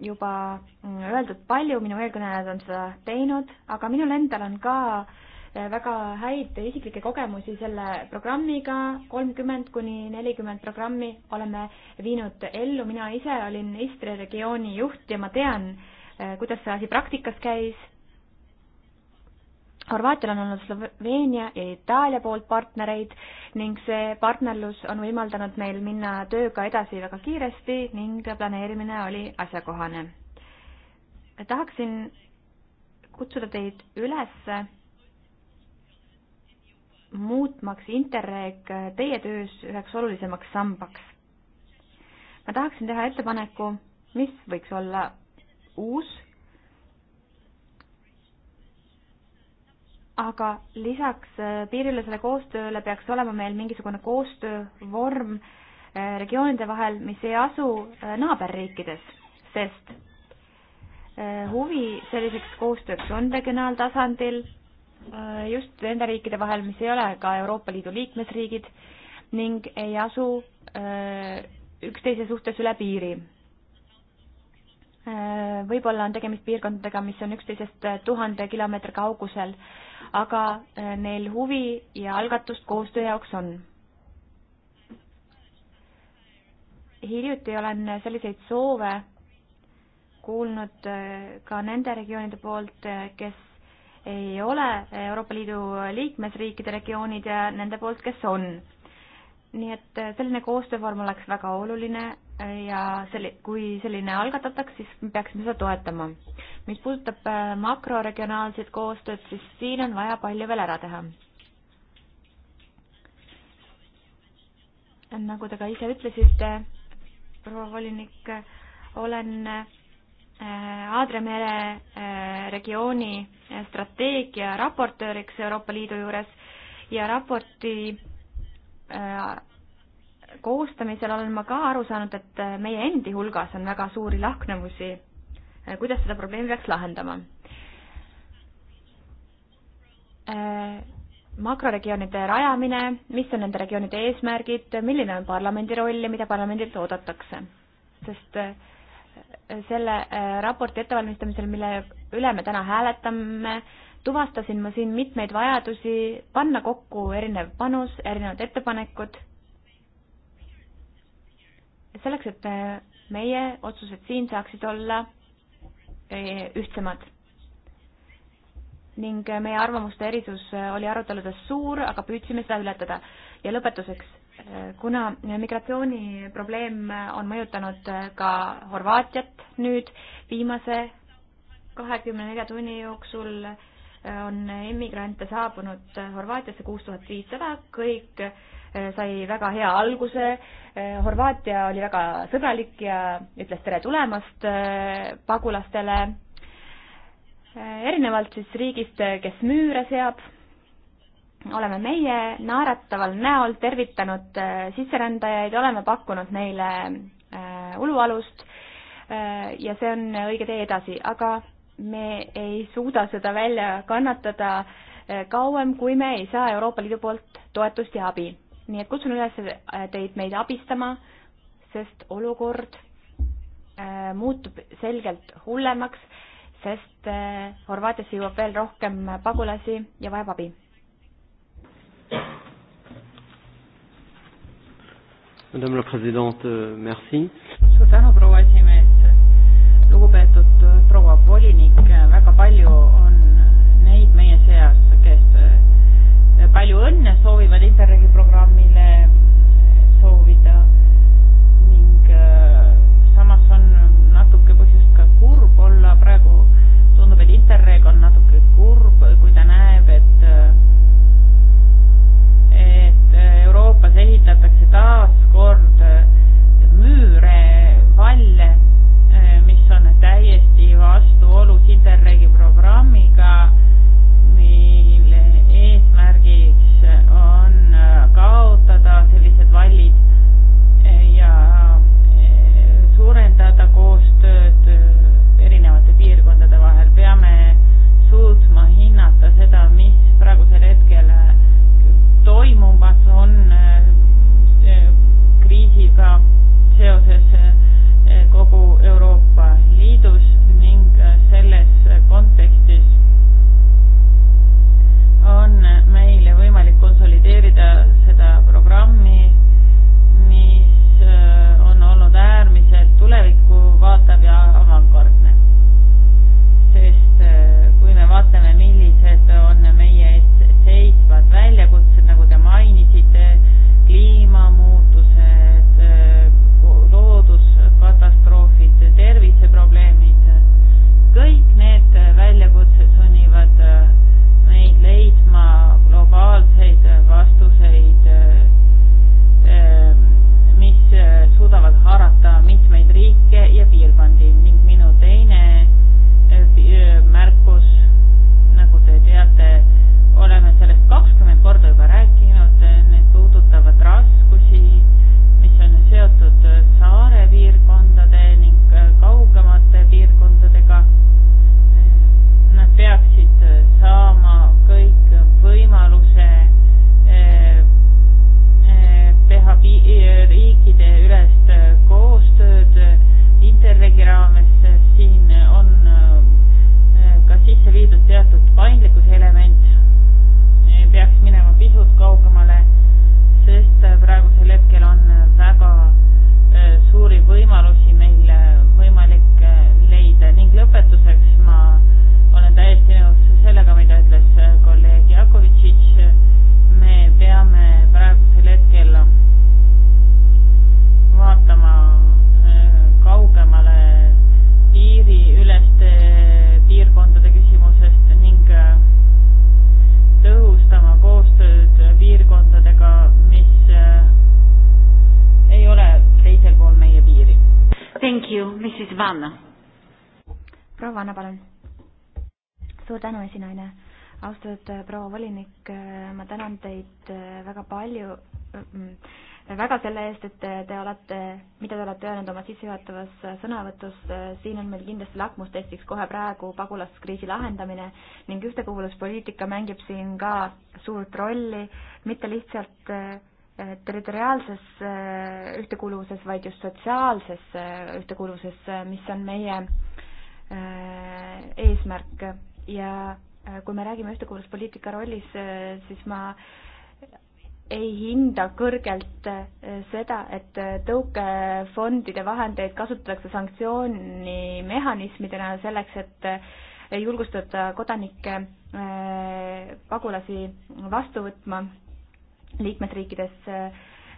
juba mm, öeldud palju, minu eelkõnelejad on seda teinud, aga minul endal on ka äh, väga häid isiklikke kogemusi selle programmiga, kolmkümmend kuni nelikümmend programmi oleme viinud ellu, mina ise olin Istri regiooni juht ja ma tean, eh, kuidas see asi praktikas käis. Horvaatial on olnud Sloveenia ja Itaalia poolt partnereid ning see partnerlus on võimaldanud meil minna tööga edasi väga kiiresti ning planeerimine oli asjakohane. tahaksin kutsuda teid üles muutmaks Interreg teie töös üheks olulisemaks sambaks. ma tahaksin teha ettepaneku, mis võiks olla uus, aga lisaks äh, piiriülesele koostööle peaks olema meil mingisugune koostöövorm äh, regioonide vahel, mis ei asu äh, naaberriikides, sest huvi selliseks koostööks on regionaaltasandil Äh, just nende riikide vahel, mis ei ole ka Euroopa Liidu liikmesriigid ning ei asu äh, üksteise suhtes üle piiri. Äh, võib-olla on tegemist piirkondadega, mis on üksteisest tuhande kilomeetri kaugusel, aga neil huvi ja algatust koostöö jaoks on. hiljuti olen selliseid soove kuulnud ka nende regioonide poolt, kes ei ole Euroopa Liidu liikmesriikide regioonid ja nende poolt, kes on. nii et eh, selline koostöövorm oleks väga oluline eh, ja selle, kui selline algatatakse, siis me peaksime seda toetama. mis puudutab eh, makroregionaalset koostööd, siis siin on vaja palju veel ära teha. nagu te ka ise ütlesite, proua volinik, olen Äh, Aadria mere äh, regiooni äh, strateegia raportööriks Euroopa Liidu juures ja raporti koostamisel olen ma ka aru saanud, et meie endi hulgas on väga suuri lahknevusi, kuidas seda probleemi peaks lahendama. makroregioonide rajamine, mis on nende regioonide eesmärgid, milline on parlamendi roll ja mida parlamendilt oodatakse? sest selle äh, raporti ettevalmistamisel, mille üle me täna hääletame, tuvastasin ma siin mitmeid vajadusi panna kokku erinev panus, erinevad ettepanekud. selleks, et äh, meie otsused siin saaksid olla äh, ühtsemad. ning meie arvamuste erisus oli aruteludes suur, aga püüdsime seda ületada. ja lõpetuseks kuna migratsiooniprobleem on mõjutanud ka Horvaatiat nüüd viimase kahekümne nelja tunni jooksul on immigrante saabunud Horvaatiasse kuus tuhat viissada, kõik eh, sai väga hea alguse. Eh, Horvaatia oli väga sõbralik ja ütles tere tulemast eh, pagulastele. erinevalt siis riigist, kes müüre seab oleme meie naerataval näol tervitanud äh, sisserändajaid, oleme pakkunud neile äh, ulualust äh, ja see on õige tee edasi, aga me ei suuda seda välja kannatada kauem, kui me ei saa Euroopa Liidu poolt toetust ja abi. nii et kutsun üles teid meid abistama, sest olukord muutub selgelt hullemaks, sest Horvaatiasse jõuab veel rohkem pagulasi ja vajab abi Madame la Présidente, euh, merci. suur tänu, proua esimees. lugupeetud äh, proua volinik, äh, väga palju on neid meie seas, kes äh, palju õnne soovivad Interregi programmile soovida ning samas on natuke põhjust ka kurb olla, praegu tundub, et Interreg on natuke kurb, kui ta näeb, et Äh, Euroopas ehitatakse taas kord äh, müüre, valle, äh, mis on täiesti vastuolus Interregi programmiga seoses eh, eh, kogu Euroopa Liidus ning eh, selles kontekstis on meile võimalik konsolideerida seda programmi, mis on olnud äärmiselt tulevikku vaatav ja Vanna. proua Vanna, palun. suur tänu, esinaine. austatud äh, proua volinik, äh, ma tänan teid äh, väga palju mm, väga selle eest, et te olete, mida te olete öelnud oma sissejuhatavas sõnavõtus, siin on meil kindlasti lakmustestiks kohe praegu pagulaskriisi lahendamine ning ühtekuuluvuspoliitika mängib siin ka suurt rolli, mitte lihtsalt Eh, territoriaalses eh, ühtekuuluvuses, vaid just sotsiaalses eh, ühtekuuluvuses, mis on meie eesmärk ja kui me räägime ühtekuuluvuspoliitika rollis, siis ma ei hinda kõrgelt seda, et tõukefondide vahendeid kasutatakse sanktsioonimehhanismidena selleks, et julgustada kodanikke pagulasi vastu võtma liikmesriikides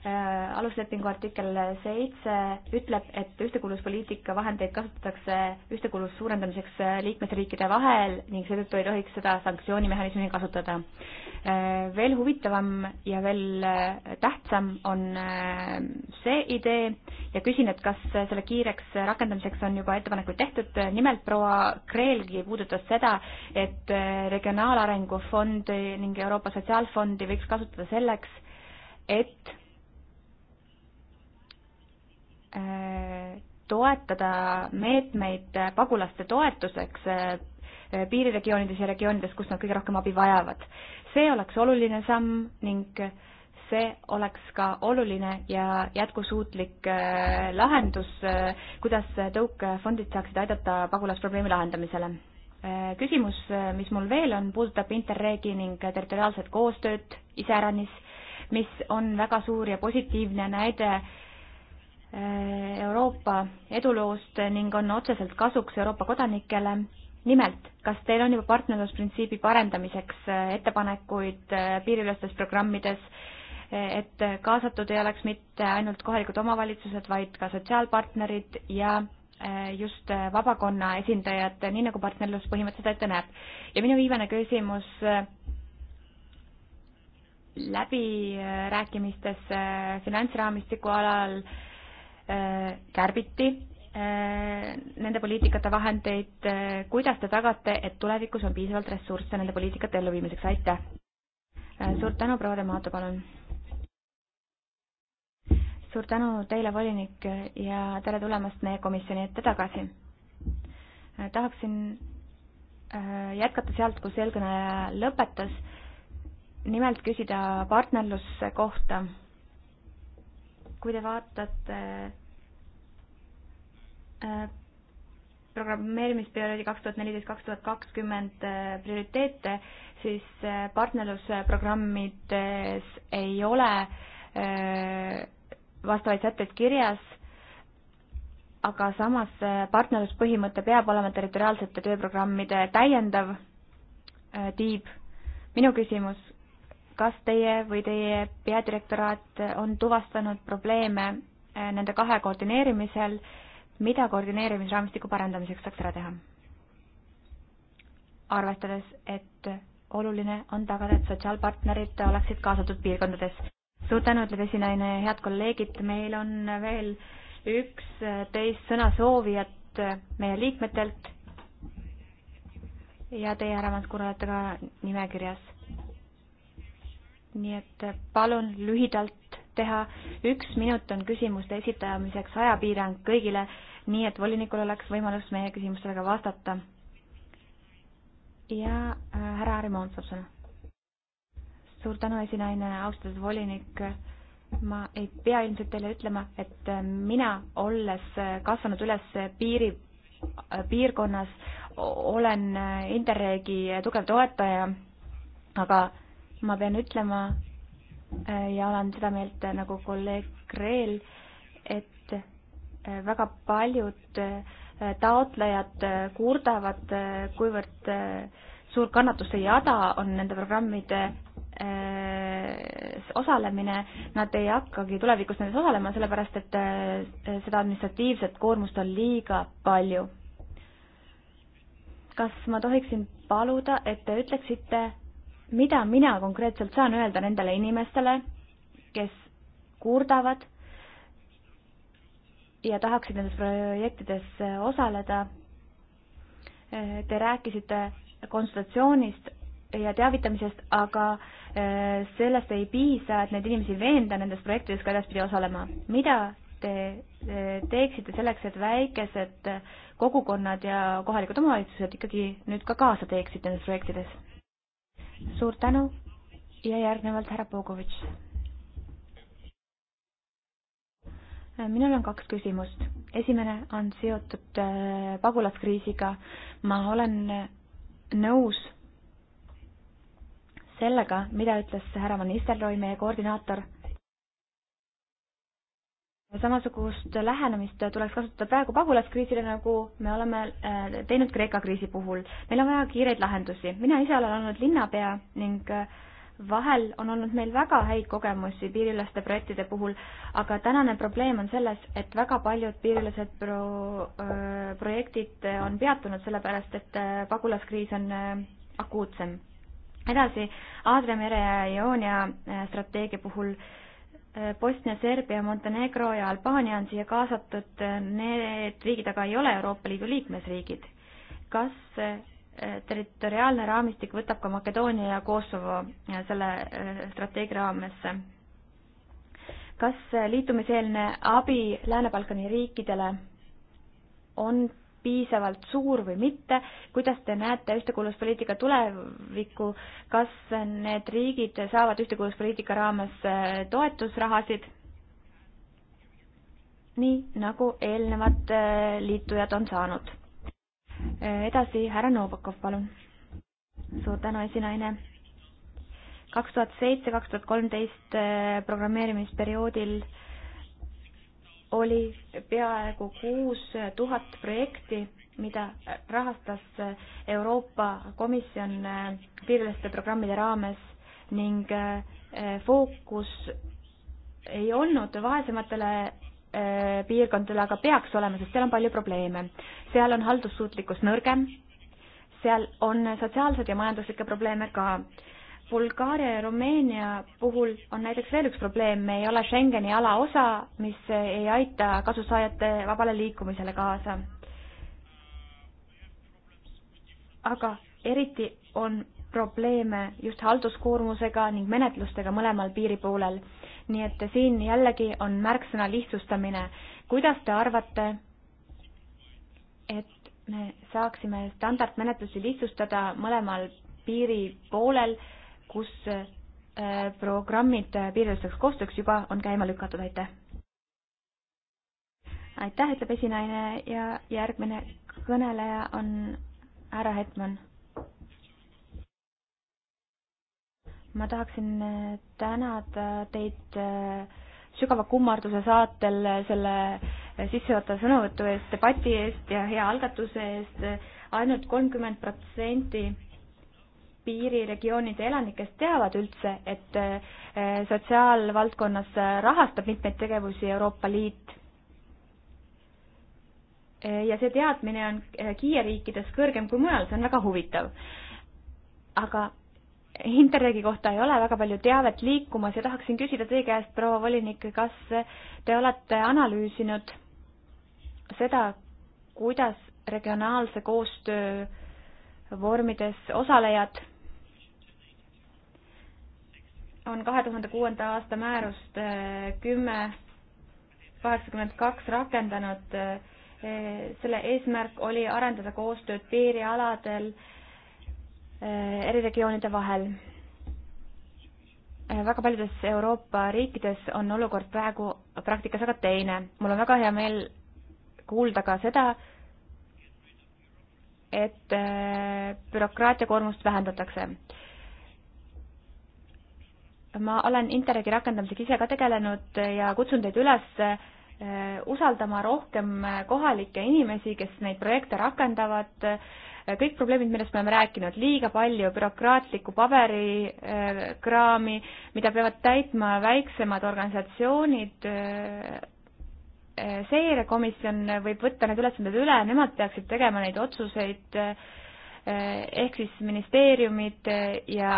Äh, aluslepingu artikkel seitse ütleb, et ühtekuuluvuspoliitika vahendeid kasutatakse ühtekuuluvuse suurendamiseks äh, liikmesriikide vahel ning seetõttu ei tohiks seda sanktsioonimehhanismi kasutada. Äh, veel huvitavam ja veel tähtsam on see idee ja küsin, et kas selle kiireks rakendamiseks on juba ettepanekuid tehtud, nimelt proua Kreelgi puudutas seda, et Regionaalarengu Fondi ning Euroopa Sotsiaalfondi võiks kasutada selleks, et toetada meetmeid pagulaste toetuseks eh, piiriregioonides ja regioonides, kus nad kõige rohkem abi vajavad. see oleks oluline samm ning see oleks ka oluline ja jätkusuutlik eh, lahendus, eh, kuidas tõukefondid saaksid aidata pagulasprobleemi lahendamisele. küsimus, mis mul veel on, puudutab Interregi ning territoriaalset koostööd iseäranis, mis on väga suur ja positiivne näide Eh, Euroopa eduloost ning on otseselt kasuks Euroopa kodanikele. nimelt, kas teil on juba partnerlusprintsiibi parendamiseks eh, ettepanekuid eh, piiriülestes programmides, et kaasatud ei oleks mitte ainult kohalikud omavalitsused, vaid ka sotsiaalpartnerid ja just vabakonna esindajad, nii nagu partnerlus põhimõtteliselt ette näeb. ja minu viimane küsimus läbirääkimistes finantsraamistiku alal äh, Äh, kärbiti äh, nende poliitikate vahendeid, äh, kuidas te tagate, et tulevikus on piisavalt ressursse nende poliitikate elluviimiseks, aitäh! suur tänu, proua Demato, palun! suur tänu teile, volinik, ja tere tulemast meie komisjoni ette tagasi! tahaksin jätkata sealt, kus eelkõneleja lõpetas, nimelt küsida partnerluse kohta kui te vaatate äh, programmeerimisperioodi kaks tuhat neliteist, kaks tuhat kakskümmend äh, prioriteete, siis äh, partnerlusprogrammides ei ole vastavaid sätteid kirjas, aga samas partnerluspõhimõte peab olema territoriaalsete tööprogrammide täiendav tiib. minu küsimus kas teie või teie peadirektoraat on tuvastanud probleeme eh, nende kahe koordineerimisel, mida koordineerimisraamistiku parandamiseks saaks ära teha? arvestades, et oluline on tagada, et sotsiaalpartnerid oleksid kaasatud piirkondades. suur tänu, ütleb esinaine, head kolleegid, meil on veel üksteist eh, sõnasoovijat eh, meie liikmetelt ja teie, härra Manskur, olete ka nimekirjas nii et eh, palun lühidalt teha, üks minut on küsimuste esitamiseks ajapiirang kõigile, nii et volinikul oleks võimalus meie küsimustele ka vastata. ja eh, härra Arimond saab sõna. suur tänu, esinaine, austatud volinik ma ei pea ilmselt teile ütlema, et eh, mina, olles kasvanud üles piiri, piirkonnas, olen Interregi tugev toetaja, aga ma pean ütlema äh, ja olen seda meelt äh, nagu kolleeg Kreel, et äh, väga paljud taotlejad kurdavad, kuivõrd suur kannatuste jada on nende programmide osalemine, nad ei hakkagi tulevikus nendes osalema, sellepärast et seda administratiivset koormust on liiga palju. kas ma tohiksin paluda, et te ütleksite, mida mina konkreetselt saan öelda nendele inimestele, kes kurdavad ja tahaksid nendes projektides eh, osaleda. Eh, te rääkisite konsultatsioonist ja teavitamisest, aga eh, sellest ei piisa, et neid inimesi veenda nendes projektides ka edaspidi osalema. mida te teeksite selleks, et väikesed kogukonnad ja kohalikud omavalitsused ikkagi nüüd ka kaasa teeksid nendes projektides? suur tänu ja järgnevalt härra Pogovitš. minul on kaks küsimust. esimene on seotud äh, pagulaskriisiga. ma olen nõus sellega, mida ütles härra Van Nistelrooy, meie koordinaator samasugust lähenemist tuleks kasutada praegu pagulaskriisile, nagu me oleme äh, teinud Kreeka kriisi puhul. meil on vaja kiireid lahendusi. mina ise olen olnud linnapea ning äh, vahel on olnud meil väga häid kogemusi piiriüleste projektide puhul, aga tänane probleem on selles, et väga paljud piiriülesed pro-, äh, projektid on peatunud, sellepärast et pagulaskriis on akuutsem. edasi, Aadria mere ja Ioonia strateegia puhul äh, Äh, Bosnia, Serbia, Montenegro ja Albaania on siia kaasatud, äh, need riigid aga ei ole Euroopa Liidu liikmesriigid. kas äh, territoriaalne raamistik võtab ka Makedoonia ja Kosovo selle strateegia raamesse? kas liitumiseelne abi Lääne-Balkani riikidele on piisavalt suur või mitte, kuidas te näete ühtekuuluvuspoliitika tulevikku, kas need riigid saavad ühtekuuluvuspoliitika raames äh, toetusrahasid, nii nagu eelnevad äh, liitujad on saanud? Äh, edasi, härra Novakov, palun. suur tänu, esinaine kaks tuhat seitse, kaks tuhat kolmteist programmeerimisperioodil äh, oli peaaegu kuus tuhat projekti, mida rahastas Euroopa Komisjon piiriüleste programmide raames ning eh, fookus ei olnud vaesematele eh, piirkondadele, aga peaks olema, sest seal on palju probleeme. seal on haldussuutlikkus nõrgem, seal on sotsiaalseid ja majanduslikke probleeme ka Bulgaaria ja Rumeenia puhul on näiteks veel üks probleem, me ei ole Schengeni ala osa, mis ei aita kasusaajate vabale liikumisele kaasa. aga eriti on probleeme just halduskoormusega ning menetlustega mõlemal piiripoolel. nii et siin jällegi on märksõna lihtsustamine. kuidas te arvate, et me saaksime standardmenetlusi lihtsustada mõlemal piiripoolel, kus äh, programmid äh, piiriliseks koostööks juba on käima lükatud, aitäh! aitäh, ütleb esinaine ja järgmine kõneleja on härra Hetman. ma tahaksin äh, tänada teid sügava kummarduse saatel selle sissejuhatava sõnavõtu eest, debati eest ja hea algatuse eest ainult. ainult kolmkümmend protsenti piiriregioonide elanikest teavad üldse, et äh, sotsiaalvaldkonnas äh, rahastab mitmeid tegevusi Euroopa Liit. Äh, ja see teadmine on Kiie riikides kõrgem kui mujal, see on väga huvitav. aga Interregi kohta ei ole väga palju teavet liikumas ja tahaksin küsida teie käest, proua volinik, kas te olete analüüsinud seda, kuidas regionaalse koostöö vormides osalejad on kahe tuhande kuuenda aasta määrust eh, kümme kaheksakümmend kaks rakendanud. Eh, selle eesmärk oli arendada koostööd piirialadel eh, eri regioonide vahel. väga paljudes Euroopa riikides on olukord praegu praktikas aga teine. mul on väga hea meel kuulda ka seda, et bürokraatia koormust vähendatakse ma olen Interregi rakendamisega ise ka tegelenud ja kutsun teid üles eh, usaldama rohkem kohalikke inimesi, kes neid projekte rakendavad. Eh, kõik probleemid, millest me oleme rääkinud, liiga palju bürokraatlikku paberikraami, eh, mida peavad täitma väiksemad organisatsioonid. seirekomisjon võib võtta need ülesanded üle, nemad peaksid tegema neid otsuseid ehk siis ministeeriumid ja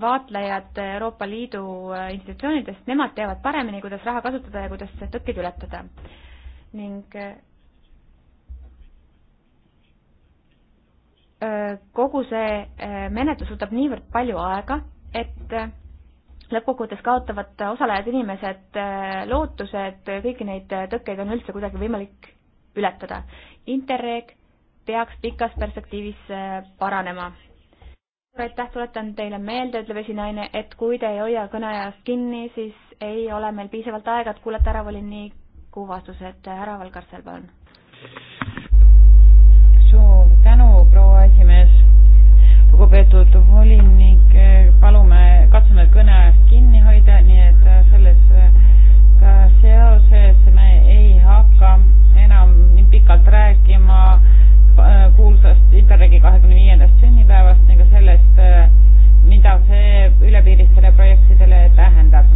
vaatlejad Euroopa Liidu äh, institutsioonidest, nemad teavad paremini, kuidas raha kasutada ja kuidas tõkkeid ületada. ning äh, äh, kogu see menetlus võtab niivõrd palju aega, et lõppkokkuvõttes kaotavad osalejad inimesed lootuse, et kõiki neid tõkkeid on üldse kuidagi võimalik ületada. Interreg peaks pikas perspektiivis paranema aitäh, tuletan teile meelde, ütleb esinaine, et kui te ei hoia kõneajast kinni, siis ei ole meil piisavalt aega, et kuulata ära voliniku vastused. härra Valgarsel, palun. suur tänu, proua esimees. lugupeetud volinik, palume, katsume kõneajast kinni hoida, nii et selles ka seoses me ei hakka enam nii pikalt rääkima Äh, kuulsast Interregi kahekümne viiendast sünnipäevast ning ka sellest, äh, mida see ülepiiristele projektidele tähendab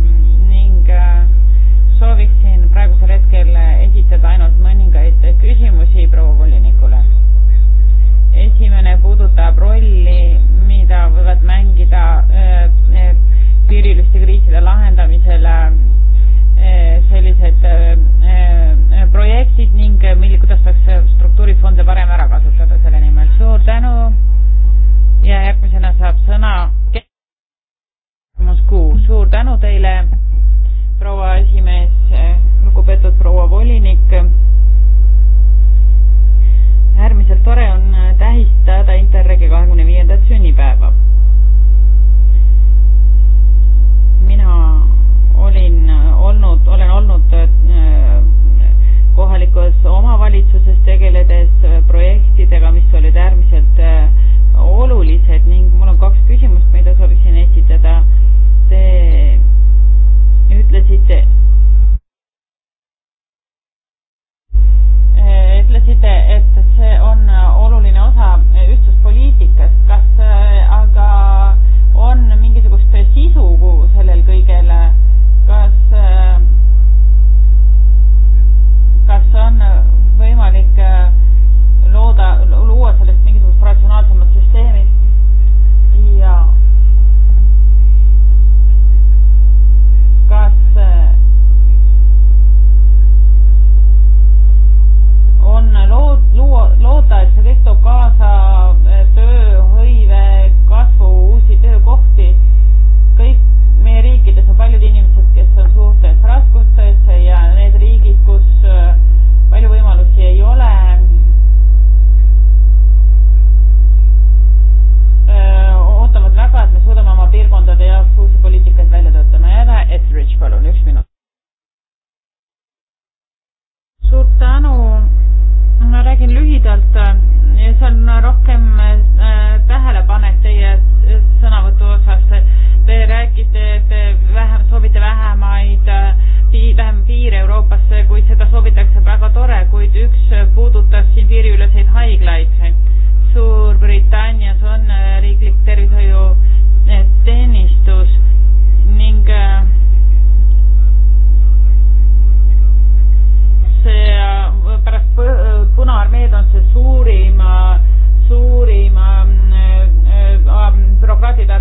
ning äh, sooviksin praegusel hetkel esitada ainult mõningaid küsimusi proua volinikule. esimene puudutab rolli, mida võivad mängida piiriliste kriiside lahendamisel Eh, sellised eh, eh, projektid ning milli-, kuidas saaks struktuurifonde parem ära kasutada selle nimel. suur tänu ja järgmisena saab sõna Moskuu. suur tänu teile, proua esimees, lugupeetud proua volinik. äärmiselt tore on tähistada Interregi kahekümne viiendat sünnipäeva. mina olin olnud, olen olnud äh, kohalikus omavalitsuses tegeledes äh, projektidega, mis olid äärmiselt äh, olulised ning mul on kaks küsimust, mida sooviksin esitada. Te ütlesite, ütlesite, et see on oluline osa ühtsuspoliitikast, kas aga on mingisugust sisu sellel kõigel äh, kas, äh, kas on äh, võimalik äh, looda, luua sellest mingisugust ratsionaalsemat süsteemi ja kas on lood, luua, loota, et see kõik toob kaasa tööhõive kasvu, uusi töökohti. kõik meie riikides on paljud inimesed raskustes ja need riigid, kus äh, palju võimalusi ei ole, äh, ootavad väga, et me suudame oma piirkondade jaoks uusi poliitikaid välja töötama. härra Etheridge, palun, üks minut. suur tänu ma räägin lühidalt, see on rohkem äh, tähelepanek teie sõnavõtu osas. Te räägite, et vähem, soovite vähemaid, äh, vähem piire Euroopasse, kuid seda soovitakse väga tore, kuid üks puudutas siin piiriüleseid haiglaid. Suurbritannias on äh, riiklik tervishoiuteenistus ning äh, see äh, pärast äh, Punaarmeed on see suurima, suurima äh, bürokraatide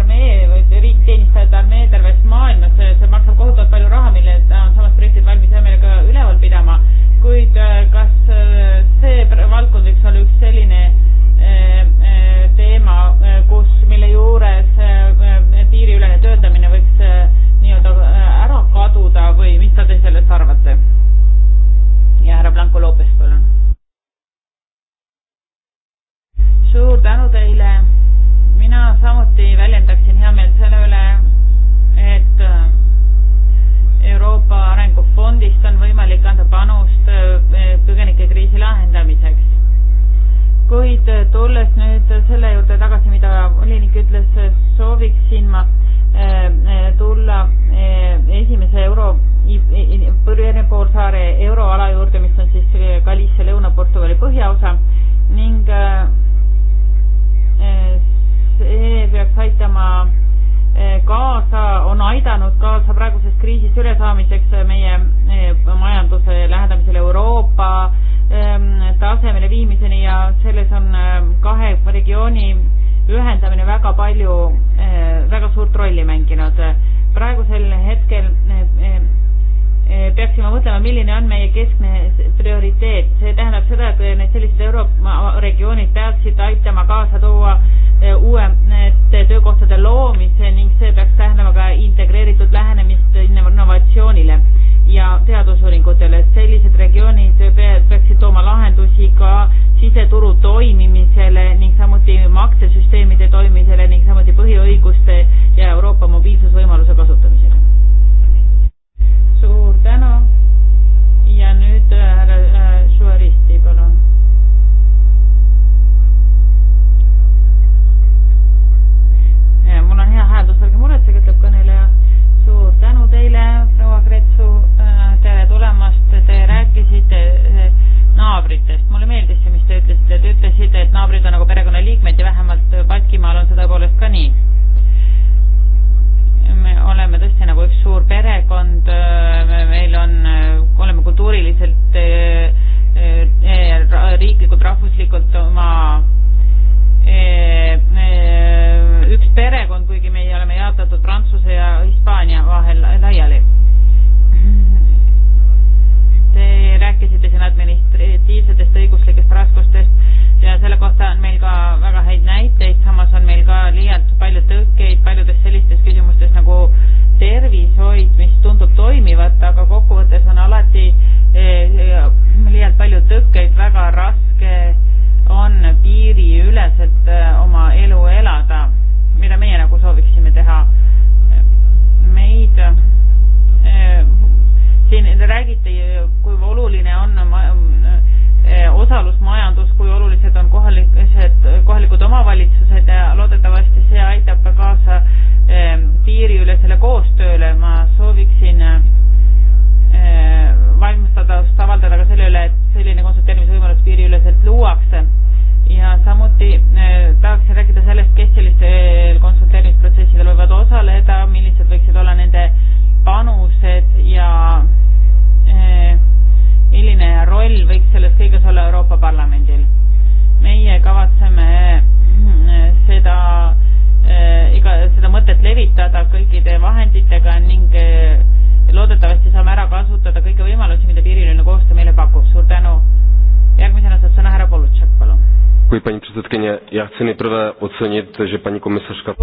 ocenit, že paní komisařka...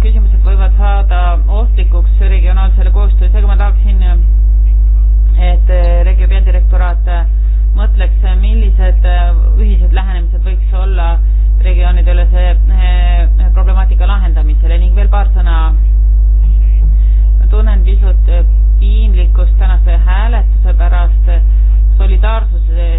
küsimused võivad saada ohtlikuks regionaalsele koostööle, seega ma tahaksin, et eh, regio peadirektoraat eh, mõtleks, eh, millised ühised lähenemised võiks olla regioonideülese problemaatika lahendamisele ning veel paar sõna. tunnen pisut piinlikkust tänase hääletuse pärast solidaarsuse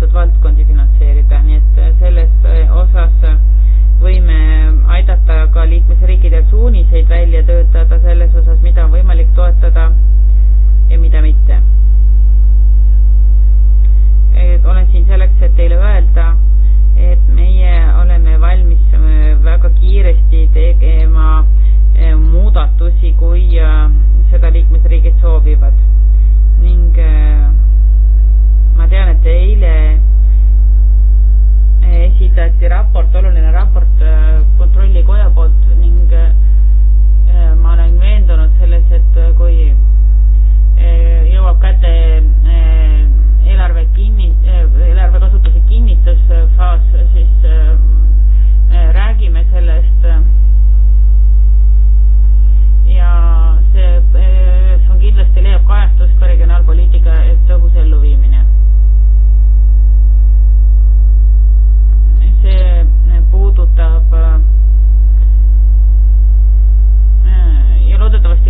reguleeritud valdkondi finantseerida. teile eh, esitati raport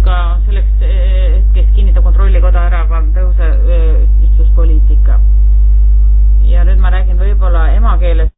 ka selleks, kes kinnitab kontrollikoda ära tõhusa ühtsuspoliitika. ja nüüd ma räägin võib-olla emakeeles.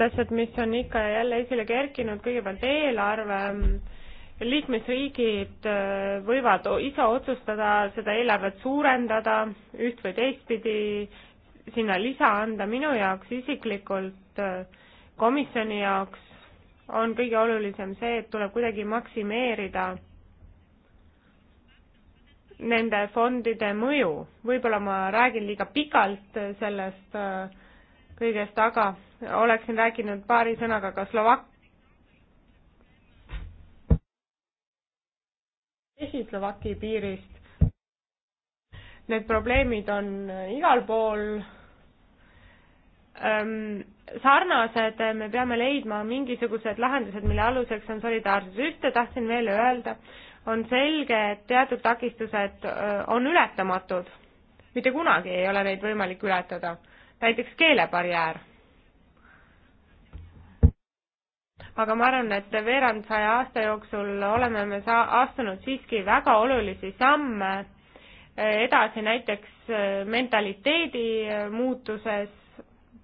mõned asjad, mis on ikka ja jälle esile kerkinud, kõigepealt eelarve. liikmesriigid äh, võivad ise otsustada seda eelarvet suurendada üht või teistpidi, sinna lisa anda, minu jaoks isiklikult, äh, komisjoni jaoks on kõige olulisem see, et tuleb kuidagi maksimeerida nende fondide mõju. võib-olla ma räägin liiga pikalt äh, sellest kõigest, aga oleksin rääkinud paari sõnaga ka Slovak-, Tšehhi-Slovaki piirist. Need probleemid on igal pool ähm, sarnased, me peame leidma mingisugused lahendused, mille aluseks on solidaarsus. ühte tahtsin veel öelda, on selge, et teatud takistused äh, on ületamatud. mitte kunagi ei ole neid võimalik ületada. näiteks keelebarjäär aga ma arvan, et veerand saja aasta jooksul oleme me sa-, astunud siiski väga olulisi samme e, edasi näiteks e, mentaliteedi e, muutuses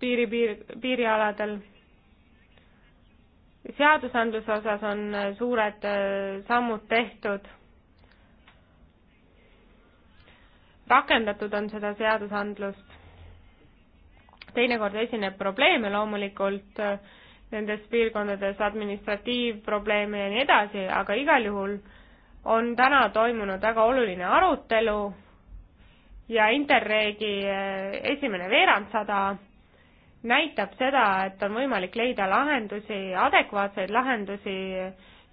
piiri, piir, piirialadel. seadusandluse osas on suured sammud tehtud. rakendatud on seda seadusandlust. teinekord esineb probleeme loomulikult äh, nendes piirkondades administratiivprobleeme ja nii edasi, aga igal juhul on täna toimunud väga oluline arutelu ja Interregi eh, esimene veerandsada näitab seda, et on võimalik leida lahendusi, adekvaatseid lahendusi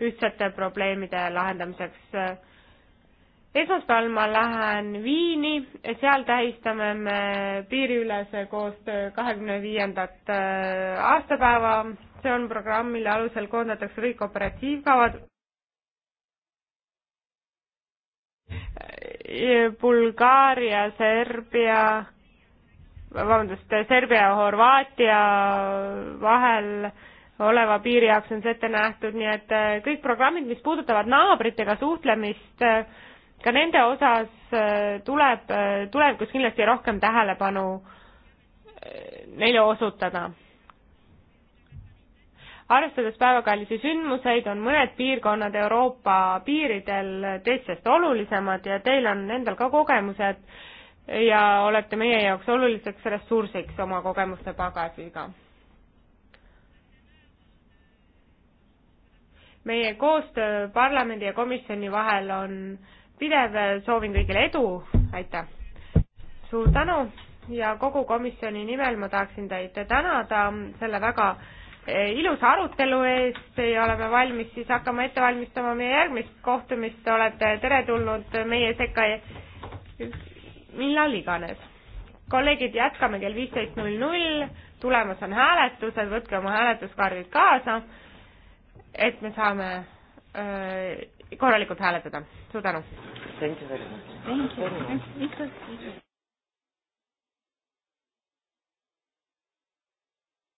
ühtsete probleemide lahendamiseks esmaspäeval ma lähen Viini, seal tähistame me piiriülese koostöö kahekümne viiendat äh, aastapäeva. see on programm, mille alusel koondatakse kõik operatiivkavad. Äh, Bulgaaria, Serbia, vabandust, Serbia ja Horvaatia vahel oleva piiri jaoks on see ette nähtud, nii et äh, kõik programmid, mis puudutavad naabritega suhtlemist, ka nende osas äh, tuleb äh, tulevikus kindlasti rohkem tähelepanu äh, neile osutada. arvestades päevakalisi sündmuseid, on mõned piirkonnad Euroopa piiridel teistest olulisemad ja teil on endal ka kogemused ja olete meie jaoks oluliseks ressursiks oma kogemuste pagasiga. meie koostöö parlamendi ja komisjoni vahel on äh, pidev, soovin kõigile edu, aitäh! suur tänu ja kogu komisjoni nimel ma tahaksin teid tänada selle väga eh, ilusa arutelu eest ja oleme valmis siis hakkama ette valmistama meie järgmist kohtumist, olete teretulnud meie sekka millal iganes. kolleegid, jätkame kell viisteist null null, tulemas on hääletused, võtke oma hääletuskaardid kaasa, et me saame öö, eh, korralikult hääletada. suur tänu!